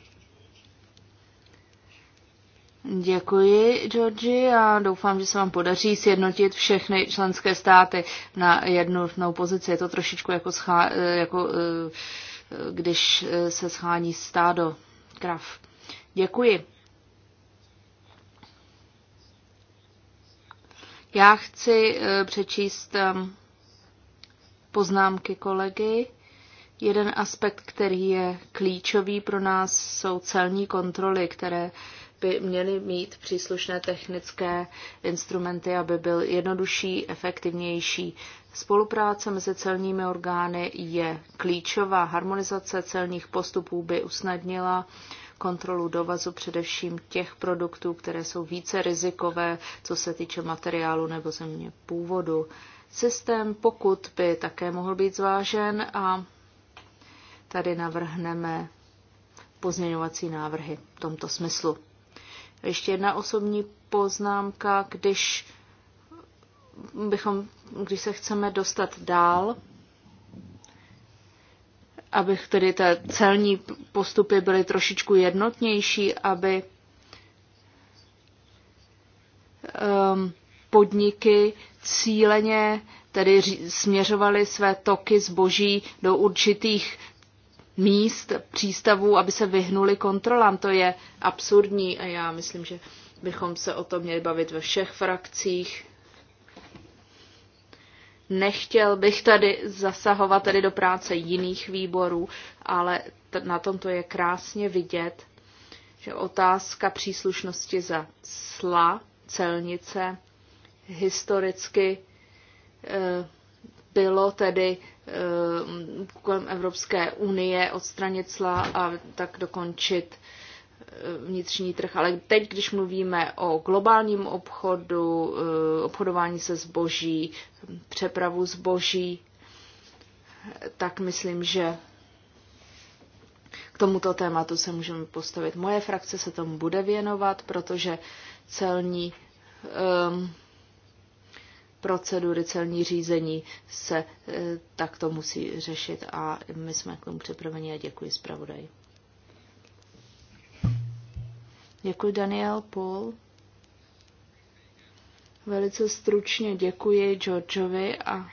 Děkuji, Georgi, a doufám, že se vám podaří sjednotit všechny členské státy na jednotnou pozici. Je to trošičku jako, schá, jako eh, eh, když eh, se schání stádo krav. Děkuji. Já chci přečíst poznámky kolegy. Jeden aspekt, který je klíčový pro nás, jsou celní kontroly, které by měly mít příslušné technické instrumenty, aby byl jednodušší, efektivnější. Spolupráce mezi celními orgány je klíčová. Harmonizace celních postupů by usnadnila kontrolu dovazu především těch produktů, které jsou více rizikové, co se týče materiálu nebo země původu. Systém pokud by také mohl být zvážen a tady navrhneme pozměňovací návrhy v tomto smyslu. Ještě jedna osobní poznámka, když, bychom, když se chceme dostat dál, abych tedy ty celní postupy byly trošičku jednotnější, aby um, podniky cíleně tedy směřovaly své toky zboží do určitých míst přístavů, aby se vyhnuli kontrolám. To je absurdní a já myslím, že bychom se o to měli bavit ve všech frakcích. Nechtěl bych tady zasahovat tady do práce jiných výborů, ale na tom to je krásně vidět, že otázka příslušnosti za sla, celnice, historicky e, bylo tedy eh, kolem Evropské unie odstranit cla a tak dokončit eh, vnitřní trh. Ale teď, když mluvíme o globálním obchodu, eh, obchodování se zboží, přepravu zboží, tak myslím, že k tomuto tématu se můžeme postavit. Moje frakce se tomu bude věnovat, protože celní um, procedury celní řízení se e, takto musí řešit a my jsme k tomu připraveni a děkuji zpravodaji. Děkuji Daniel, Paul. Velice stručně děkuji Georgeovi a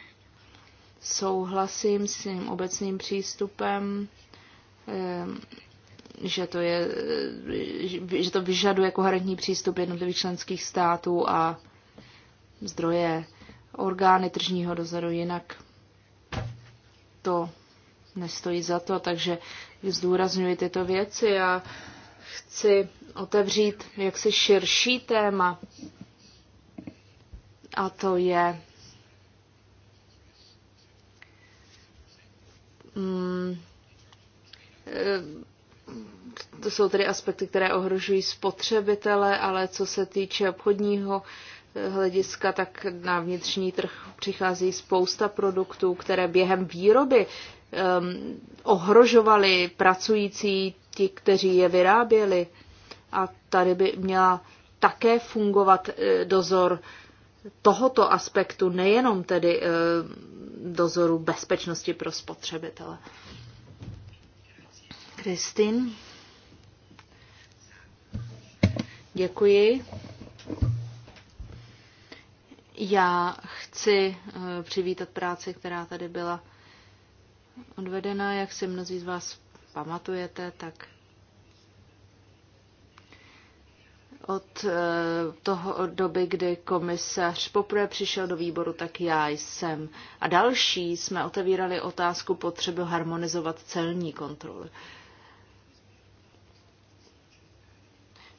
souhlasím s tím obecným přístupem, e, že to, je, e, že to vyžaduje koherentní přístup jednotlivých členských států a zdroje orgány tržního dozoru, jinak to nestojí za to, takže zdůrazňuji tyto věci a chci otevřít jaksi širší téma a to je mm, e, to jsou tedy aspekty, které ohrožují spotřebitele, ale co se týče obchodního hlediska, tak na vnitřní trh přichází spousta produktů, které během výroby um, ohrožovaly pracující ti, kteří je vyráběli. A tady by měla také fungovat eh, dozor tohoto aspektu, nejenom tedy eh, dozoru bezpečnosti pro spotřebitele. Kristin? Děkuji. Já chci eh, přivítat práci, která tady byla odvedena. Jak si mnozí z vás pamatujete, tak od eh, toho doby, kdy komisař poprvé přišel do výboru, tak já jsem. A další jsme otevírali otázku potřeby harmonizovat celní kontroly.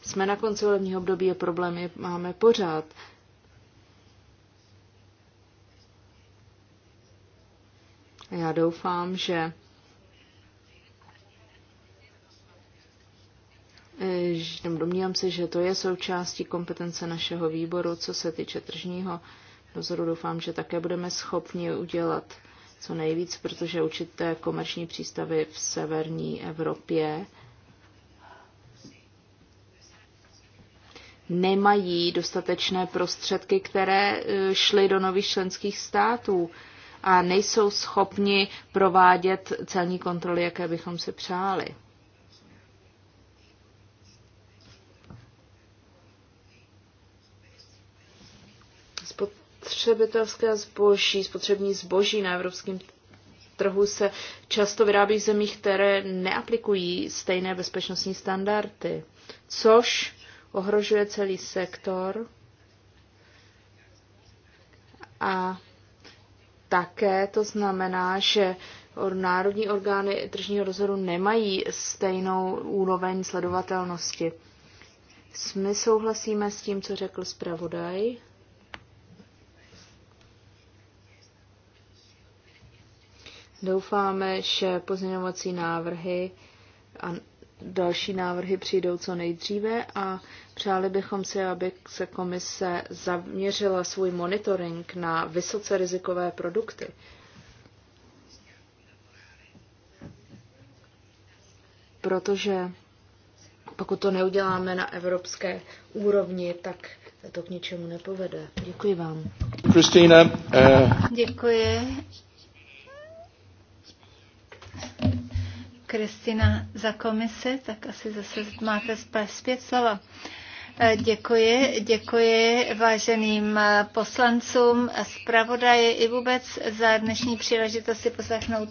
Jsme na konci volebního období a problémy máme pořád. Já doufám, že eh, Domnívám se, že to je součástí kompetence našeho výboru, co se týče tržního dozoru. Doufám, že také budeme schopni udělat co nejvíc, protože určité komerční přístavy v severní Evropě nemají dostatečné prostředky, které eh, šly do nových členských států a nejsou schopni provádět celní kontroly, jaké bychom si přáli. Spotřebitelské zboží, spotřební zboží na evropském trhu se často vyrábí v zemích, které neaplikují stejné bezpečnostní standardy, což ohrožuje celý sektor a také to znamená, že národní orgány tržního dozoru nemají stejnou úroveň sledovatelnosti. My souhlasíme s tím, co řekl zpravodaj. Doufáme, že pozměňovací návrhy a další návrhy přijdou co nejdříve a přáli bychom si, aby se komise zaměřila svůj monitoring na vysoce rizikové produkty. Protože pokud to neuděláme na evropské úrovni, tak to k ničemu nepovede. Děkuji vám. Kristýna. Uh... Eh, Děkuji. Kristina za komise, tak asi zase máte zpět slova. E, děkuji, děkuji váženým e, poslancům, zpravodaji i vůbec za dnešní příležitost si poslechnout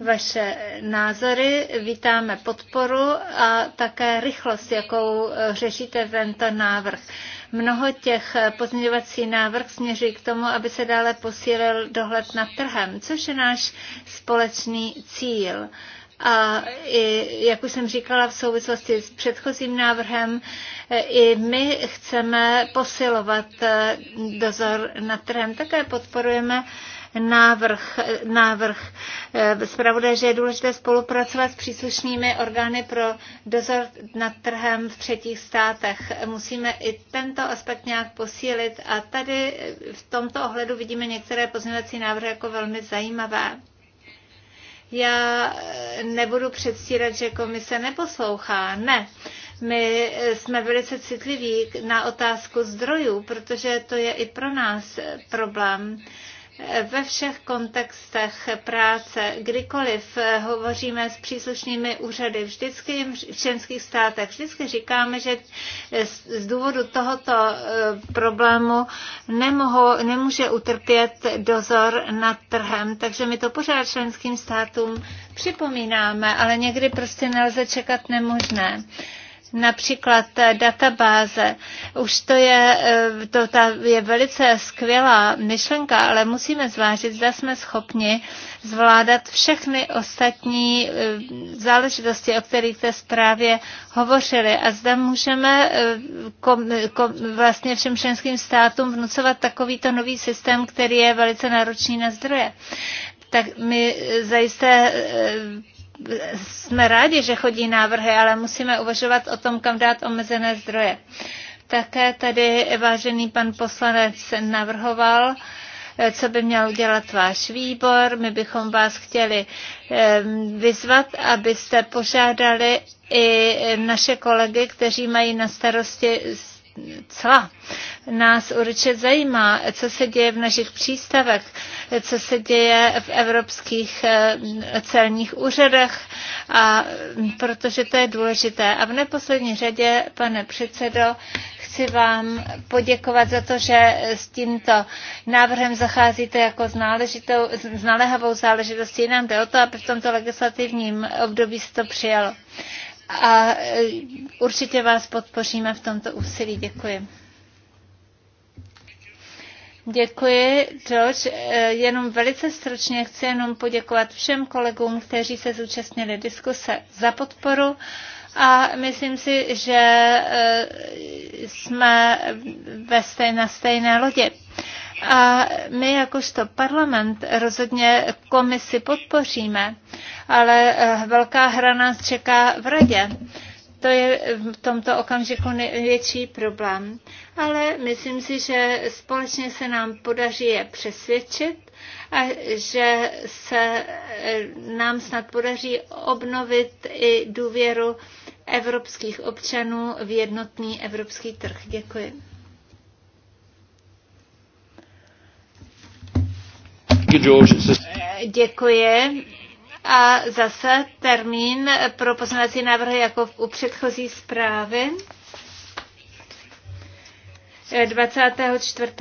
vaše názory. Vítáme podporu a také rychlost, jakou e, řešíte tento návrh. Mnoho těch pozměňovací návrh směřují k tomu, aby se dále posílil dohled nad trhem, což je náš společný cíl a i, jak už jsem říkala v souvislosti s předchozím návrhem, e, i my chceme posilovat e, dozor nad trhem. Také podporujeme návrh, e, návrh zpravodaje, že je důležité spolupracovat s příslušnými orgány pro dozor nad trhem v třetích státech. Musíme i tento aspekt nějak posílit a tady v tomto ohledu vidíme některé pozměňovací návrhy jako velmi zajímavé. Já eh, nebudu předstírat, že komise neposlouchá. Ne. My eh, jsme velice citliví na otázku zdrojů, protože to je i pro nás eh, problém ve všech kontextech práce, kdykoliv hovoříme s příslušnými úřady, vždycky v členských státech, vždycky říkáme, že z důvodu tohoto e, problému nemohou, nemůže utrpět dozor nad trhem, takže my to pořád členským státům připomínáme, ale někdy prostě nelze čekat nemožné například eh, databáze. Už to je, eh, to ta je velice skvělá myšlenka, ale musíme zvážit, zda jsme schopni zvládat všechny ostatní eh, záležitosti, o kterých jste zprávě hovořili. A zda můžeme kom, kom, vlastně všem členským státům vnucovat takovýto nový systém, který je velice náročný na zdroje tak my zajisté jsme rádi, že chodí návrhy, ale musíme uvažovat o tom, kam dát omezené zdroje. Také tady vážený pan poslanec navrhoval, eh, co by měl udělat váš výbor. My bychom vás chtěli eh, vyzvat, abyste požádali i naše kolegy, kteří mají na starosti co Nás určitě zajímá, co se děje v našich přístavech, co se děje v evropských eh, celních úřadech, a mm, protože to je důležité. A v neposlední řadě, pane předsedo, chci vám poděkovat za to, že s tímto návrhem zacházíte jako s, náležitou, s naléhavou záležitostí. Nám jde o to, aby v tomto legislativním období se to přijalo a e, určitě vás podpoříme v tomto úsilí. Děkuji. Děkuji, George. E, jenom velice stručně chci jenom poděkovat všem kolegům, kteří se zúčastnili diskuse za podporu a myslím si, že e, jsme ve stejné, na stejné lodi. A my jakožto parlament rozhodně komisi podpoříme, ale eh, velká hra nás čeká v radě. To je v tomto okamžiku největší problém. Ale myslím si, že společně se nám podaří je přesvědčit a že se eh, nám snad podaří obnovit i důvěru evropských občanů v jednotný evropský trh. Děkuji. Děkuji. A zase termín pro poslanecí návrhy jako u předchozí zprávy. 24.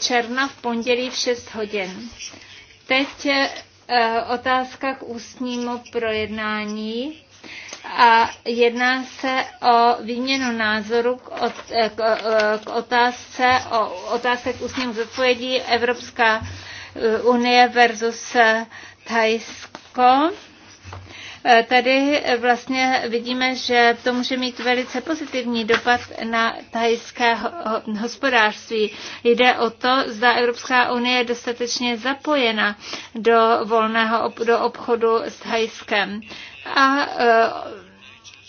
června v pondělí v 6 hodin. Teď eh, otázka k ústnímu projednání a jedná se o výměnu názoru k, od, eh, k, eh, k otázce o otázce k ústním zodpovědí Evropská Unie versus eh, Thajsko. Eh, tady eh, vlastně vidíme, že to může mít velice pozitivní dopad na thajské hospodářství. Jde o to, zda Evropská unie je dostatečně zapojena do volného do obchodu s Thajskem. A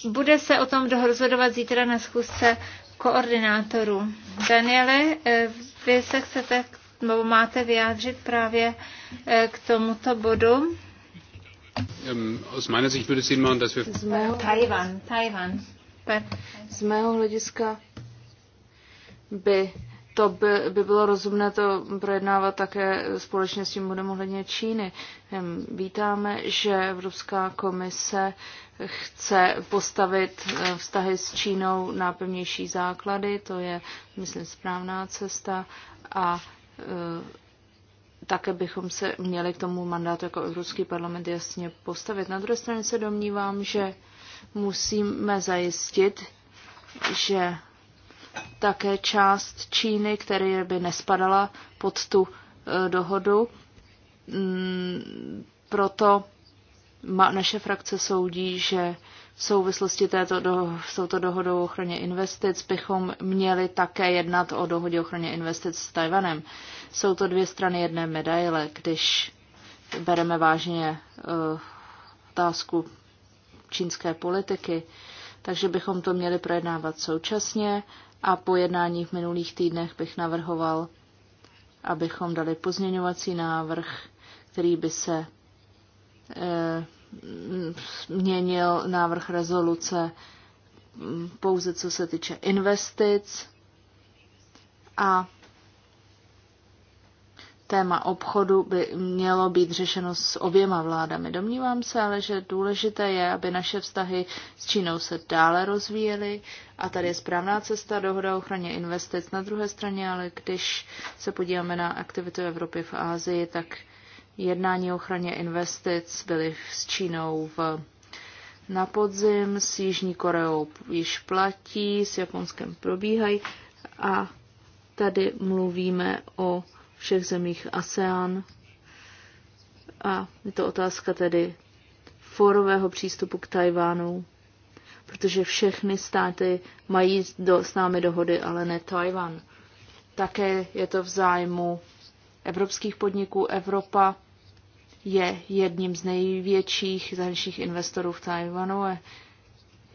bude se o tom rozhodovat zítra na schůzce koordinátorů. Daniele, vy se chcete k nebo máte vyjádřit právě eh, k tomuto bodu? Ähm, Z mého, Tajvan, Z mého hlediska by to by, by bylo rozumné to projednávat také společně s tím bodem ohledně Číny. Vítáme, že Evropská komise chce postavit eh, vztahy s Čínou na pevnější základy, to je, myslím, správná cesta a Eh, také bychom se měli k tomu mandátu jako Evropský parlament jasně postavit. Na druhé straně se domnívám, že musíme zajistit, že také část Číny, které by nespadala pod tu eh, dohodu, mm, proto naše frakce soudí, že v souvislosti této do, s touto dohodou o ochraně investic bychom měli také jednat o dohodě o ochraně investic s Tajvanem. Jsou to dvě strany jedné medaile, když bereme vážně uh, otázku čínské politiky, takže bychom to měli projednávat současně a po jednání v minulých týdnech bych navrhoval, abychom dali pozměňovací návrh, který by se eh, změnil mm, návrh rezoluce mm, pouze co se týče investic a téma obchodu by mělo být řešeno s oběma vládami. Domnívám se ale, že důležité je, aby naše vztahy s Čínou se dále rozvíjely a tady je správná cesta dohoda o ochraně investic na druhé straně, ale když se podíváme na aktivitu Evropy v Ázii, tak Jednání o ochraně investic byly s Čínou v, na podzim, s Jižní Koreou již platí, s Japonskem probíhají a tady mluvíme o všech zemích ASEAN. A je to otázka tedy forového přístupu k Tajvánu, protože všechny státy mají do, s námi dohody, ale ne Tajvan. Také je to v zájmu evropských podniků. Evropa je jedním z největších zahraničních investorů v Tajvanu a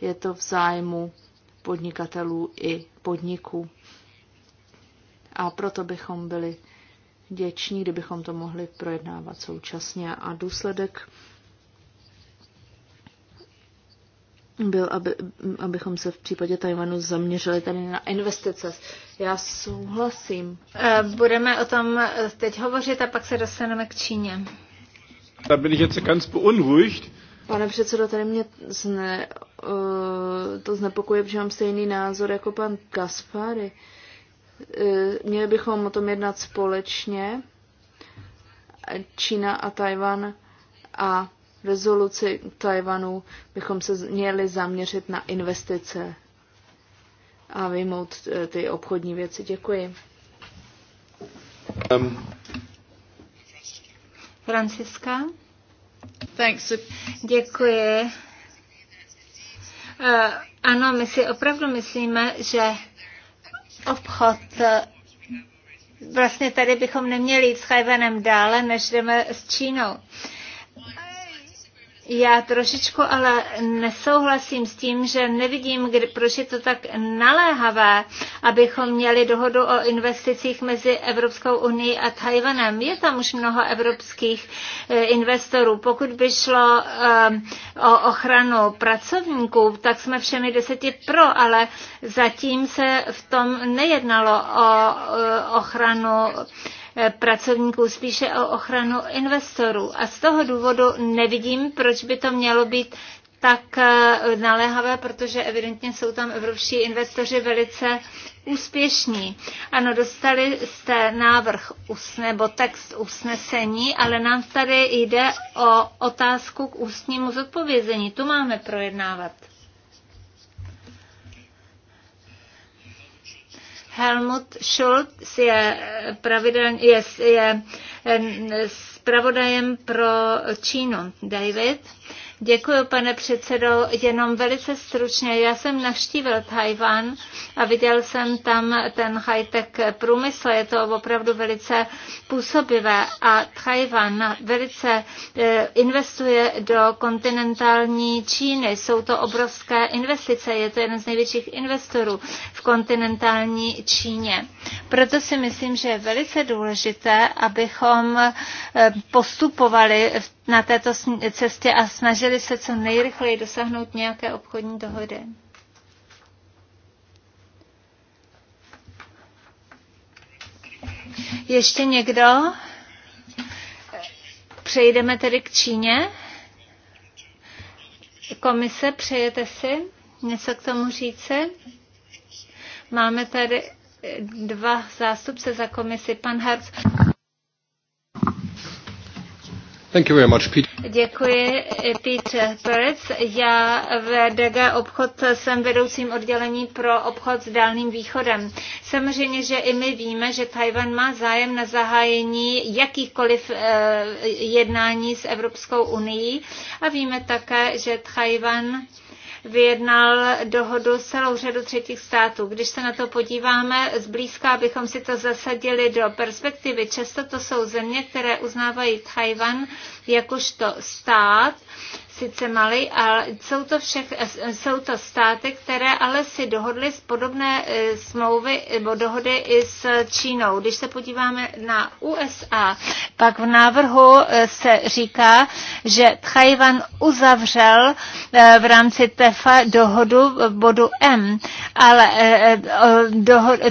je to v zájmu podnikatelů i podniků. A proto bychom byli děční, kdybychom to mohli projednávat současně. A důsledek byl, aby, abychom se v případě Tajvanu zaměřili tady na investice. Já souhlasím. Eh, budeme o tom teď hovořit a pak se dostaneme k Číně. Da bin ich jetzt ganz beunruhigt. Pane předsedo, tady mě zne, uh, to znepokuje, že mám stejný názor jako pan Kaspary. Uh, eh, měli bychom o tom jednat společně. Čína a Tajvan a rezoluci Tajvanu bychom se měli zaměřit na investice a vyjmout eh, ty obchodní věci. Děkuji. Um. Franciska? Thanks. Děkuji. Eh, ano, my si opravdu myslíme, že obchod eh, vlastně tady bychom neměli jít s Chajvenem dále, než jdeme s Čínou. Já trošičku ale nesouhlasím s tím, že nevidím, kdy, proč je to tak naléhavé, abychom měli dohodu o investicích mezi Evropskou unii a Tajvanem. Je tam už mnoho evropských eh, investorů. Pokud by šlo um, o ochranu pracovníků, tak jsme všemi deseti pro, ale zatím se v tom nejednalo o eh, ochranu Eh, pracovníků, spíše o ochranu investorů. A z toho důvodu nevidím, proč by to mělo být tak eh, naléhavé, protože evidentně jsou tam evropští investoři velice úspěšní. Ano, dostali jste návrh usne, nebo text usnesení, ale nám tady jde o otázku k ústnímu zodpovězení. Tu máme projednávat. Helmut Schulz je, pravidelně, je, je je eh, zpravodajem pro Čínu. David. Děkuji, pane předsedo. Jenom velice stručně. Já jsem navštívil Tajvan a viděl jsem tam ten high-tech průmysl. Je to opravdu velice působivé a Tajvan velice eh, investuje do kontinentální Číny. Jsou to obrovské investice. Je to jeden z největších investorů v kontinentální Číně. Proto si myslím, že je velice důležité, abychom eh, postupovali v na této cestě a snažili se co nejrychleji dosáhnout nějaké obchodní dohody. Ještě někdo? Přejdeme tedy k Číně. Komise, přejete si něco k tomu říci? Máme tady dva zástupce za komisi. Pan Herz. Thank you very much, Děkuji, Pete Perez. Já v DG obchod jsem vedoucím oddělení pro obchod s Dálným východem. Samozřejmě, že i my víme, že Tajvan má zájem na zahájení jakýchkoliv eh, jednání s Evropskou unii a víme také, že Tajvan vyjednal dohodu s celou řadu třetích států. Když se na to podíváme zblízka, abychom si to zasadili do perspektivy, často to jsou země, které uznávají Tajvan jakožto stát, sice malý, ale jsou to, všech, jsou to státy, které ale si dohodly s podobné e, smlouvy nebo dohody i s Čínou. Když se podíváme na USA, pak v návrhu e, se říká, že Tchajvan uzavřel e, v rámci TEFA dohodu v bodu M, ale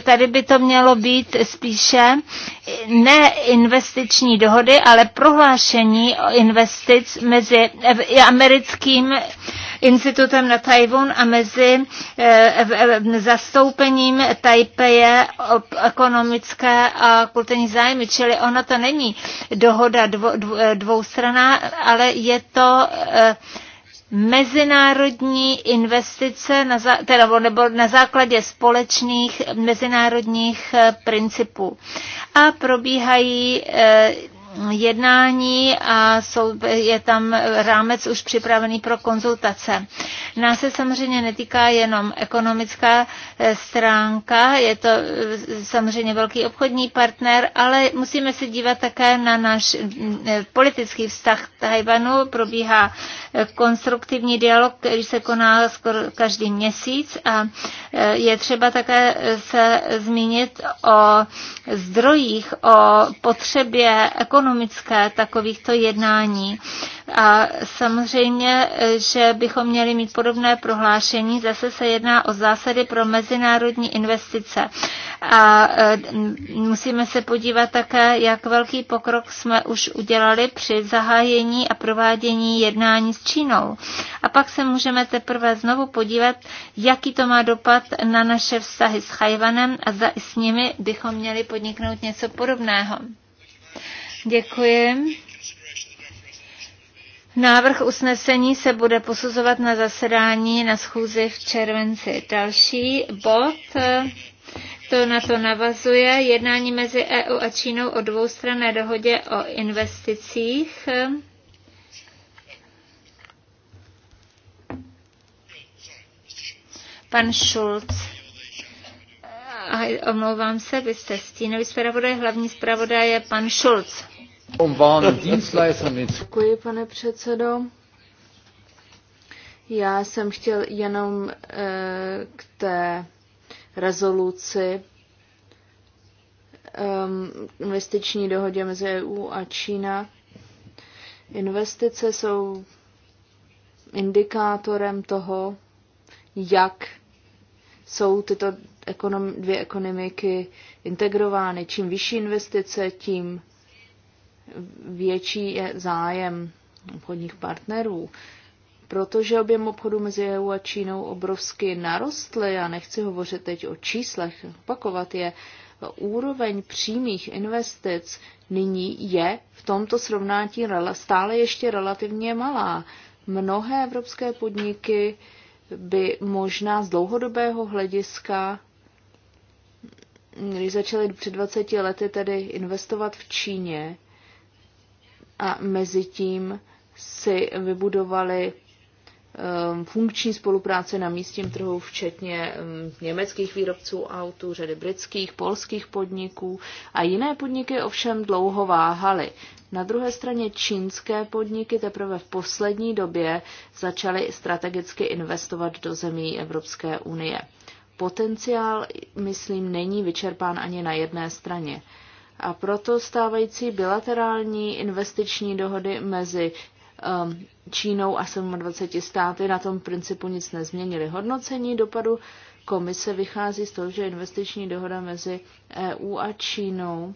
tady by to mělo být spíše ne investiční dohody, ale prohlášení o investic mezi americkým institutem na Tajvun a mezi eh, zastoupením Tajpeje ekonomické a kulturní zájmy. Čili ono to není dohoda eh, dvoustraná, ale je to eh, mezinárodní investice, na, teda, nebo na základě společných mezinárodních principů. A probíhají jednání a jsou, je tam rámec už připravený pro konzultace. Nás se samozřejmě netýká jenom ekonomická eh, stránka, je to eh, samozřejmě velký obchodní partner, ale musíme se dívat také na náš mm, eh, politický vztah Tajvanu. Probíhá konstruktivní dialog, který se koná skoro každý měsíc a e, je třeba také se zmínit o zdrojích, o potřebě ekonomické takovýchto jednání. A samozřejmě, že bychom měli mít podobné prohlášení. Zase se jedná o zásady pro mezinárodní investice. A e, musíme se podívat také, jak velký pokrok jsme už udělali při zahájení a provádění jednání s Čínou. A pak se můžeme teprve znovu podívat, jaký to má dopad na naše vztahy s Chajvanem a za, s nimi bychom měli podniknout něco podobného. Děkuji. Návrh usnesení se bude posuzovat na zasedání na schůzi v červenci. Další bod, to na to navazuje, jednání mezi EU a Čínou o dvoustranné dohodě o investicích. Pan Schulz a omlouvám se, vy jste stínový zpravodaj, hlavní zpravodaj je pan Schulz. Um Děkuji, pane předsedo. Já jsem chtěl jenom eh, k té rezoluci ehm, investiční dohodě mezi EU a Čína. Investice jsou indikátorem toho, jak jsou tyto ekonom, dvě ekonomiky integrovány. Čím vyšší investice, tím větší je zájem obchodních partnerů. Protože objem obchodu mezi EU a Čínou obrovsky narostly, já nechci hovořit teď o číslech, opakovat je, úroveň přímých investic nyní je v tomto srovnání stále ještě relativně malá. Mnohé evropské podniky by možná z dlouhodobého hlediska, když začaly před 20 lety tedy investovat v Číně, a mezi tím si vybudovali um, funkční spolupráce na místním trhu, včetně um, německých výrobců autů, řady britských, polských podniků a jiné podniky ovšem dlouho váhaly. Na druhé straně čínské podniky teprve v poslední době začaly strategicky investovat do zemí Evropské unie. Potenciál, myslím, není vyčerpán ani na jedné straně. A proto stávající bilaterální investiční dohody mezi um, Čínou a 27 státy na tom principu nic nezměnily. Hodnocení dopadu komise vychází z toho, že investiční dohoda mezi EU a Čínou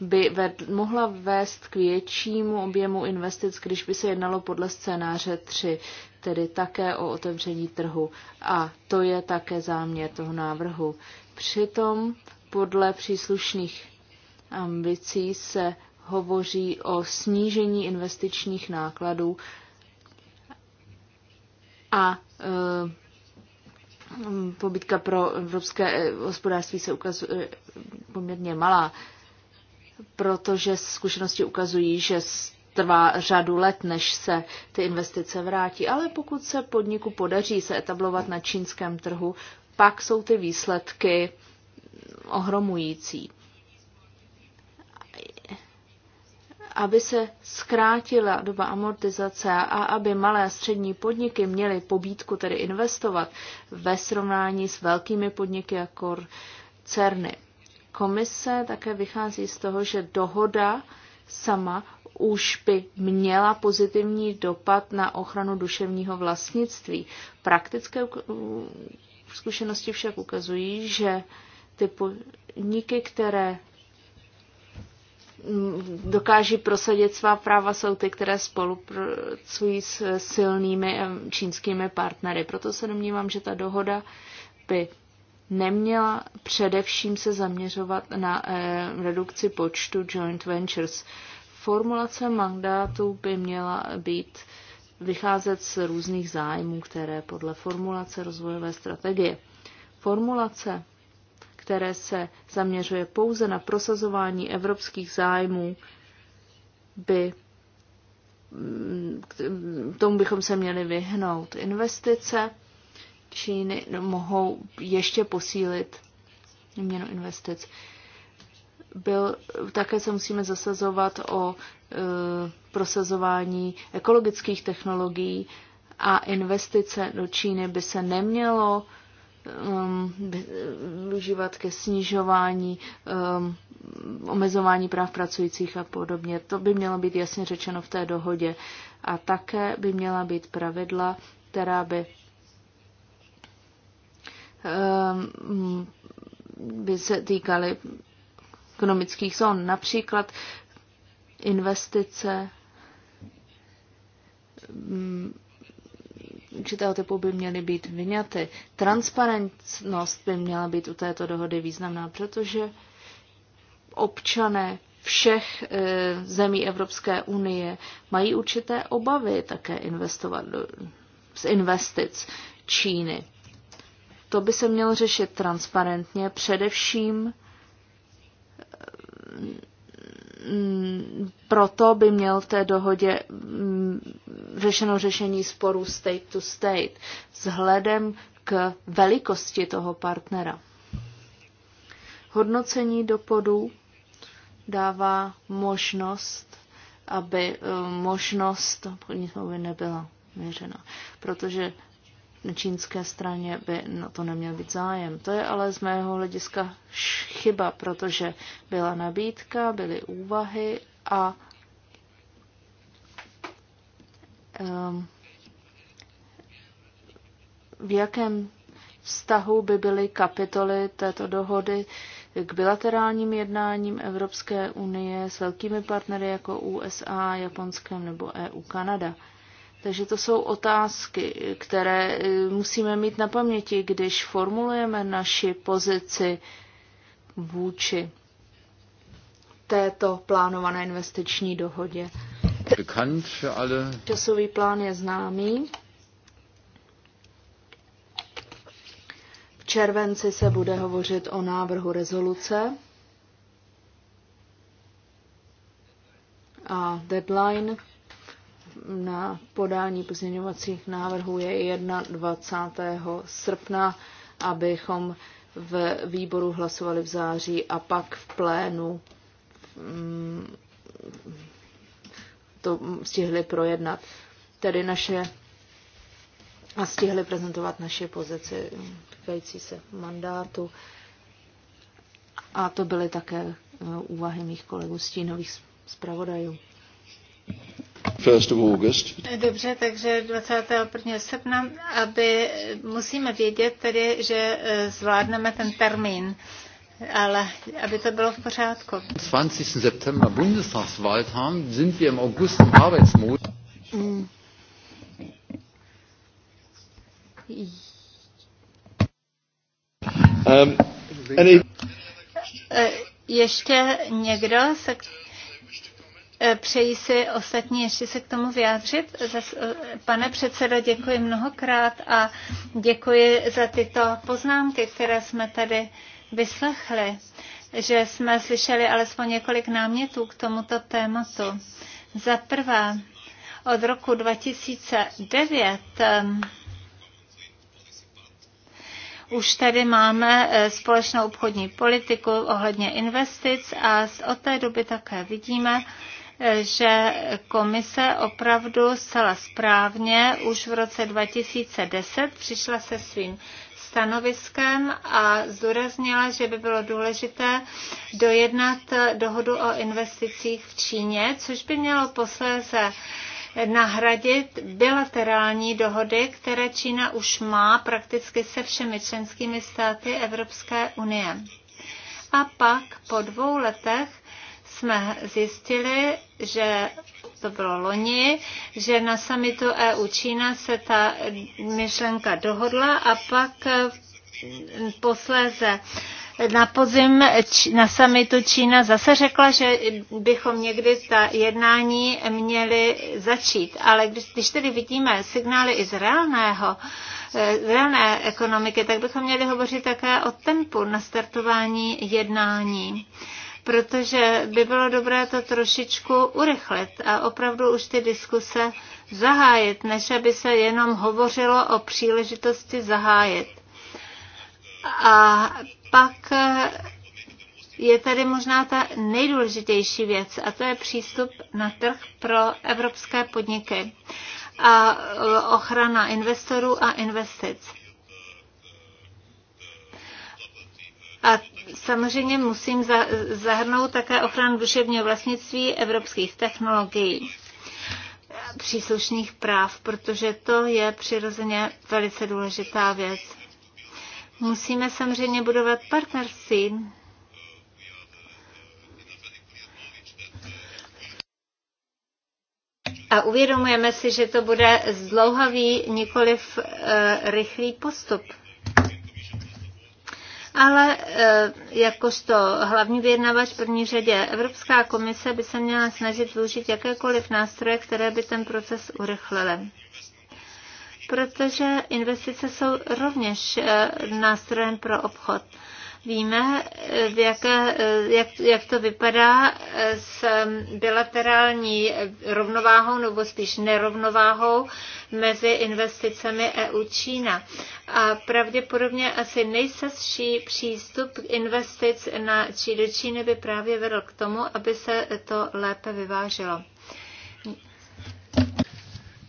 by ved, mohla vést k většímu objemu investic, když by se jednalo podle scénáře 3, tedy také o otevření trhu. A to je také záměr toho návrhu. Přitom podle příslušných ambicí se hovoří o snížení investičních nákladů a e, pobytka pro evropské eh, hospodářství se ukazuje eh, poměrně malá, protože zkušenosti ukazují, že trvá řadu let, než se ty investice vrátí. Ale pokud se podniku podaří se etablovat na čínském trhu, pak jsou ty výsledky ohromující. aby se zkrátila doba amortizace a aby malé a střední podniky měly pobídku tedy investovat ve srovnání s velkými podniky jako CERNy. Komise také vychází z toho, že dohoda sama už by měla pozitivní dopad na ochranu duševního vlastnictví. Praktické zkušenosti však ukazují, že ty podniky, které dokáží prosadit svá práva, jsou ty, které spolupracují s silnými čínskými partnery. Proto se domnívám, že ta dohoda by neměla především se zaměřovat na eh, redukci počtu joint ventures. Formulace mandátu by měla být vycházet z různých zájmů, které podle formulace rozvojové strategie. Formulace které se zaměřuje pouze na prosazování evropských zájmů, by tomu bychom se měli vyhnout. Investice Číny mohou ještě posílit měnu investic. Byl, také se musíme zasazovat o e, prosazování ekologických technologií a investice do Číny by se nemělo e, um, využívat ke snižování, um, omezování práv pracujících a podobně. To by mělo být jasně řečeno v té dohodě. A také by měla být pravidla, která by um, by se týkaly ekonomických zón. Například investice mm, určitého typu by měly být vyňaty. Transparentnost by měla být u této dohody významná, protože občané všech e, zemí Evropské unie mají určité obavy také investovat do, z investic Číny. To by se mělo řešit transparentně, především Mm, proto by měl v té dohodě mm, řešeno řešení sporu state to state vzhledem k velikosti toho partnera. Hodnocení dopadů dává možnost, aby eh, možnost nebyla měřena, protože na čínské straně by na to neměl být zájem. To je ale z mého hlediska chyba, protože byla nabídka, byly úvahy a um, v jakém vztahu by byly kapitoly této dohody k bilaterálním jednáním Evropské unie s velkými partnery jako USA, Japonskem nebo EU Kanada. Takže to jsou otázky, které eh, musíme mít na paměti, když formulujeme naši pozici vůči této plánované investiční dohodě. Časový plán je známý. V červenci se bude hovořit o návrhu rezoluce. A deadline na podání pozměňovacích návrhů je 21. srpna, abychom v výboru hlasovali v září a pak v plénu mm, to stihli projednat. Tedy naše a stihli prezentovat naše pozici týkající se mandátu. A to byly také e, úvahy mých kolegů stínových zpravodajů. Dobře, takže 21. srpna, aby musíme vědět tedy, že eh, zvládneme ten termín. Ale aby to bylo v pořádku. 20. September Bundestagswahl haben, sind wir im August im Arbeitsmodus. Mm. Um, any... Eh, ještě někdo se Eh, přeji si ostatní ještě se k tomu vyjádřit. Eh, pane předsedo, děkuji mnohokrát a děkuji za tyto poznámky, které jsme tady vyslechli, že jsme slyšeli alespoň několik námětů k tomuto tématu. Za prvé, od roku 2009 ehm, už tady máme eh, společnou obchodní politiku ohledně investic a od té doby také vidíme, že komise opravdu zcela správně už v roce 2010 přišla se svým stanoviskem a zdůraznila, že by bylo důležité dojednat dohodu o investicích v Číně, což by mělo posléze nahradit bilaterální dohody, které Čína už má prakticky se všemi členskými státy Evropské unie. A pak po dvou letech jsme zjistili, že to bylo loni, že na samitu EU Čína se ta myšlenka dohodla a pak eh, posléze na podzim na samitu Čína zase řekla, že bychom někdy ta jednání měli začít. Ale když, když tedy vidíme signály i z reálného, eh, z reálné ekonomiky, tak bychom měli hovořit také o tempu nastartování jednání protože by bylo dobré to trošičku urychlit a opravdu už ty diskuse zahájit, než aby se jenom hovořilo o příležitosti zahájit. A pak je tady možná ta nejdůležitější věc a to je přístup na trh pro evropské podniky a ochrana investorů a investic. A samozřejmě musím zahrnout také ochranu duševního vlastnictví evropských technologií příslušných práv, protože to je přirozeně velice důležitá věc. Musíme samozřejmě budovat partnerství. A uvědomujeme si, že to bude zdlouhavý, nikoliv e, rychlý postup ale eh, jakožto hlavní vyjednavač v první řadě Evropská komise by se měla snažit využít jakékoliv nástroje, které by ten proces urychlily protože investice jsou rovněž eh, nástrojem pro obchod. Víme, jak, jak, jak to vypadá s bilaterální rovnováhou nebo spíš nerovnováhou mezi investicemi EU-Čína. A pravděpodobně asi nejsazší přístup investic na Čí do Číny by právě vedl k tomu, aby se to lépe vyváželo.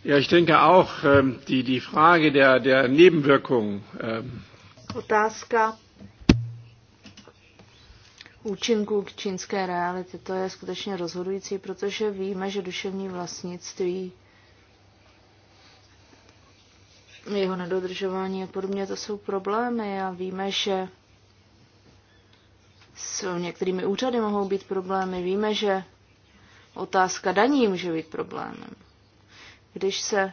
Ja, ich denke auch, ähm, die, die Frage der, der Nebenwirkungen. Ähm, Otázka účinku k čínské reality. To je skutečně rozhodující, protože víme, že duševní vlastnictví, jeho nedodržování a podobně, to jsou problémy a víme, že s některými úřady mohou být problémy. Víme, že otázka daní může být problémem. Když se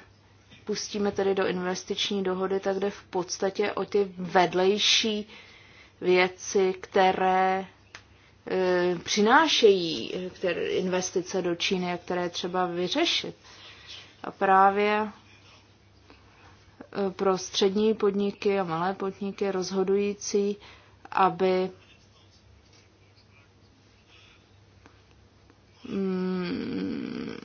pustíme tedy do investiční dohody, tak jde v podstatě o ty vedlejší věci, které E, přinášejí e, investice do Číny a které třeba vyřešit. A právě e, pro střední podniky a malé podniky rozhodující, aby mm,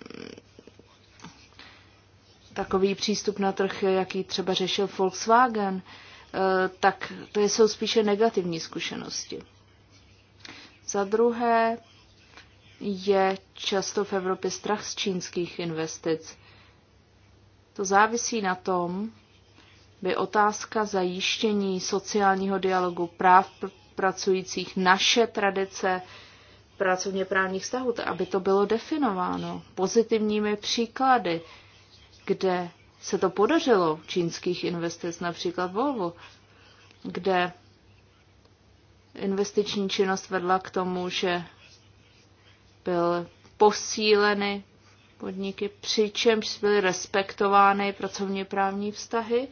takový přístup na trh, jaký třeba řešil Volkswagen, tak to jsou spíše negativní zkušenosti. Za druhé je často v Evropě strach z čínských investic. To závisí na tom, by otázka zajištění sociálního dialogu práv pracujících, naše tradice pracovně právních vztahů, aby to bylo definováno pozitivními příklady, kde se to podařilo čínských investic, například Volvo, kde investiční činnost vedla k tomu, že byl posíleny podniky, přičemž byly respektovány pracovně právní vztahy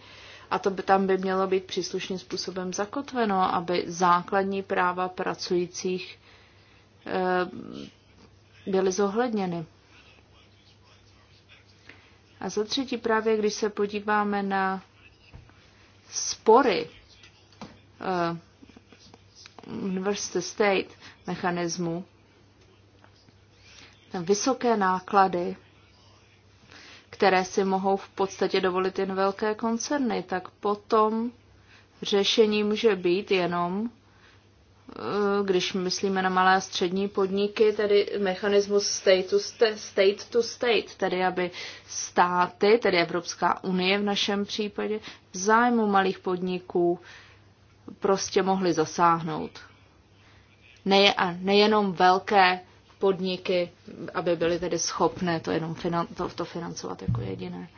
a to by tam by mělo být příslušným způsobem zakotveno, aby základní práva pracujících eh, byly zohledněny. A za třetí právě, když se podíváme na spory eh, university state mechanismu, tam vysoké náklady, které si mohou v podstatě dovolit jen velké koncerny, tak potom řešení může být jenom, eh, když myslíme na malé a střední podniky, tedy mechanismus state to state, state to state, tedy aby státy, tedy Evropská unie v našem případě, v zájmu malých podniků prostě mohli zasáhnout. Neje, a nejenom velké podniky, aby byly tedy schopné to jenom finan, to, to financovat jako jediné.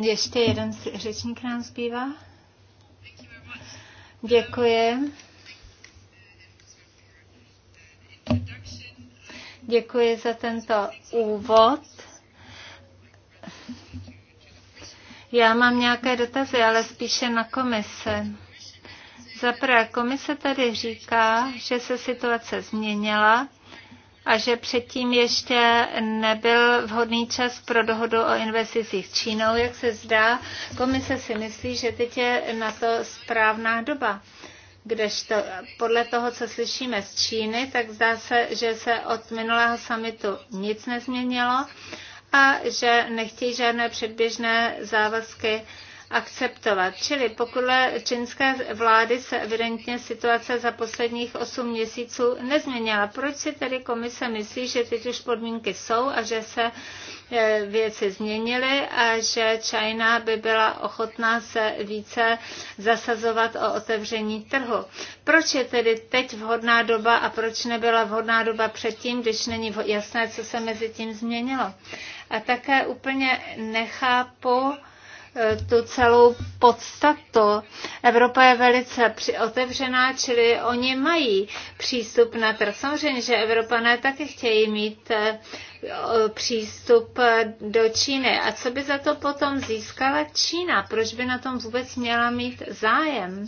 Ještě jeden řečník nám zbývá. Děkuji. Děkuji za tento úvod Já mám nějaké dotazy, ale spíše na komise. Za prvé, komise tady říká, že se situace změnila a že předtím ještě nebyl vhodný čas pro dohodu o investicích s Čínou. Jak se zdá, komise si myslí, že teď je na to správná doba. Kdežto podle toho, co slyšíme z Číny, tak zdá se, že se od minulého samitu nic nezměnilo a že nechtějí žádné předběžné závazky akceptovat. Čili pokud čínské vlády se evidentně situace za posledních 8 měsíců nezměnila. Proč si tedy komise myslí, že teď už podmínky jsou a že se eh, věci změnily a že Čína by byla ochotná se více zasazovat o otevření trhu. Proč je tedy teď vhodná doba a proč nebyla vhodná doba předtím, když není jasné, co se mezi tím změnilo? A také úplně nechápu, tu celou podstatu. Evropa je velice otevřená, čili oni mají přístup na trh. Samozřejmě, že Evropané taky chtějí mít eh, přístup eh, do Číny. A co by za to potom získala Čína? Proč by na tom vůbec měla mít zájem?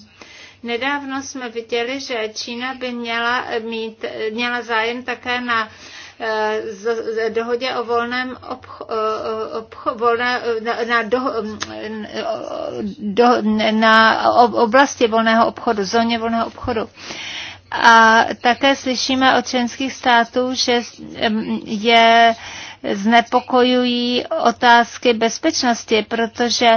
Nedávno jsme viděli, že Čína by měla, eh, mít, měla zájem také na Eh, dohodě o volném na, oblasti volného obchodu, zóně volného obchodu. A také slyšíme od členských států, že mm, je znepokojují otázky bezpečnosti, protože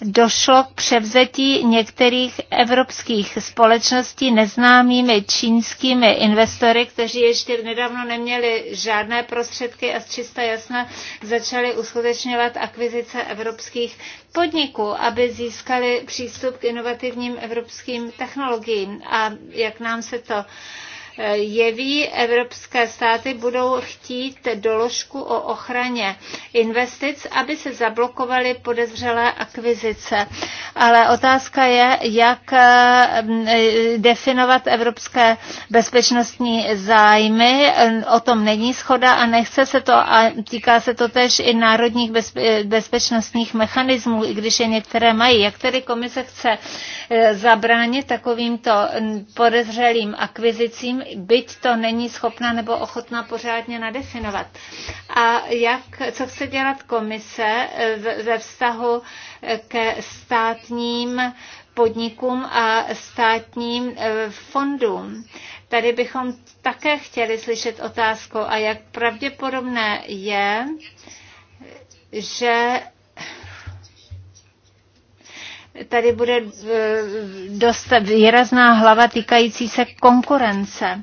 došlo k převzetí některých evropských společností neznámými čínskými investory, kteří ještě nedávno neměli žádné prostředky a z čista jasna začali uskutečňovat akvizice evropských podniků, aby získali přístup k inovativním evropským technologiím. A jak nám se to jeví, evropské státy budou chtít doložku o ochraně investic, aby se zablokovaly podezřelé akvizice. Ale otázka je, jak eh, definovat evropské bezpečnostní zájmy. O tom není schoda a nechce se to a týká se to tež i národních bezpečnostních mechanismů, i když je některé mají. Jak tedy komise chce eh, zabránit takovýmto podezřelým akvizicím byť to není schopna nebo ochotna pořádně nadefinovat. A jak, co chce dělat komise eh, ve vztahu eh, ke státním podnikům a státním eh, fondům. Tady bychom také chtěli slyšet otázku, a jak pravděpodobné je, že tady bude eh, dost výrazná hlava týkající se konkurence.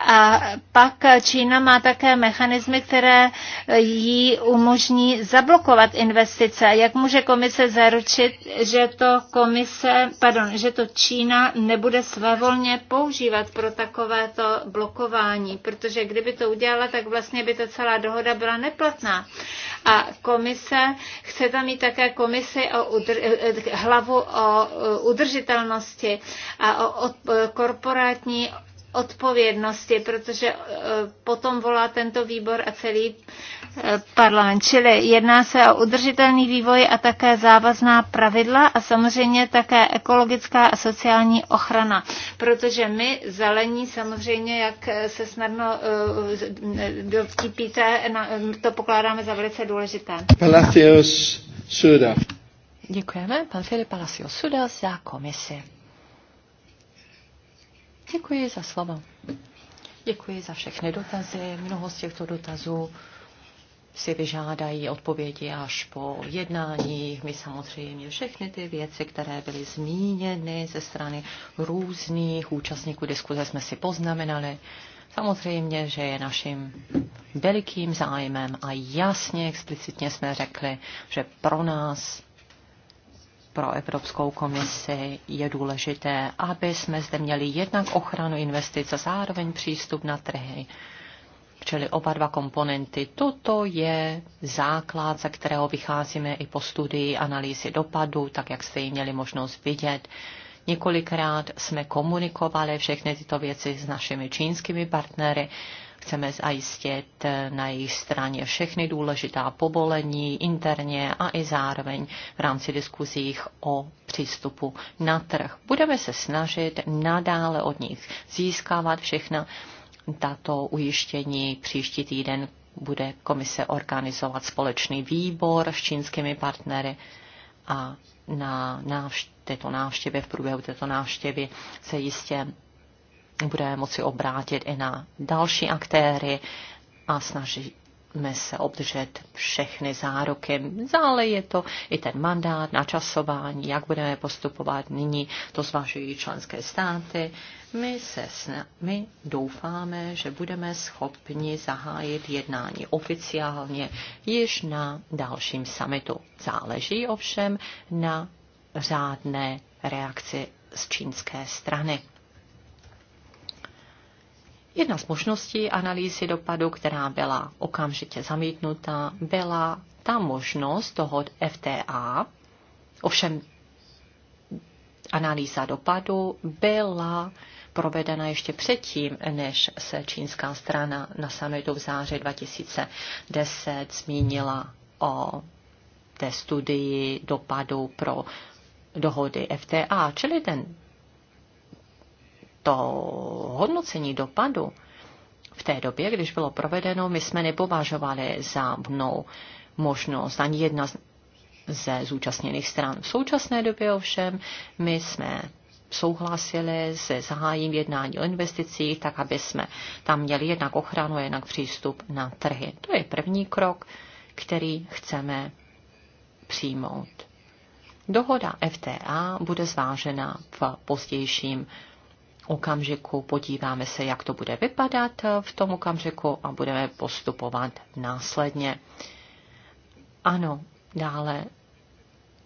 A pak Čína má také mechanismy, které jí umožní zablokovat investice. Jak může komise zaručit, že to komise, pardon, že to Čína nebude svévolně používat pro takovéto blokování? Protože kdyby to udělala, tak vlastně by to celá dohoda byla neplatná. A komise, chce tam mít také komisi o udr- eh, eh, hlavu zprávu o e, udržitelnosti a o e, korporátní odpovědnosti, protože e, potom volá tento výbor a celý parlament. Čili jedná se o udržitelný vývoj a také závazná pravidla a samozřejmě také ekologická a sociální ochrana, protože my zelení samozřejmě, jak se snadno dovtípíte, to pokládáme za velice důležité. Palacios Suda. Děkujeme. Pan Filip Palacio Suda za komisi. Děkuji za slovo. Děkuji za všechny dotazy. Mnoho z těchto dotazů si vyžádají odpovědi až po jednáních. My samozřejmě všechny ty věci, které byly zmíněny ze strany různých účastníků diskuze, jsme si poznamenali. Samozřejmě, že je naším velikým zájmem a jasně, explicitně jsme řekli, že pro nás pro Evropskou komisi je důležité, aby jsme zde měli jednak ochranu investic a zároveň přístup na trhy čili oba dva komponenty. Toto je základ, ze kterého vycházíme i po studii analýzy dopadu, tak jak jste ji měli možnost vidět. Několikrát jsme komunikovali všechny tyto věci s našimi čínskými partnery chceme zajistit na jejich straně všechny důležitá povolení interně a i zároveň v rámci diskuzích o přístupu na trh. Budeme se snažit nadále od nich získávat všechna tato ujištění. Příští týden bude komise organizovat společný výbor s čínskými partnery a na návštěvě, této návštěvě, v průběhu této návštěvy se jistě budeme moci obrátit i na další aktéry a snažíme se obdržet všechny záruky. Zále je to i ten mandát, načasování, jak budeme postupovat nyní, to zvažují členské státy. My, se, my doufáme, že budeme schopni zahájit jednání oficiálně již na dalším summitu. Záleží ovšem na řádné reakci z čínské strany. Jedna z možností analýzy dopadu, která byla okamžitě zamítnuta, byla ta možnost toho FTA, ovšem analýza dopadu byla provedena ještě předtím, než se čínská strana na samitu v září 2010 zmínila o té studii dopadu pro dohody FTA, čili ten to hodnocení dopadu v té době, když bylo provedeno, my jsme nepovažovali za mnou možnost ani jedna ze zúčastněných stran. V současné době ovšem my jsme souhlasili se zahájím jednání o investicích, tak aby jsme tam měli jednak ochranu a jednak přístup na trhy. To je první krok, který chceme přijmout. Dohoda FTA bude zvážena v pozdějším okamžiku, podíváme se, jak to bude vypadat v tom okamžiku a budeme postupovat následně. Ano, dále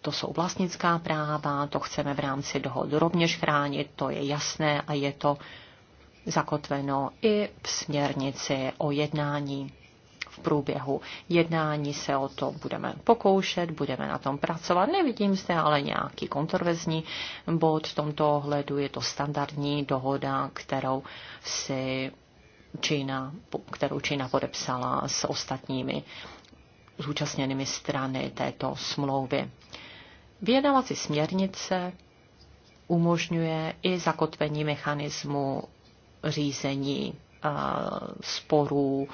to jsou vlastnická práva, to chceme v rámci dohod rovněž chránit, to je jasné a je to zakotveno i v směrnici o jednání v průběhu jednání se o to budeme pokoušet, budeme na tom pracovat. Nevidím zde ale nějaký kontroverzní bod v tomto ohledu. Je to standardní dohoda, kterou si Čína, kterou Čína podepsala s ostatními zúčastněnými strany této smlouvy. Vyjednávací směrnice umožňuje i zakotvení mechanismu řízení sporů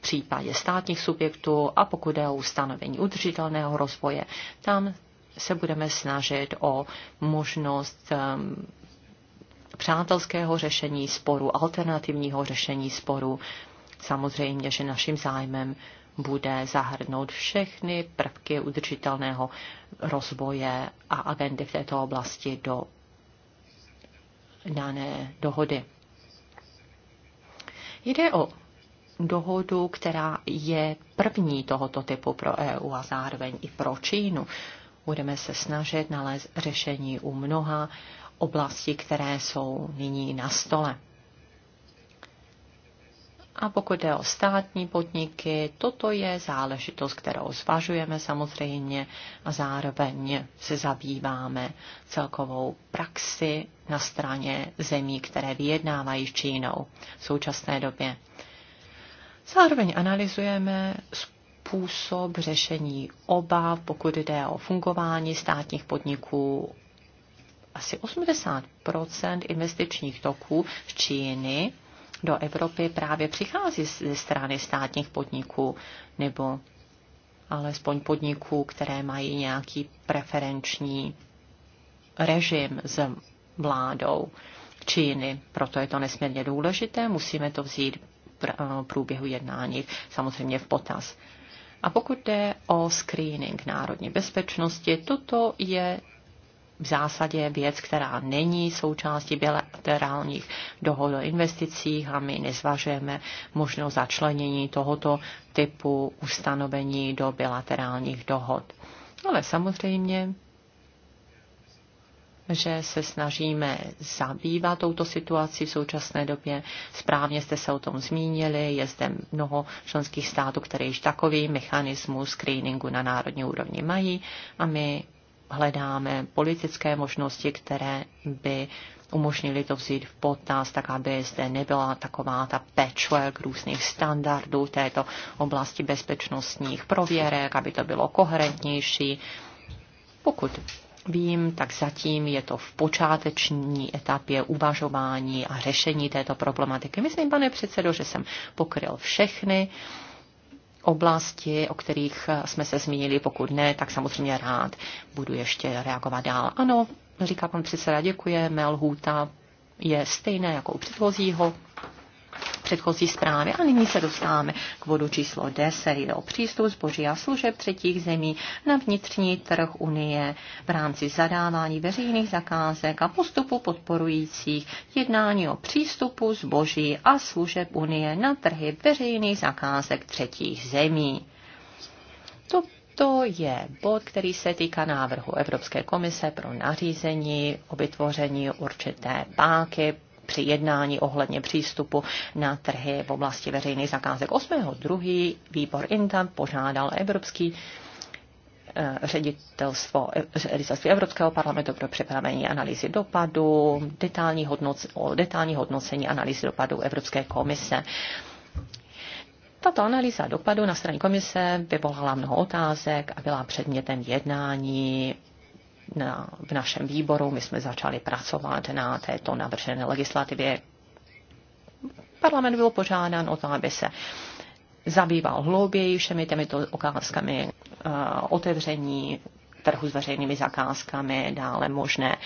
případě státních subjektů a pokud je o ustanovení udržitelného rozvoje, tam se budeme snažit o možnost ehm, přátelského řešení sporu, alternativního řešení sporu. Samozřejmě, že naším zájmem bude zahrnout všechny prvky udržitelného rozvoje a agendy v této oblasti do dané dohody. Jde o dohodu, která je první tohoto typu pro EU a zároveň i pro Čínu. Budeme se snažit nalézt řešení u mnoha oblastí, které jsou nyní na stole. A pokud jde o státní podniky, toto je záležitost, kterou zvažujeme samozřejmě a zároveň se zabýváme celkovou praxi na straně zemí, které vyjednávají s Čínou v současné době. Zároveň analyzujeme způsob řešení obav, pokud jde o fungování státních podniků. Asi 80 investičních toků z Číny do Evropy právě přichází ze strany státních podniků nebo alespoň podniků, které mají nějaký preferenční režim s vládou Číny. Proto je to nesmírně důležité, musíme to vzít Eh, průběhu jednání samozřejmě v potaz. A pokud jde o screening národní bezpečnosti, toto je v zásadě věc, která není součástí bilaterálních dohod o investicích a my nezvažujeme možnost začlenění tohoto typu ustanovení do bilaterálních dohod. Ale samozřejmě že se snažíme zabývat touto situací v současné době. Správně jste se o tom zmínili, je zde mnoho členských států, které již takový mechanismus screeningu na národní úrovni mají a my hledáme politické možnosti, které by umožnili to vzít v potaz, tak aby zde nebyla taková ta patchwork různých standardů této oblasti bezpečnostních prověrek, aby to bylo koherentnější. Pokud vím, tak zatím je to v počáteční etapě uvažování a řešení této problematiky. Myslím, pane předsedo, že jsem pokryl všechny oblasti, o kterých jsme se zmínili. Pokud ne, tak samozřejmě rád budu ještě reagovat dál. Ano, říká pan předseda, děkuje, lhůta je stejné jako u předchozího předchozí zprávy. A nyní se dostáváme k bodu číslo 10. Jde o přístup zboží a služeb třetích zemí na vnitřní trh Unie v rámci zadávání veřejných zakázek a postupu podporujících jednání o přístupu zboží a služeb Unie na trhy veřejných zakázek třetích zemí. To to je bod, který se týká návrhu Evropské komise pro nařízení o vytvoření určité páky při jednání ohledně přístupu na trhy v oblasti veřejných zakázek. 8.2. výbor INTA požádal Evropský eh, ředitelstvo, eh, ředitelství Evropského parlamentu pro připravení analýzy dopadu, detailní, hodnoc, o hodnocení analýzy dopadu Evropské komise. Tato analýza dopadu na straně komise vyvolala mnoho otázek a byla předmětem jednání na, v našem výboru. My jsme začali pracovat na této navržené legislativě. Parlament byl požádán o to, aby se zabýval hlouběji všemi těmito okázkami eh, otevření trhu s veřejnými zakázkami, dále možné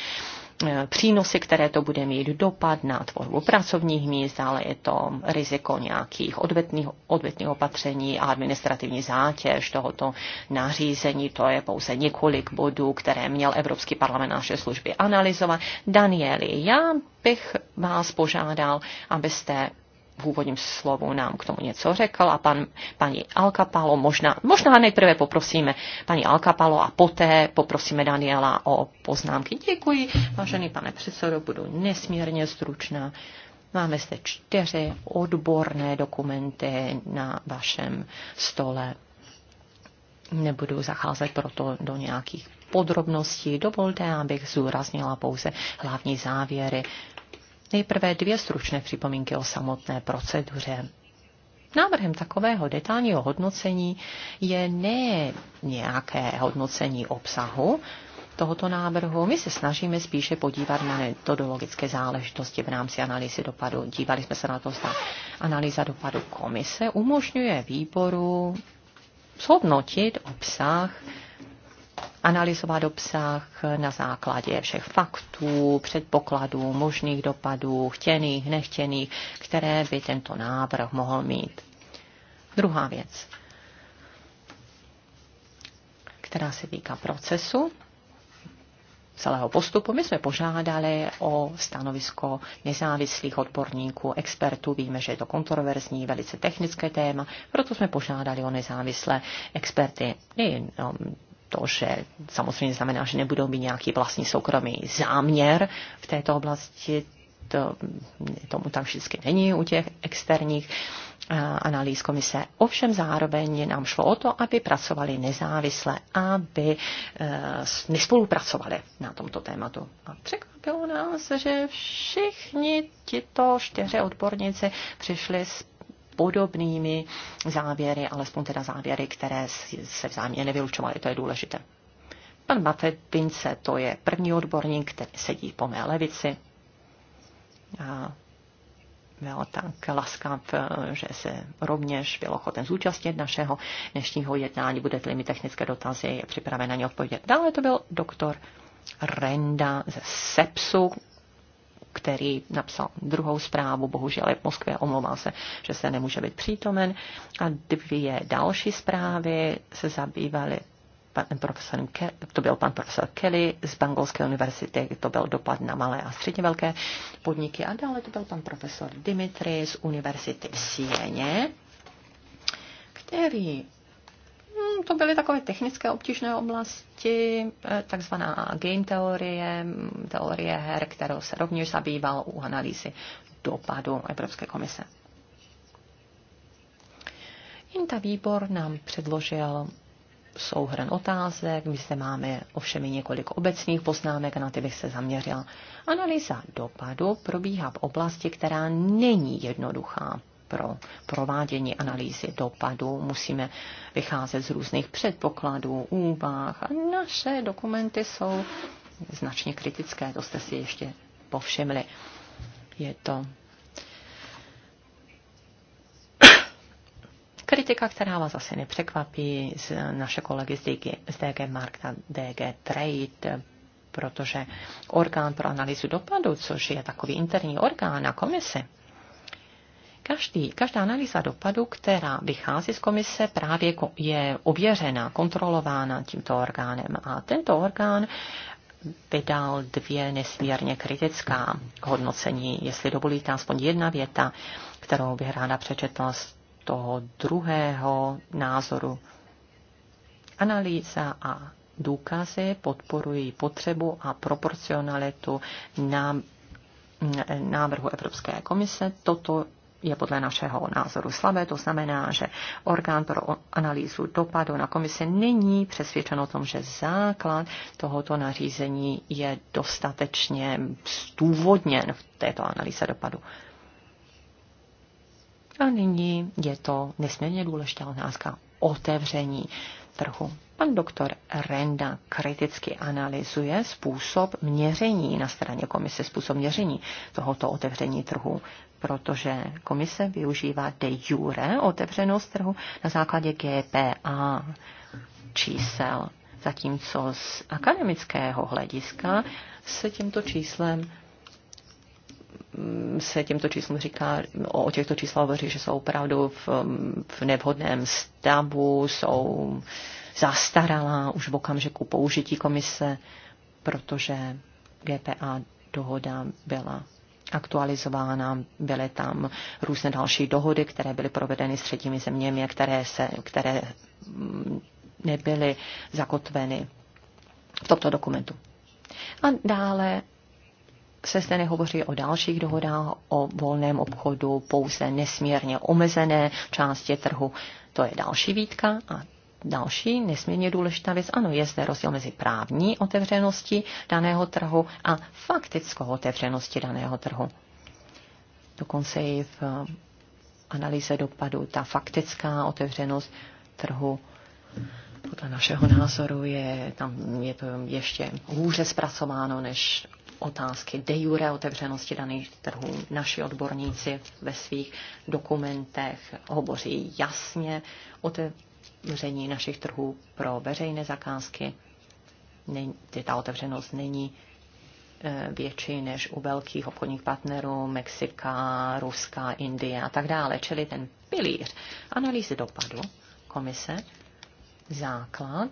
Eh, přínosy, které to bude mít dopad na tvorbu pracovních míst, ale je to riziko nějakých odvetných, odvetných opatření a administrativní zátěž tohoto nařízení. To je pouze několik bodů, které měl Evropský parlament naše služby analyzovat. Danieli, já bych vás požádal, abyste v úvodním slovu nám k tomu něco řekl a pan, paní Alkapalo možná, možná nejprve poprosíme paní Alkapalo a poté poprosíme Daniela o poznámky. Děkuji, vážený pane předsedo, budu nesmírně stručná. Máme zde čtyři odborné dokumenty na vašem stole. Nebudu zacházet proto do nějakých podrobností. Dovolte, abych zúraznila pouze hlavní závěry Nejprve dvě stručné připomínky o samotné proceduře. Návrhem takového detailního hodnocení je ne nějaké hodnocení obsahu tohoto návrhu. My se snažíme spíše podívat na metodologické záležitosti v rámci analýzy dopadu. Dívali jsme se na to, zda analýza dopadu komise umožňuje výboru shodnotit obsah analyzovat obsah na základě všech faktů, předpokladů, možných dopadů, chtěných, nechtěných, které by tento návrh mohl mít. Druhá věc, která se týká procesu celého postupu. My jsme požádali o stanovisko nezávislých odborníků, expertů. Víme, že je to kontroverzní, velice technické téma, proto jsme požádali o nezávislé experty nejenom to, že samozřejmě znamená, že nebudou mít nějaký vlastní soukromý záměr v této oblasti, to, tomu tam vždycky není u těch externích eh, analýz komise. Ovšem zároveň nám šlo o to, aby pracovali nezávisle, aby eh, nespolupracovali na tomto tématu. A překvapilo nás, že všichni tito čtyři odborníci přišli s podobnými závěry, alespoň teda závěry, které se vzájemně nevylučovaly, to je důležité. Pan Mate Pince, to je první odborník, který sedí po mé levici. A byl tak laskav, že se rovněž byl ochoten zúčastnit našeho dnešního jednání. Budete-li mi technické dotazy, je připraven na ně odpovědět. Dále to byl doktor Renda ze SEPSu, který napsal druhou zprávu, bohužel je v Moskvě, omlouvá se, že se nemůže být přítomen. A dvě další zprávy se zabývaly profesorem to byl pan profesor Kelly z Bangolské univerzity, to byl dopad na malé a středně velké podniky a dále to byl pan profesor Dimitri z univerzity v Sieně, který to byly takové technické obtížné oblasti, eh, takzvaná game teorie, teorie her, kterou se rovněž zabýval u analýzy dopadu Evropské komise. Jinta výbor nám předložil souhrn otázek, my zde máme ovšem i několik obecných poznámek na ty bych se zaměřil. Analýza dopadu probíhá v oblasti, která není jednoduchá pro provádění analýzy dopadu. Musíme vycházet z různých předpokladů, úvah a naše dokumenty jsou značně kritické, to jste si ještě povšimli. Je to kritika, která vás asi nepřekvapí, z naše kolegy z DG, z DG Markta, DG Trade, protože orgán pro analýzu dopadu, což je takový interní orgán na komisi, Každý, každá analýza dopadu, která vychází z komise, právě je ověřena, kontrolována tímto orgánem. A tento orgán vydal dvě nesmírně kritická hodnocení. Jestli dovolíte, aspoň jedna věta, kterou bych ráda přečetla z toho druhého názoru. Analýza a důkazy podporují potřebu a proporcionalitu na návrhu Evropské komise. Toto je podle našeho názoru slabé. To znamená, že orgán pro analýzu dopadu na komise není přesvědčen o tom, že základ tohoto nařízení je dostatečně zdůvodněn v této analýze dopadu. A nyní je to nesmírně důležitá otázka otevření trhu. Pan doktor Renda kriticky analyzuje způsob měření na straně komise, způsob měření tohoto otevření trhu protože komise využívá de jure otevřenost trhu na základě GPA čísel, zatímco z akademického hlediska se tímto číslem mm, se těmto číslům říká, o těchto číslech hovoří, že jsou opravdu v, v nevhodném stavu, jsou zastaralá už v okamžiku použití komise, protože GPA dohoda byla aktualizována. Byly tam různé další dohody, které byly provedeny s třetími zeměmi, které, se, které mm, nebyly zakotveny v tomto dokumentu. A dále se zde nehovoří o dalších dohodách, o volném obchodu, pouze nesmírně omezené části trhu. To je další výtka. A Další nesmírně důležitá věc, ano, je zde rozdíl mezi právní otevřeností daného trhu a faktickou otevřeností daného trhu. Dokonce i v eh, analýze dopadu ta faktická otevřenost trhu podle našeho názoru je tam je to ještě hůře zpracováno než otázky de jure otevřenosti daných trhů. Naši odborníci ve svých dokumentech hovoří jasně o otevření našich trhů pro veřejné zakázky. Ta otevřenost není e, větší než u velkých obchodních partnerů Mexika, Ruska, Indie a tak dále. Čili ten pilíř analýzy dopadu komise, základ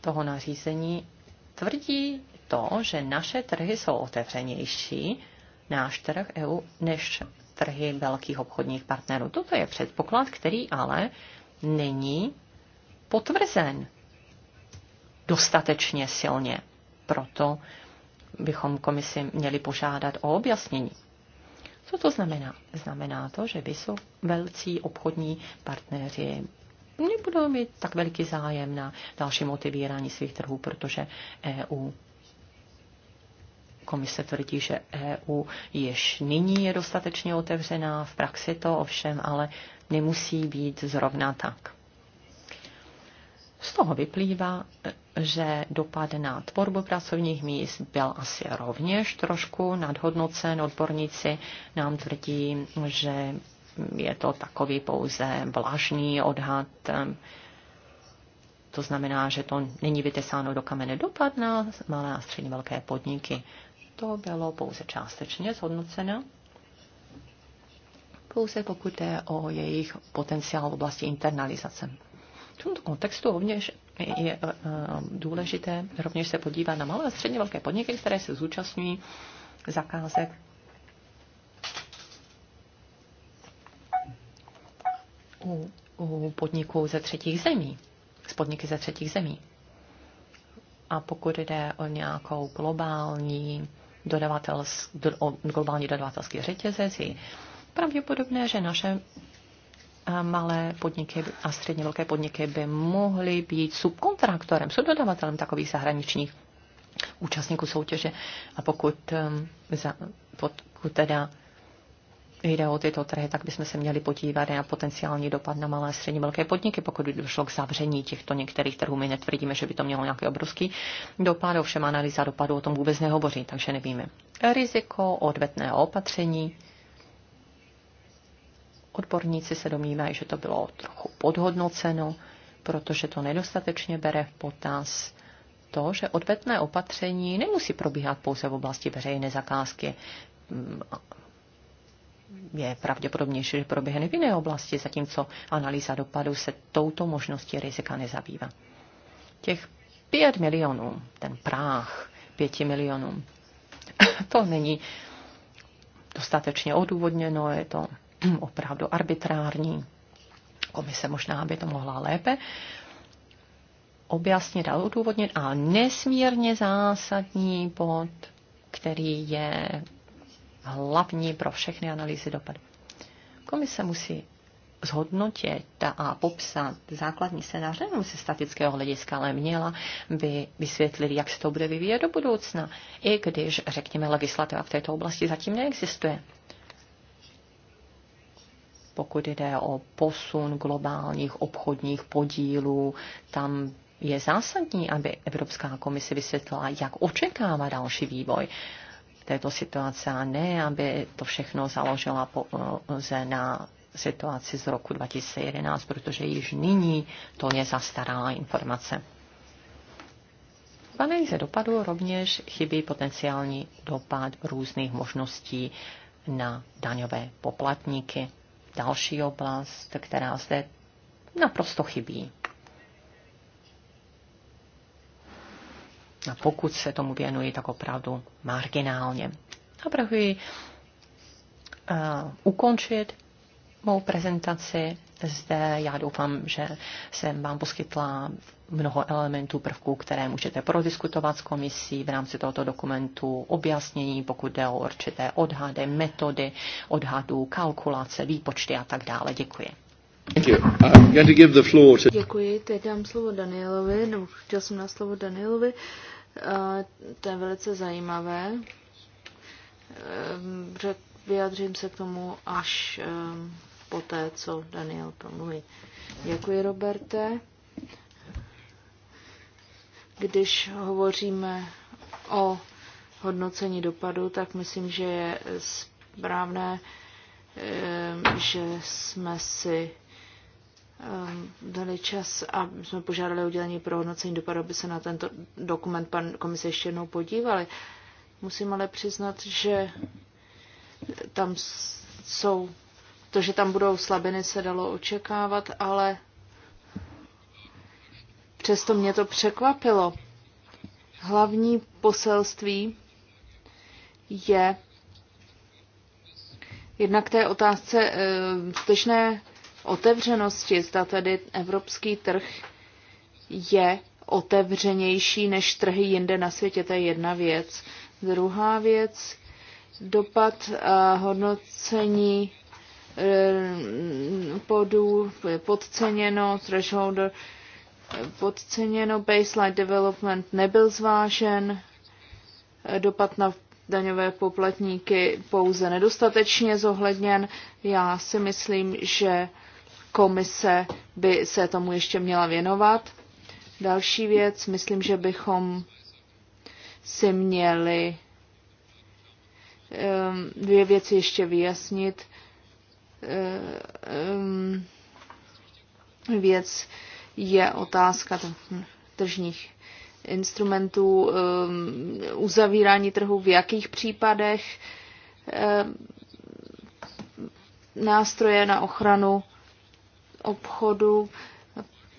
toho nařízení tvrdí to, že naše trhy jsou otevřenější, náš trh EU, než trhy velkých obchodních partnerů. Toto je předpoklad, který ale není potvrzen dostatečně silně. Proto bychom komisi měli požádat o objasnění. Co to znamená? Znamená to, že velcí obchodní partneři nebudou mít tak veliký zájem na dalším otevírání svých trhů, protože EU Komise tvrdí, že EU již nyní je dostatečně otevřená, v praxi to ovšem ale nemusí být zrovna tak. Z toho vyplývá, že dopad na tvorbu pracovních míst byl asi rovněž trošku nadhodnocen. Odborníci nám tvrdí, že je to takový pouze vlažný odhad. To znamená, že to není vytesáno do kamene dopad na malé a středně velké podniky. To bylo pouze částečně zhodnoceno pouze pokud je o jejich potenciál v oblasti internalizace. V tomto kontextu rovněž je eh, důležité rovněž se podívat na malé a středně velké podniky, které se zúčastňují zakázek u, u podniků ze třetích zemí, z podniky ze třetích zemí. A pokud jde o nějakou globální, dodavatel, globální dodavatelský řetězec, je pravděpodobné, že naše malé podniky a středně velké podniky by mohly být subkontraktorem, subdodavatelem takových zahraničních účastníků soutěže. A pokud, um, za, pokud teda jde o tyto trhy, tak bychom se měli podívat na potenciální dopad na malé a střední velké podniky, pokud by došlo k zavření těchto některých trhů. My netvrdíme, že by to mělo nějaký obrovský dopad, ovšem analýza dopadu o tom vůbec nehovoří, takže nevíme. Riziko odvetného opatření Odborníci se domnívají, že to bylo trochu podhodnoceno, protože to nedostatečně bere v potaz to, že odvetné opatření nemusí probíhat pouze v oblasti veřejné zakázky. Mm, je pravděpodobnější, že proběhne v jiné oblasti, zatímco analýza dopadu se touto možností rizika nezabývá. Těch 5 milionů, ten práh 5 milionů, to není dostatečně odůvodněno, je to opravdu arbitrární. Komise možná by to mohla lépe objasnit a odůvodnit. A nesmírně zásadní bod, který je hlavní pro všechny analýzy dopadu. Komise musí zhodnotit a popsat základní scénář nejenom se statického hlediska, ale měla by vysvětlit, jak se to bude vyvíjet do budoucna, i když, řekněme, legislativa v této oblasti zatím neexistuje pokud jde o posun globálních obchodních podílů, tam je zásadní, aby Evropská komise vysvětlila, jak očekává další vývoj této situace a ne, aby to všechno založila pouze na situaci z roku 2011, protože již nyní to je zastaralá informace. V analýze dopadu rovněž chybí potenciální dopad různých možností na daňové poplatníky další oblast, která zde naprosto chybí. A pokud se tomu věnuji, tak opravdu marginálně. Navrhuji uh, ukončit mou prezentaci zde. Já doufám, že jsem vám poskytla mnoho elementů, prvků, které můžete prodiskutovat s komisí v rámci tohoto dokumentu, objasnění, pokud jde o určité odhady, metody odhadů, kalkulace, výpočty a tak dále. Děkuji. Děkuji, teď dám slovo Danielovi, nebo chtěl jsem na slovo Danielovi. To je velice zajímavé. Ehm, vyjadřím se k tomu, až ehm, poté, co Daniel promluví. Děkuji, Roberte. Když hovoříme o hodnocení dopadu, tak myslím, že je správné, eh, že jsme si eh, dali čas a jsme požádali udělení pro hodnocení dopadu, aby se na tento dokument pan komise ještě jednou podívali. Musím ale přiznat, že tam jsou to, že tam budou slabiny, se dalo očekávat, ale přesto mě to překvapilo. Hlavní poselství je jednak té otázce e, skutečné otevřenosti, zda tedy evropský trh je otevřenější než trhy jinde na světě, to je jedna věc. Druhá věc, dopad a hodnocení Eh, podů, podceněno, threshold podceněno, baseline development nebyl zvážen, eh, dopad na daňové poplatníky pouze nedostatečně zohledněn. Já si myslím, že komise by se tomu ještě měla věnovat. Další věc, myslím, že bychom si měli ehm, dvě věci ještě vyjasnit. Eh, eh, eh, věc je otázka tržních instrumentů, uzavírání trhu, v jakých případech nástroje na ochranu obchodu,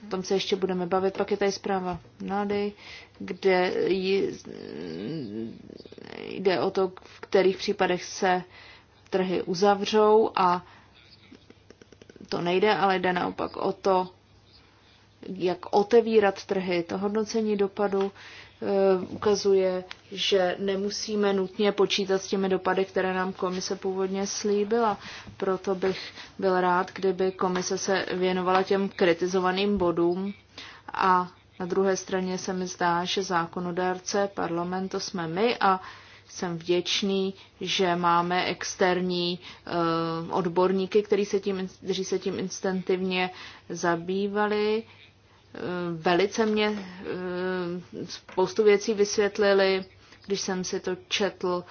o tom se ještě budeme bavit. Pak je tady zpráva Nady, kde jde o to, v kterých případech se trhy uzavřou a to nejde, ale jde naopak o to, jak otevírat trhy. To hodnocení dopadu eh, ukazuje, že nemusíme nutně počítat s těmi dopady, které nám komise původně slíbila. Proto bych byl rád, kdyby komise se věnovala těm kritizovaným bodům a na druhé straně se mi zdá, že zákonodárce, parlament, to jsme my a jsem vděčný, že máme externí uh, odborníky, kteří se tím, kteří se tím instantivně zabývali. Uh, velice mě uh, spoustu věcí vysvětlili, když jsem si to četl,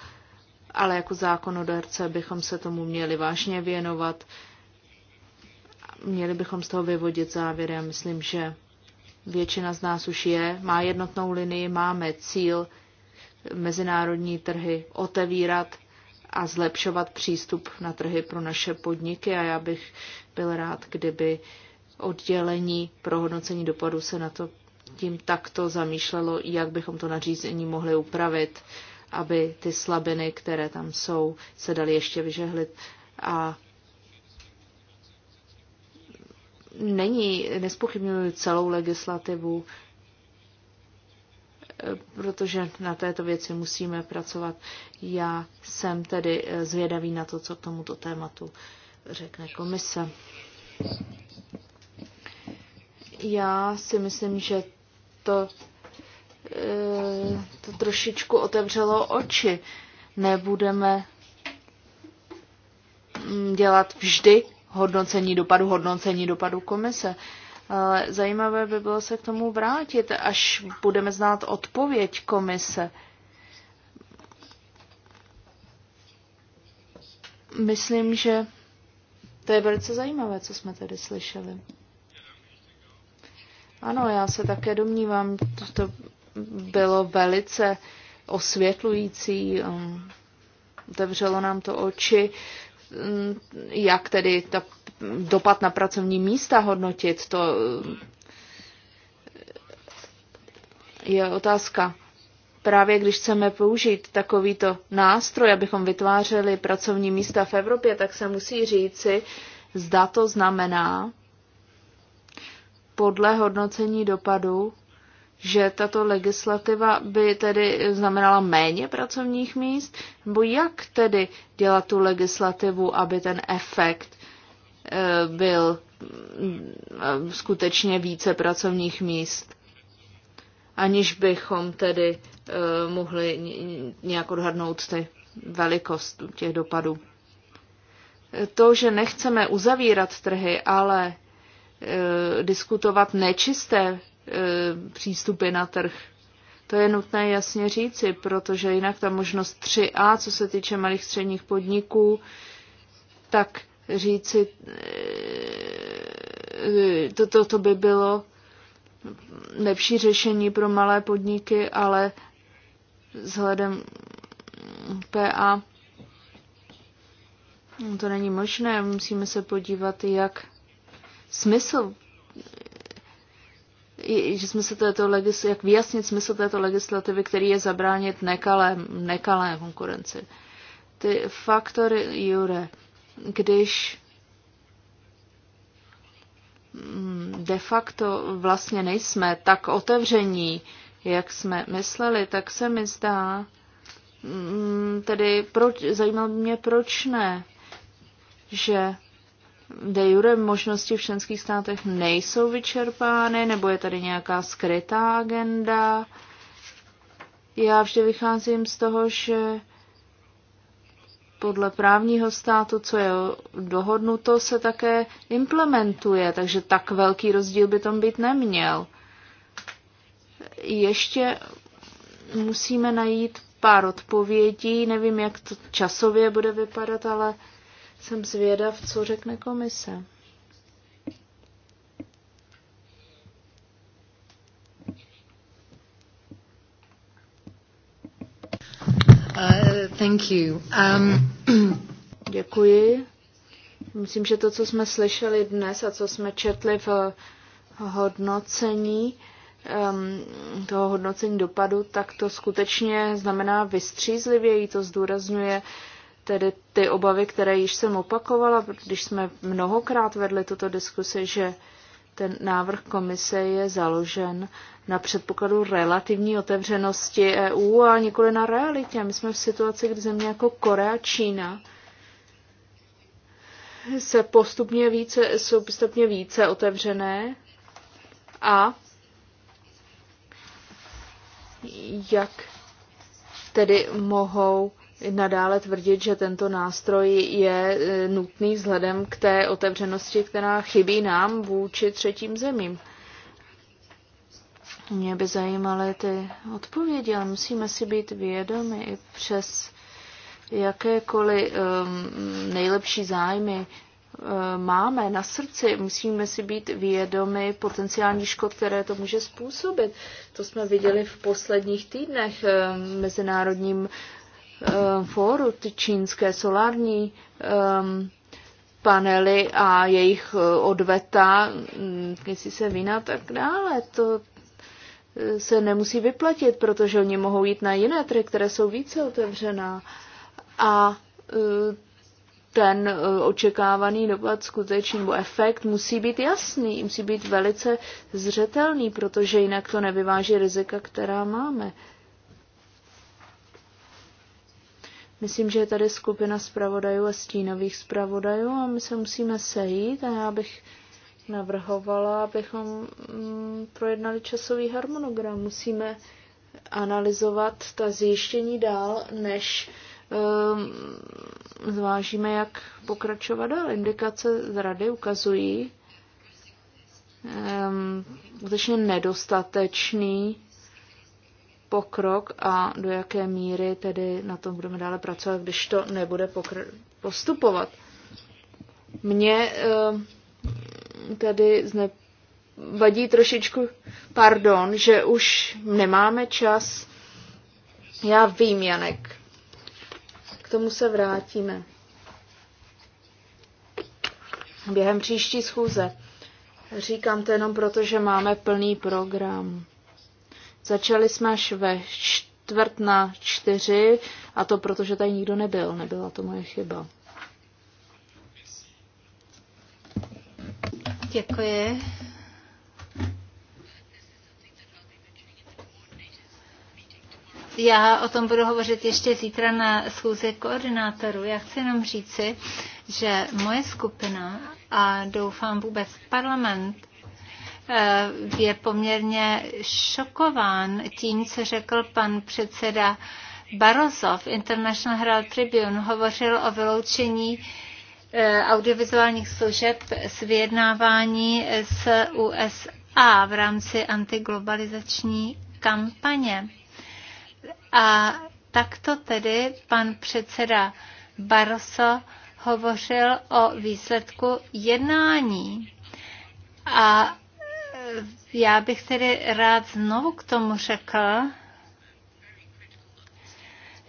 ale jako zákonodárce bychom se tomu měli vážně věnovat. Měli bychom z toho vyvodit závěry a myslím, že většina z nás už je, má jednotnou linii, máme cíl, mezinárodní trhy otevírat a zlepšovat přístup na trhy pro naše podniky a já bych byl rád, kdyby oddělení pro hodnocení dopadu se na to tím takto zamýšlelo, jak bychom to nařízení mohli upravit, aby ty slabiny, které tam jsou, se daly ještě vyžehlit. A není, nespochybnuju celou legislativu, protože na této věci musíme pracovat. Já jsem tedy eh, zvědavý na to, co k tomuto tématu řekne komise. Já si myslím, že to, eh, to trošičku otevřelo oči. Nebudeme mm, dělat vždy hodnocení dopadu, hodnocení dopadu komise. Ale zajímavé by bylo se k tomu vrátit, až budeme znát odpověď komise. Myslím, že to je velice zajímavé, co jsme tady slyšeli. Ano, já se také domnívám, to, to bylo velice osvětlující, um, otevřelo nám to oči jak tedy ta dopad na pracovní místa hodnotit, to je otázka. Právě když chceme použít takovýto nástroj, abychom vytvářeli pracovní místa v Evropě, tak se musí říci, zda to znamená podle hodnocení dopadu že tato legislativa by tedy znamenala méně pracovních míst, nebo jak tedy dělat tu legislativu, aby ten efekt eh, byl mm, eh, skutečně více pracovních míst, aniž bychom tedy eh, mohli nějak odhadnout ty velikost těch dopadů. To, že nechceme uzavírat trhy, ale diskutovat nečisté Eh, přístupy na trh. To je nutné jasně říci, protože jinak ta možnost 3A, co se týče malých středních podniků, tak říci, eh, to, to, to by bylo lepší řešení pro malé podniky, ale vzhledem PA to není možné. Musíme se podívat, jak smysl že smysl této legis, jak vyjasnit smysl této legislativy, který je zabránit nekalé, nekalé konkurenci. Ty faktory jure, když mm, de facto vlastně nejsme tak otevření, jak jsme mysleli, tak se mi zdá, mm, tedy proč, zajímalo by mě, proč ne, že de jure možnosti v členských státech nejsou vyčerpány, nebo je tady nějaká skrytá agenda. Já vždy vycházím z toho, že podle právního státu, co je dohodnuto, se také implementuje, takže tak velký rozdíl by tom být neměl. Ještě musíme najít pár odpovědí, nevím, jak to časově bude vypadat, ale jsem zvědav, co řekne komise. Uh, thank you. Um... Děkuji. Myslím, že to, co jsme slyšeli dnes a co jsme četli v hodnocení, um, toho hodnocení dopadu, tak to skutečně znamená vystřízlivěji, to zdůrazňuje tedy ty obavy, které již jsem opakovala, když jsme mnohokrát vedli tuto diskusi, že ten návrh komise je založen na předpokladu relativní otevřenosti EU a nikoli na realitě. My jsme v situaci, kdy země jako Korea, Čína se postupně více, jsou postupně více otevřené a jak tedy mohou nadále tvrdit, že tento nástroj je e, nutný vzhledem k té otevřenosti, která chybí nám vůči třetím zemím. Mě by zajímaly ty odpovědi, ale musíme si být vědomi i přes jakékoliv um, nejlepší zájmy um, máme na srdci, musíme si být vědomi potenciální škod, které to může způsobit. To jsme viděli v posledních týdnech um, mezinárodním Um, fóru, ty čínské solární um, panely a jejich uh, odveta, mm, jestli se vina tak dále, to uh, se nemusí vyplatit, protože oni mohou jít na jiné trhy, které jsou více otevřená. A uh, ten očekávaný dopad skutečný nebo efekt musí být jasný, musí být velice zřetelný, protože jinak to nevyváží rizika, která máme. Myslím, že je tady skupina zpravodajů a stínových zpravodajů a my se musíme sejít a já bych navrhovala, abychom mm, projednali časový harmonogram. Musíme analyzovat ta zjištění dál, než um, zvážíme, jak pokračovat dál. Indikace z rady ukazují um, skutečně nedostatečný pokrok a do jaké míry tedy na tom budeme dále pracovat, když to nebude pokr- postupovat. Mně eh, tedy zne- vadí trošičku, pardon, že už nemáme čas. Já vím, Janek. K tomu se vrátíme. Během příští schůze. Říkám to jenom proto, že máme plný program. Začali jsme až ve čtvrt na čtyři a to proto, že tady nikdo nebyl. Nebyla to moje chyba. Děkuji. Já o tom budu hovořit ještě zítra na schůzi koordinátorů. Já chci jenom říci, že moje skupina a doufám vůbec parlament Eh, je poměrně šokován tím, co řekl pan předseda Barroso v International Herald Tribune. Hovořil o vyloučení eh, audiovizuálních služeb s vyjednávání s USA v rámci antiglobalizační kampaně. A takto tedy pan předseda Barroso hovořil o výsledku jednání. A já bych tedy rád znovu k tomu řekla,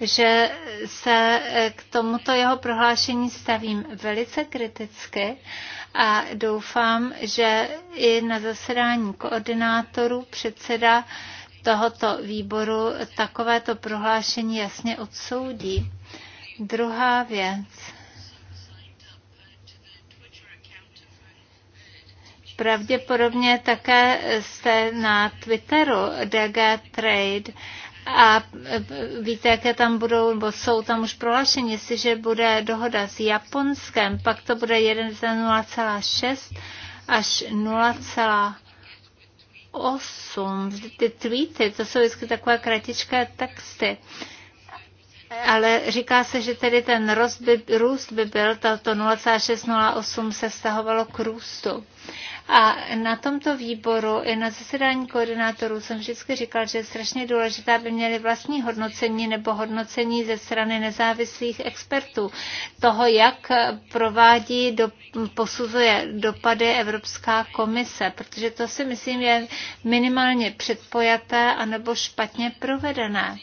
že se k tomuto jeho prohlášení stavím velice kriticky a doufám, že i na zasedání koordinátorů předseda tohoto výboru takovéto prohlášení jasně odsoudí. Druhá věc. Pravděpodobně také jste na Twitteru DG Trade a víte, jaké tam budou, nebo jsou tam už prohlášení, jestliže bude dohoda s Japonskem, pak to bude 1,06 až 0,8. Ty tweety, to jsou vždycky takové kratičké texty. Ale říká se, že tedy ten růst by, růst by byl, to 0,608 se stahovalo k růstu. A na tomto výboru i na zasedání koordinátorů jsem vždycky říkal, že je strašně důležité, aby měli vlastní hodnocení nebo hodnocení ze strany nezávislých expertů toho, jak provádí, do, posuzuje dopady Evropská komise, protože to si myslím je minimálně předpojaté anebo špatně provedené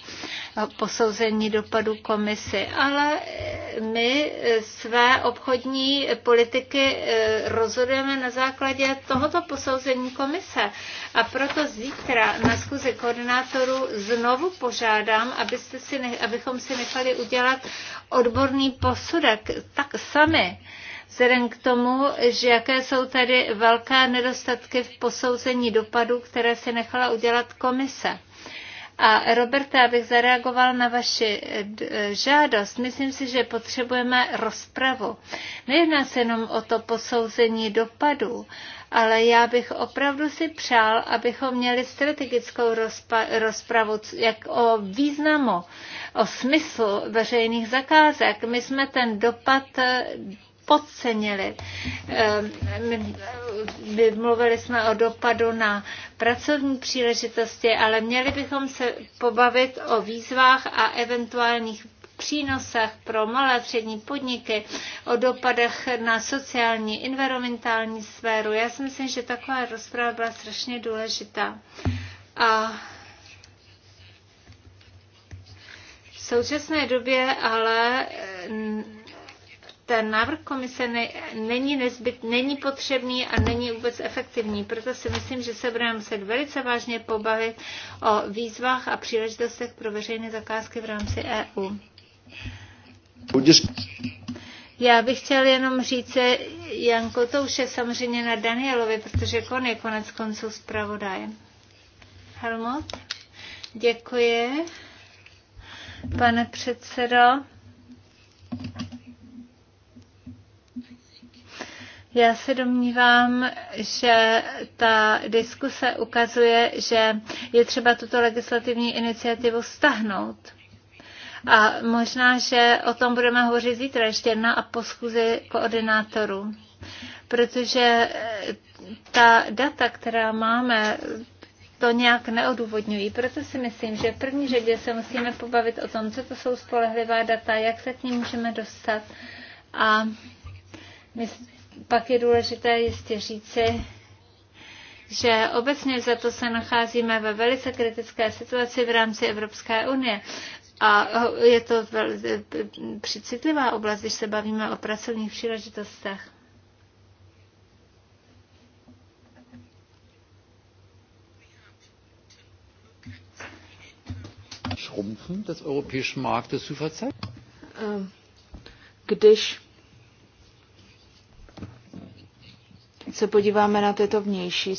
eh, posouzení dopadů komisy. Ale eh, my své obchodní politiky eh, rozhodujeme na základě základě tohoto posouzení komise. A proto zítra na schůzi koordinátorů znovu požádám, abyste si, ne, abychom si nechali udělat odborný posudek tak sami vzhledem k tomu, že jaké jsou tady velké nedostatky v posouzení dopadů, které si nechala udělat komise. A Roberta, abych zareagoval na vaši eh, eh, žádost, myslím si, že potřebujeme rozpravu. Nejedná se jenom o to posouzení dopadů, ale já bych opravdu si přál, abychom měli strategickou rozpa- rozpravu jak o významu, o smyslu veřejných zakázek. My jsme ten dopad eh, podcenili. Ehm, my mluvili jsme o dopadu na pracovní příležitosti, ale měli bychom se pobavit o výzvách a eventuálních přínosech pro malé a střední podniky, o dopadech na sociální, environmentální sféru. Já si myslím, že taková rozprava byla strašně důležitá. A v současné době ale ten návrh komise ne, není, nezbyt, není potřebný a není vůbec efektivní. Proto si myslím, že se budeme muset velice vážně pobavit o výzvách a příležitostech pro veřejné zakázky v rámci EU. Já bych chtěl jenom říct, Janko, to už je samozřejmě na Danielovi, protože on je konec konců zpravodaj. Helmut, děkuji. Pane předsedo. Já se domnívám, že ta diskuse ukazuje, že je třeba tuto legislativní iniciativu stahnout. A možná, že o tom budeme hovořit zítra ještě na a po schůzi koordinátorů. Protože eh, ta data, která máme, to nějak neodůvodňují. Proto si myslím, že v první řadě se musíme pobavit o tom, co to jsou spolehlivá data, jak se k ním můžeme dostat. A myslím, pak je důležité jistě říci, že obecně za to se nacházíme ve velice kritické situaci v rámci Evropské unie. A je to přicitlivá oblast, když se bavíme o pracovních příležitostech. Schrumpfen des europäischen Marktes zu äh, Když se podíváme na tyto vnější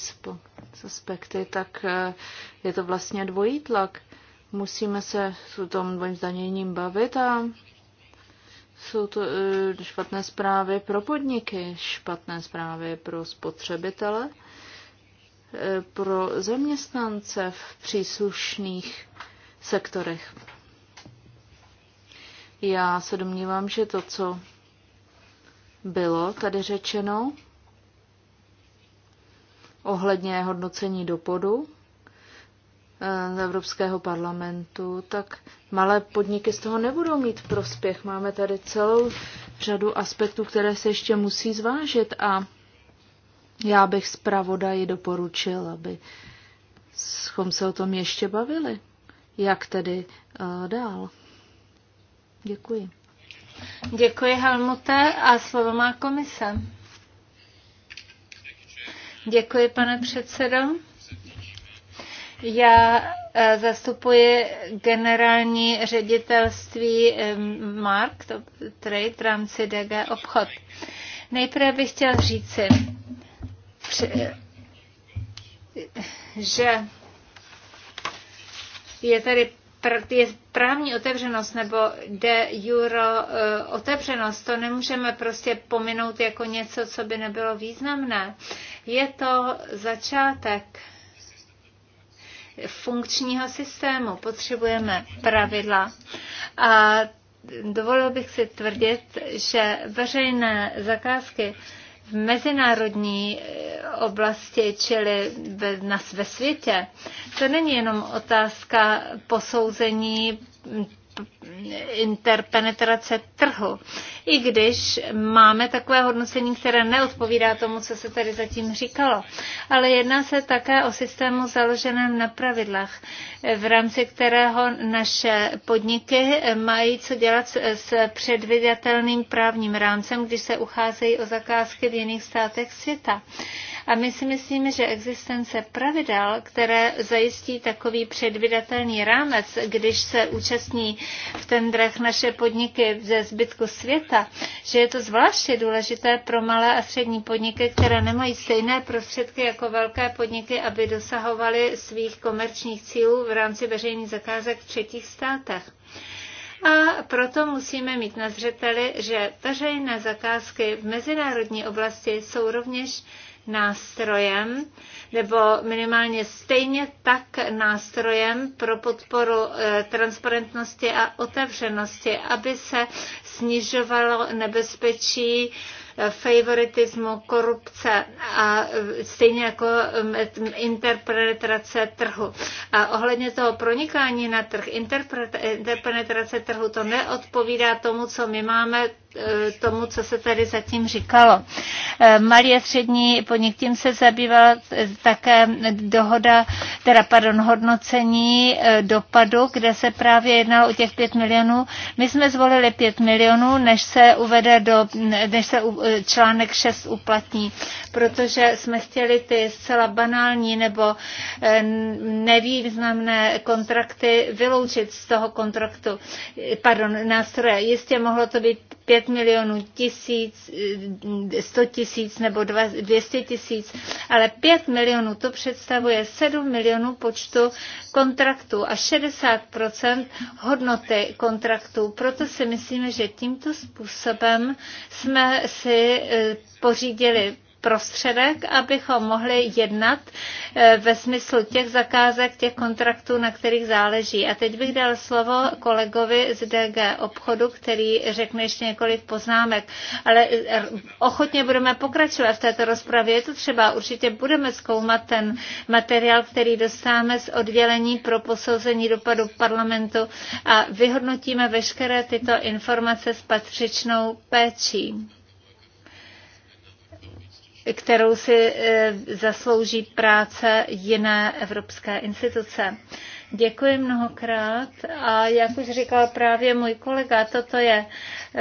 aspekty, tak eh, je to vlastně dvojí tlak. Musíme se s tom dvojím zdaněním bavit a jsou to eh, špatné zprávy pro podniky, špatné zprávy pro spotřebitele, eh, pro zaměstnance v příslušných sektorech. Já se domnívám, že to, co bylo tady řečeno, ohledně hodnocení dopadu eh, z Evropského parlamentu, tak malé podniky z toho nebudou mít prospěch. Máme tady celou řadu aspektů, které se ještě musí zvážit a já bych zpravodaji doporučil, aby schom se o tom ještě bavili. Jak tedy uh, dál? Děkuji. Děkuji Helmute a slovo má komise. Děkuji, pane předsedo. Já eh, zastupuji generální ředitelství eh, Mark, to trade v rámci DG obchod. Nejprve bych chtěl říci, eh, že je tady je právní otevřenost nebo de juro eh, otevřenost, to nemůžeme prostě pominout jako něco, co by nebylo významné. Je to začátek funkčního systému. Potřebujeme pravidla. A dovolil bych si tvrdit, že veřejné zakázky v mezinárodní eh, oblasti, čili ve, na, ve světě, to není jenom otázka posouzení interpenetrace trhu. I když máme takové hodnocení, které neodpovídá tomu, co se tady zatím říkalo. Ale jedná se také o systému založeném na pravidlech, v rámci kterého naše podniky mají co dělat s předvydatelným právním rámcem, když se ucházejí o zakázky v jiných státech světa. A my si myslíme, že existence pravidel, které zajistí takový předvydatelný rámec, když se účastní v tendrech naše podniky ze zbytku světa, že je to zvláště důležité pro malé a střední podniky, které nemají stejné prostředky jako velké podniky, aby dosahovaly svých komerčních cílů v rámci veřejných zakázek v třetích státech. A proto musíme mít na zřeteli, že veřejné zakázky v mezinárodní oblasti jsou rovněž nástrojem, nebo minimálně stejně tak nástrojem pro podporu eh, transparentnosti a otevřenosti, aby se snižovalo nebezpečí eh, favoritismu, korupce a eh, stejně jako mm, interpretace trhu. A ohledně toho pronikání na trh, interpretace trhu, to neodpovídá tomu, co my máme Eh, tomu, co se tady zatím říkalo. Eh, Marie, a střední podnik tím se zabývala eh, také dohoda, teda pardon, hodnocení dopadu, kde se právě jednalo o těch 5 milionů. My jsme zvolili 5 milionů, než se uvede do, než se článek 6 uplatní, protože jsme chtěli ty zcela banální nebo nevýznamné kontrakty vyloučit z toho kontraktu, pardon, nástroje. Jistě mohlo to být 5 10 milionů, tisíc, 100 eh, tisíc nebo 200 tisíc, ale 5 milionů to představuje 7 milionů počtu kontraktů a 60 hodnoty kontraktů. Proto si myslíme, že tímto způsobem jsme si eh, pořídili prostředek, abychom mohli jednat eh, ve smyslu těch zakázek, těch kontraktů, na kterých záleží. A teď bych dal slovo kolegovi z DG obchodu, který řekne ještě několik poznámek. Ale eh, ochotně budeme pokračovat v této rozpravě. Je to třeba, určitě budeme zkoumat ten materiál, který dostáme z oddělení pro posouzení dopadu parlamentu a vyhodnotíme veškeré tyto informace s patřičnou péčí kterou si eh, zaslouží práce jiné evropské instituce. Děkuji mnohokrát a jak už říkal právě můj kolega, toto je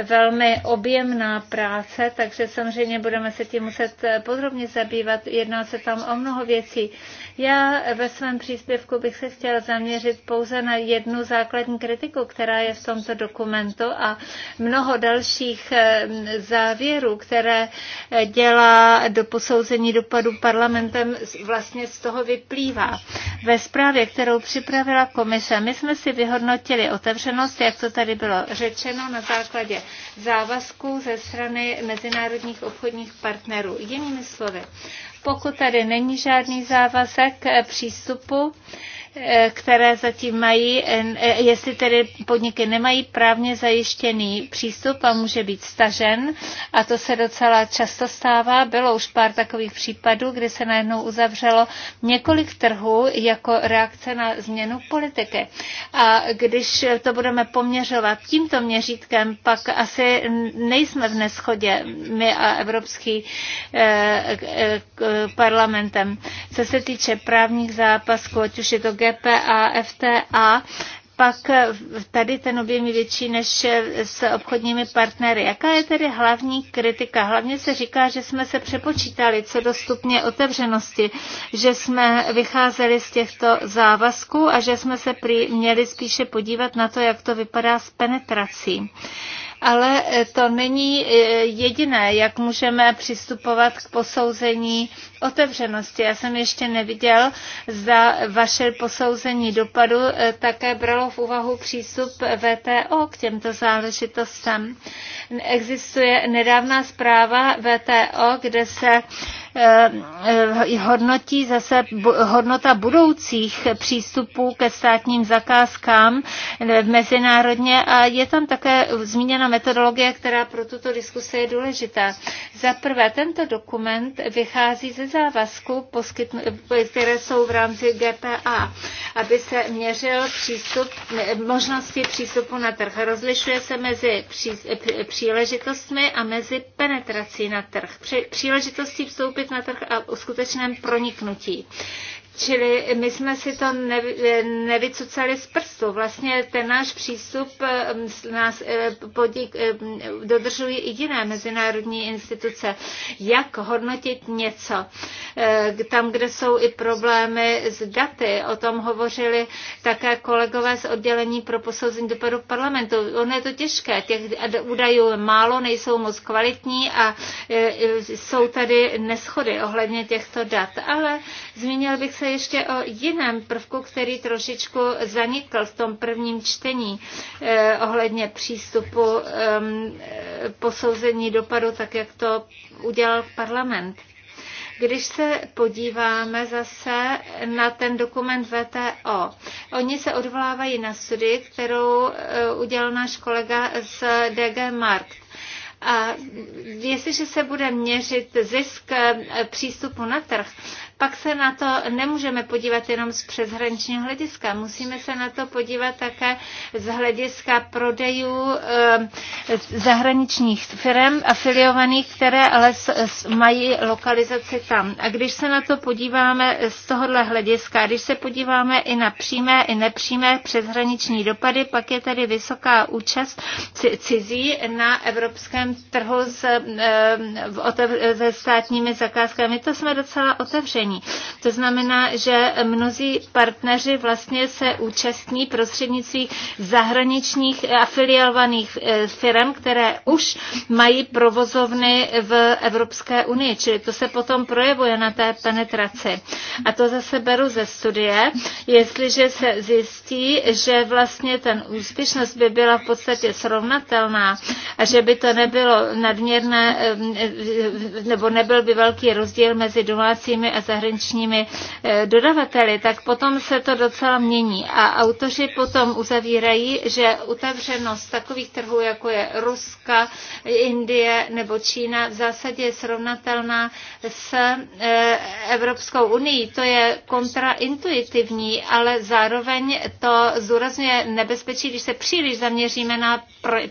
velmi objemná práce, takže samozřejmě budeme se tím muset podrobně zabývat. Jedná se tam o mnoho věcí. Já ve svém příspěvku bych se chtěla zaměřit pouze na jednu základní kritiku, která je v tomto dokumentu a mnoho dalších eh, závěrů, které eh, dělá do posouzení dopadu parlamentem, vlastně z toho vyplývá. Ve zprávě, kterou připravil připravila komise. My jsme si vyhodnotili otevřenost, jak to tady bylo řečeno, na základě závazků ze strany mezinárodních obchodních partnerů. Jinými slovy, pokud tady není žádný závazek přístupu, které zatím mají, jestli tedy podniky nemají právně zajištěný přístup a může být stažen. A to se docela často stává. Bylo už pár takových případů, kdy se najednou uzavřelo několik trhů jako reakce na změnu politiky. A když to budeme poměřovat tímto měřítkem, pak asi nejsme v neschodě my a Evropský parlamentem. Co se týče právních zápasků, ať už je to GPAFTA, FTA, pak tady ten objem je větší než s obchodními partnery. Jaká je tedy hlavní kritika? Hlavně se říká, že jsme se přepočítali co do stupně otevřenosti, že jsme vycházeli z těchto závazků a že jsme se prý měli spíše podívat na to, jak to vypadá s penetrací ale eh, to není eh, jediné, jak můžeme přistupovat k posouzení otevřenosti. Já jsem ještě neviděl, zda vaše posouzení dopadu eh, také bralo v úvahu přístup VTO k těmto záležitostem. Existuje nedávná zpráva VTO, kde se Eh, eh, hodnotí zase hodnota budoucích přístupů ke státním zakázkám eh, mezinárodně a je tam také zmíněna metodologie, která pro tuto diskuse je důležitá. Za prvé, tento dokument vychází ze závazku, které jsou v rámci GPA, aby se měřil přístup, možnosti přístupu na trh. Rozlišuje se mezi pří, příležitostmi a mezi penetrací na trh. Při, příležitosti vstoupí vstoupit na trh a o skutečném proniknutí. Čili my jsme si to eh, nevycucali z prstu. Vlastně ten náš přístup eh, nás eh, podík, dodržují i jiné mezinárodní instituce. Jak hodnotit něco? Tam, kde jsou i problémy s daty, o tom hovořili také kolegové z oddělení pro posouzení dopadu parlamentu. Ono je to těžké, těch údajů málo, nejsou moc kvalitní a jsou tady neschody ohledně těchto dat. Ale zmínil bych se hovořili ještě o jiném prvku, který trošičku zanikl v tom prvním čtení eh, ohledně přístupu ehm, eh, posouzení dopadu, tak jak to udělal parlament. Když se podíváme zase na ten dokument VTO, oni se odvolávají na studii, kterou eh, udělal náš kolega z DG Markt. A jestliže se bude měřit zisk eh, přístupu na trh, pak se na to nemůžeme podívat jenom z přeshraničního hlediska. Musíme se na to podívat také z hlediska prodejů eh, zahraničních firm afiliovaných, které ale mají lokalizaci tam. A když se na to podíváme z tohohle hlediska, když se podíváme i na přímé i nepřímé přeshraniční dopady, pak je tady vysoká účast cizí na evropském trhu s, eh, s státními zakázkami. To jsme docela otevření řešení. To znamená, že mnozí partneři vlastně se účastní prostřednictví zahraničních afiliovaných eh, firm, které už mají provozovny v Evropské unii, čili to se potom projevuje na té penetraci. A to zase beru ze studie, jestliže se zjistí, že vlastně ten úspěšnost by byla v podstatě srovnatelná a že by to nebylo nadměrné, eh, eh, nebo nebyl by velký rozdíl mezi domácími a zahraničními zahraničními eh, dodavateli, tak potom se to docela mění. A autoři potom uzavírají, že utevřenost takových trhů, jako je Ruska, Indie nebo Čína, v zásadě je srovnatelná s eh, Evropskou unii. To je kontraintuitivní, ale zároveň to zúrazňuje nebezpečí, když se příliš zaměříme na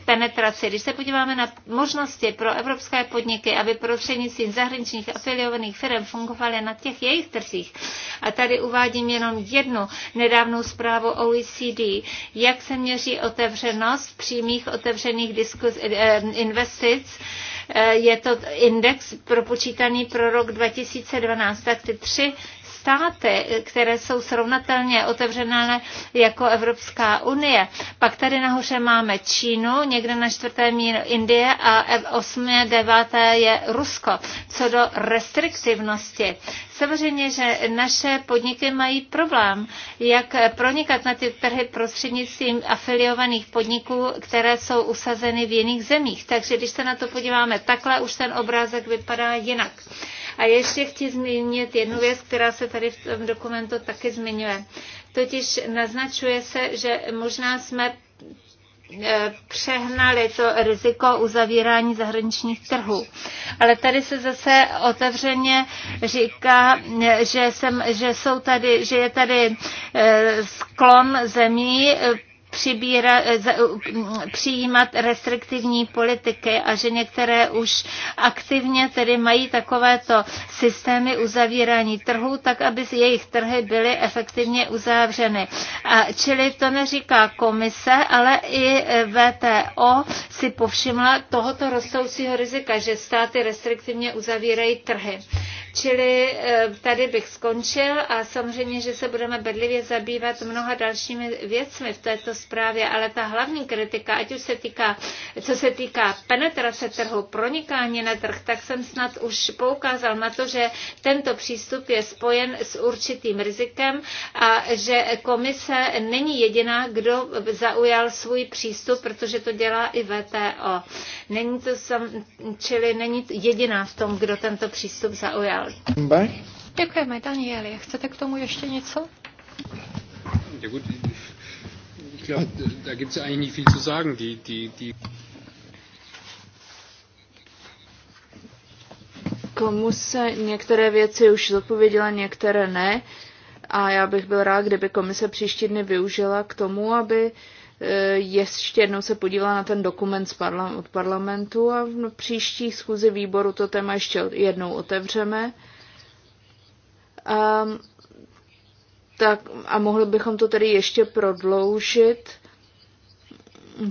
penetraci. Když se podíváme na možnosti pro evropské podniky, aby prostřednictvím zahraničních afiliovaných firm fungovaly na těch všech jejich trzích. A tady uvádím jenom jednu nedávnou zprávu OECD, jak se měří otevřenost přímých otevřených diskus, eh, eh, investic eh, je to index propočítaný pro rok 2012, tak ty tři státy, které jsou srovnatelně otevřené jako Evropská unie. Pak tady nahoře máme Čínu, někde na čtvrté míru Indie a 8. 9. je Rusko. Co do restriktivnosti. Samozřejmě, že naše podniky mají problém, jak pronikat na ty trhy prostřednictvím afiliovaných podniků, které jsou usazeny v jiných zemích. Takže když se na to podíváme takhle, už ten obrázek vypadá jinak. A ještě chci zmínit jednu věc, která se tady v tom dokumentu taky zmiňuje. Totiž naznačuje se, že možná jsme e, přehnali to riziko uzavírání zahraničních trhů. Ale tady se zase otevřeně říká, e, že, jsem, že, jsou tady, že je tady e, sklon zemí přibíra, eh, přijímat restriktivní politiky a že některé už aktivně tedy mají takovéto systémy uzavírání trhů, tak aby jejich trhy byly efektivně uzavřeny. A čili to neříká komise, ale i eh, VTO si povšimla tohoto rostoucího rizika, že státy restriktivně uzavírají trhy. Čili eh, tady bych skončil a samozřejmě, že se budeme bedlivě zabývat mnoha dalšími věcmi v této zprávě, ale ta hlavní kritika, ať už se týká, co se týká penetrace trhu, pronikání na trh, tak jsem snad už poukázal na to, že tento přístup je spojen s určitým rizikem a že komise není jediná, kdo zaujal svůj přístup, protože to dělá i VTO. Není to sam, čili není jediná v tom, kdo tento přístup zaujal. Danieli. Bach. Děkujeme, Danieli. Chcete k tomu ještě něco? Komu se některé věci už zodpověděla, některé ne. A já bych byl rád, kdyby komise příští dny využila k tomu, aby uh, Eh, ještě jednou se podívala na ten dokument z parla- od parlamentu a v příští schůzi výboru to téma ještě jednou otevřeme. A, ehm, tak, a mohli bychom to tedy ještě prodloužit,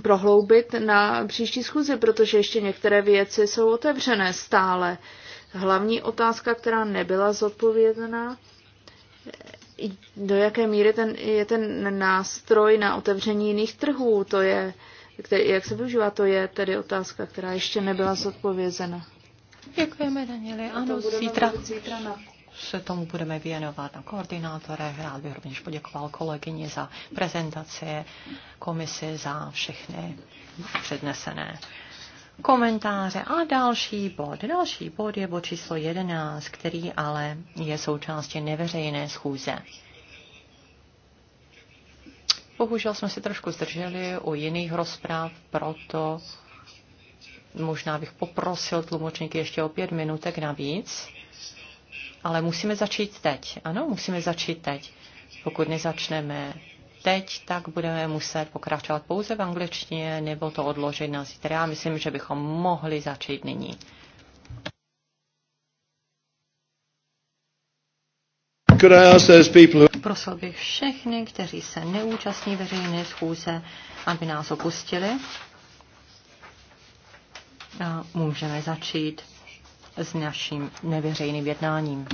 prohloubit na příští schůzi, protože ještě některé věci jsou otevřené stále. Hlavní otázka, která nebyla zodpovězená, do jaké míry ten, je ten nástroj na otevření jiných trhů, to je, který, jak se využívá, to je tedy otázka, která ještě nebyla zodpovězena. Děkujeme, Daniele. Ano, zítra. zítra na se tomu budeme věnovat na koordinátorech. Rád bych rovněž poděkoval kolegyni za prezentaci, komisi za všechny přednesené komentáře a další bod. Další bod je bod číslo 11, který ale je součástí neveřejné schůze. Bohužel jsme se trošku zdrželi u jiných rozpráv, proto možná bych poprosil tlumočníky ještě o pět minutek navíc. Ale musíme začít teď. Ano, musíme začít teď. Pokud nezačneme teď, tak budeme muset pokračovat pouze v angličtině nebo to odložit na zítra. Já myslím, že bychom mohli začít nyní. Prosil bych všechny, kteří se neúčastní veřejné schůze, aby nás opustili. A můžeme začít s naším neveřejným jednáním.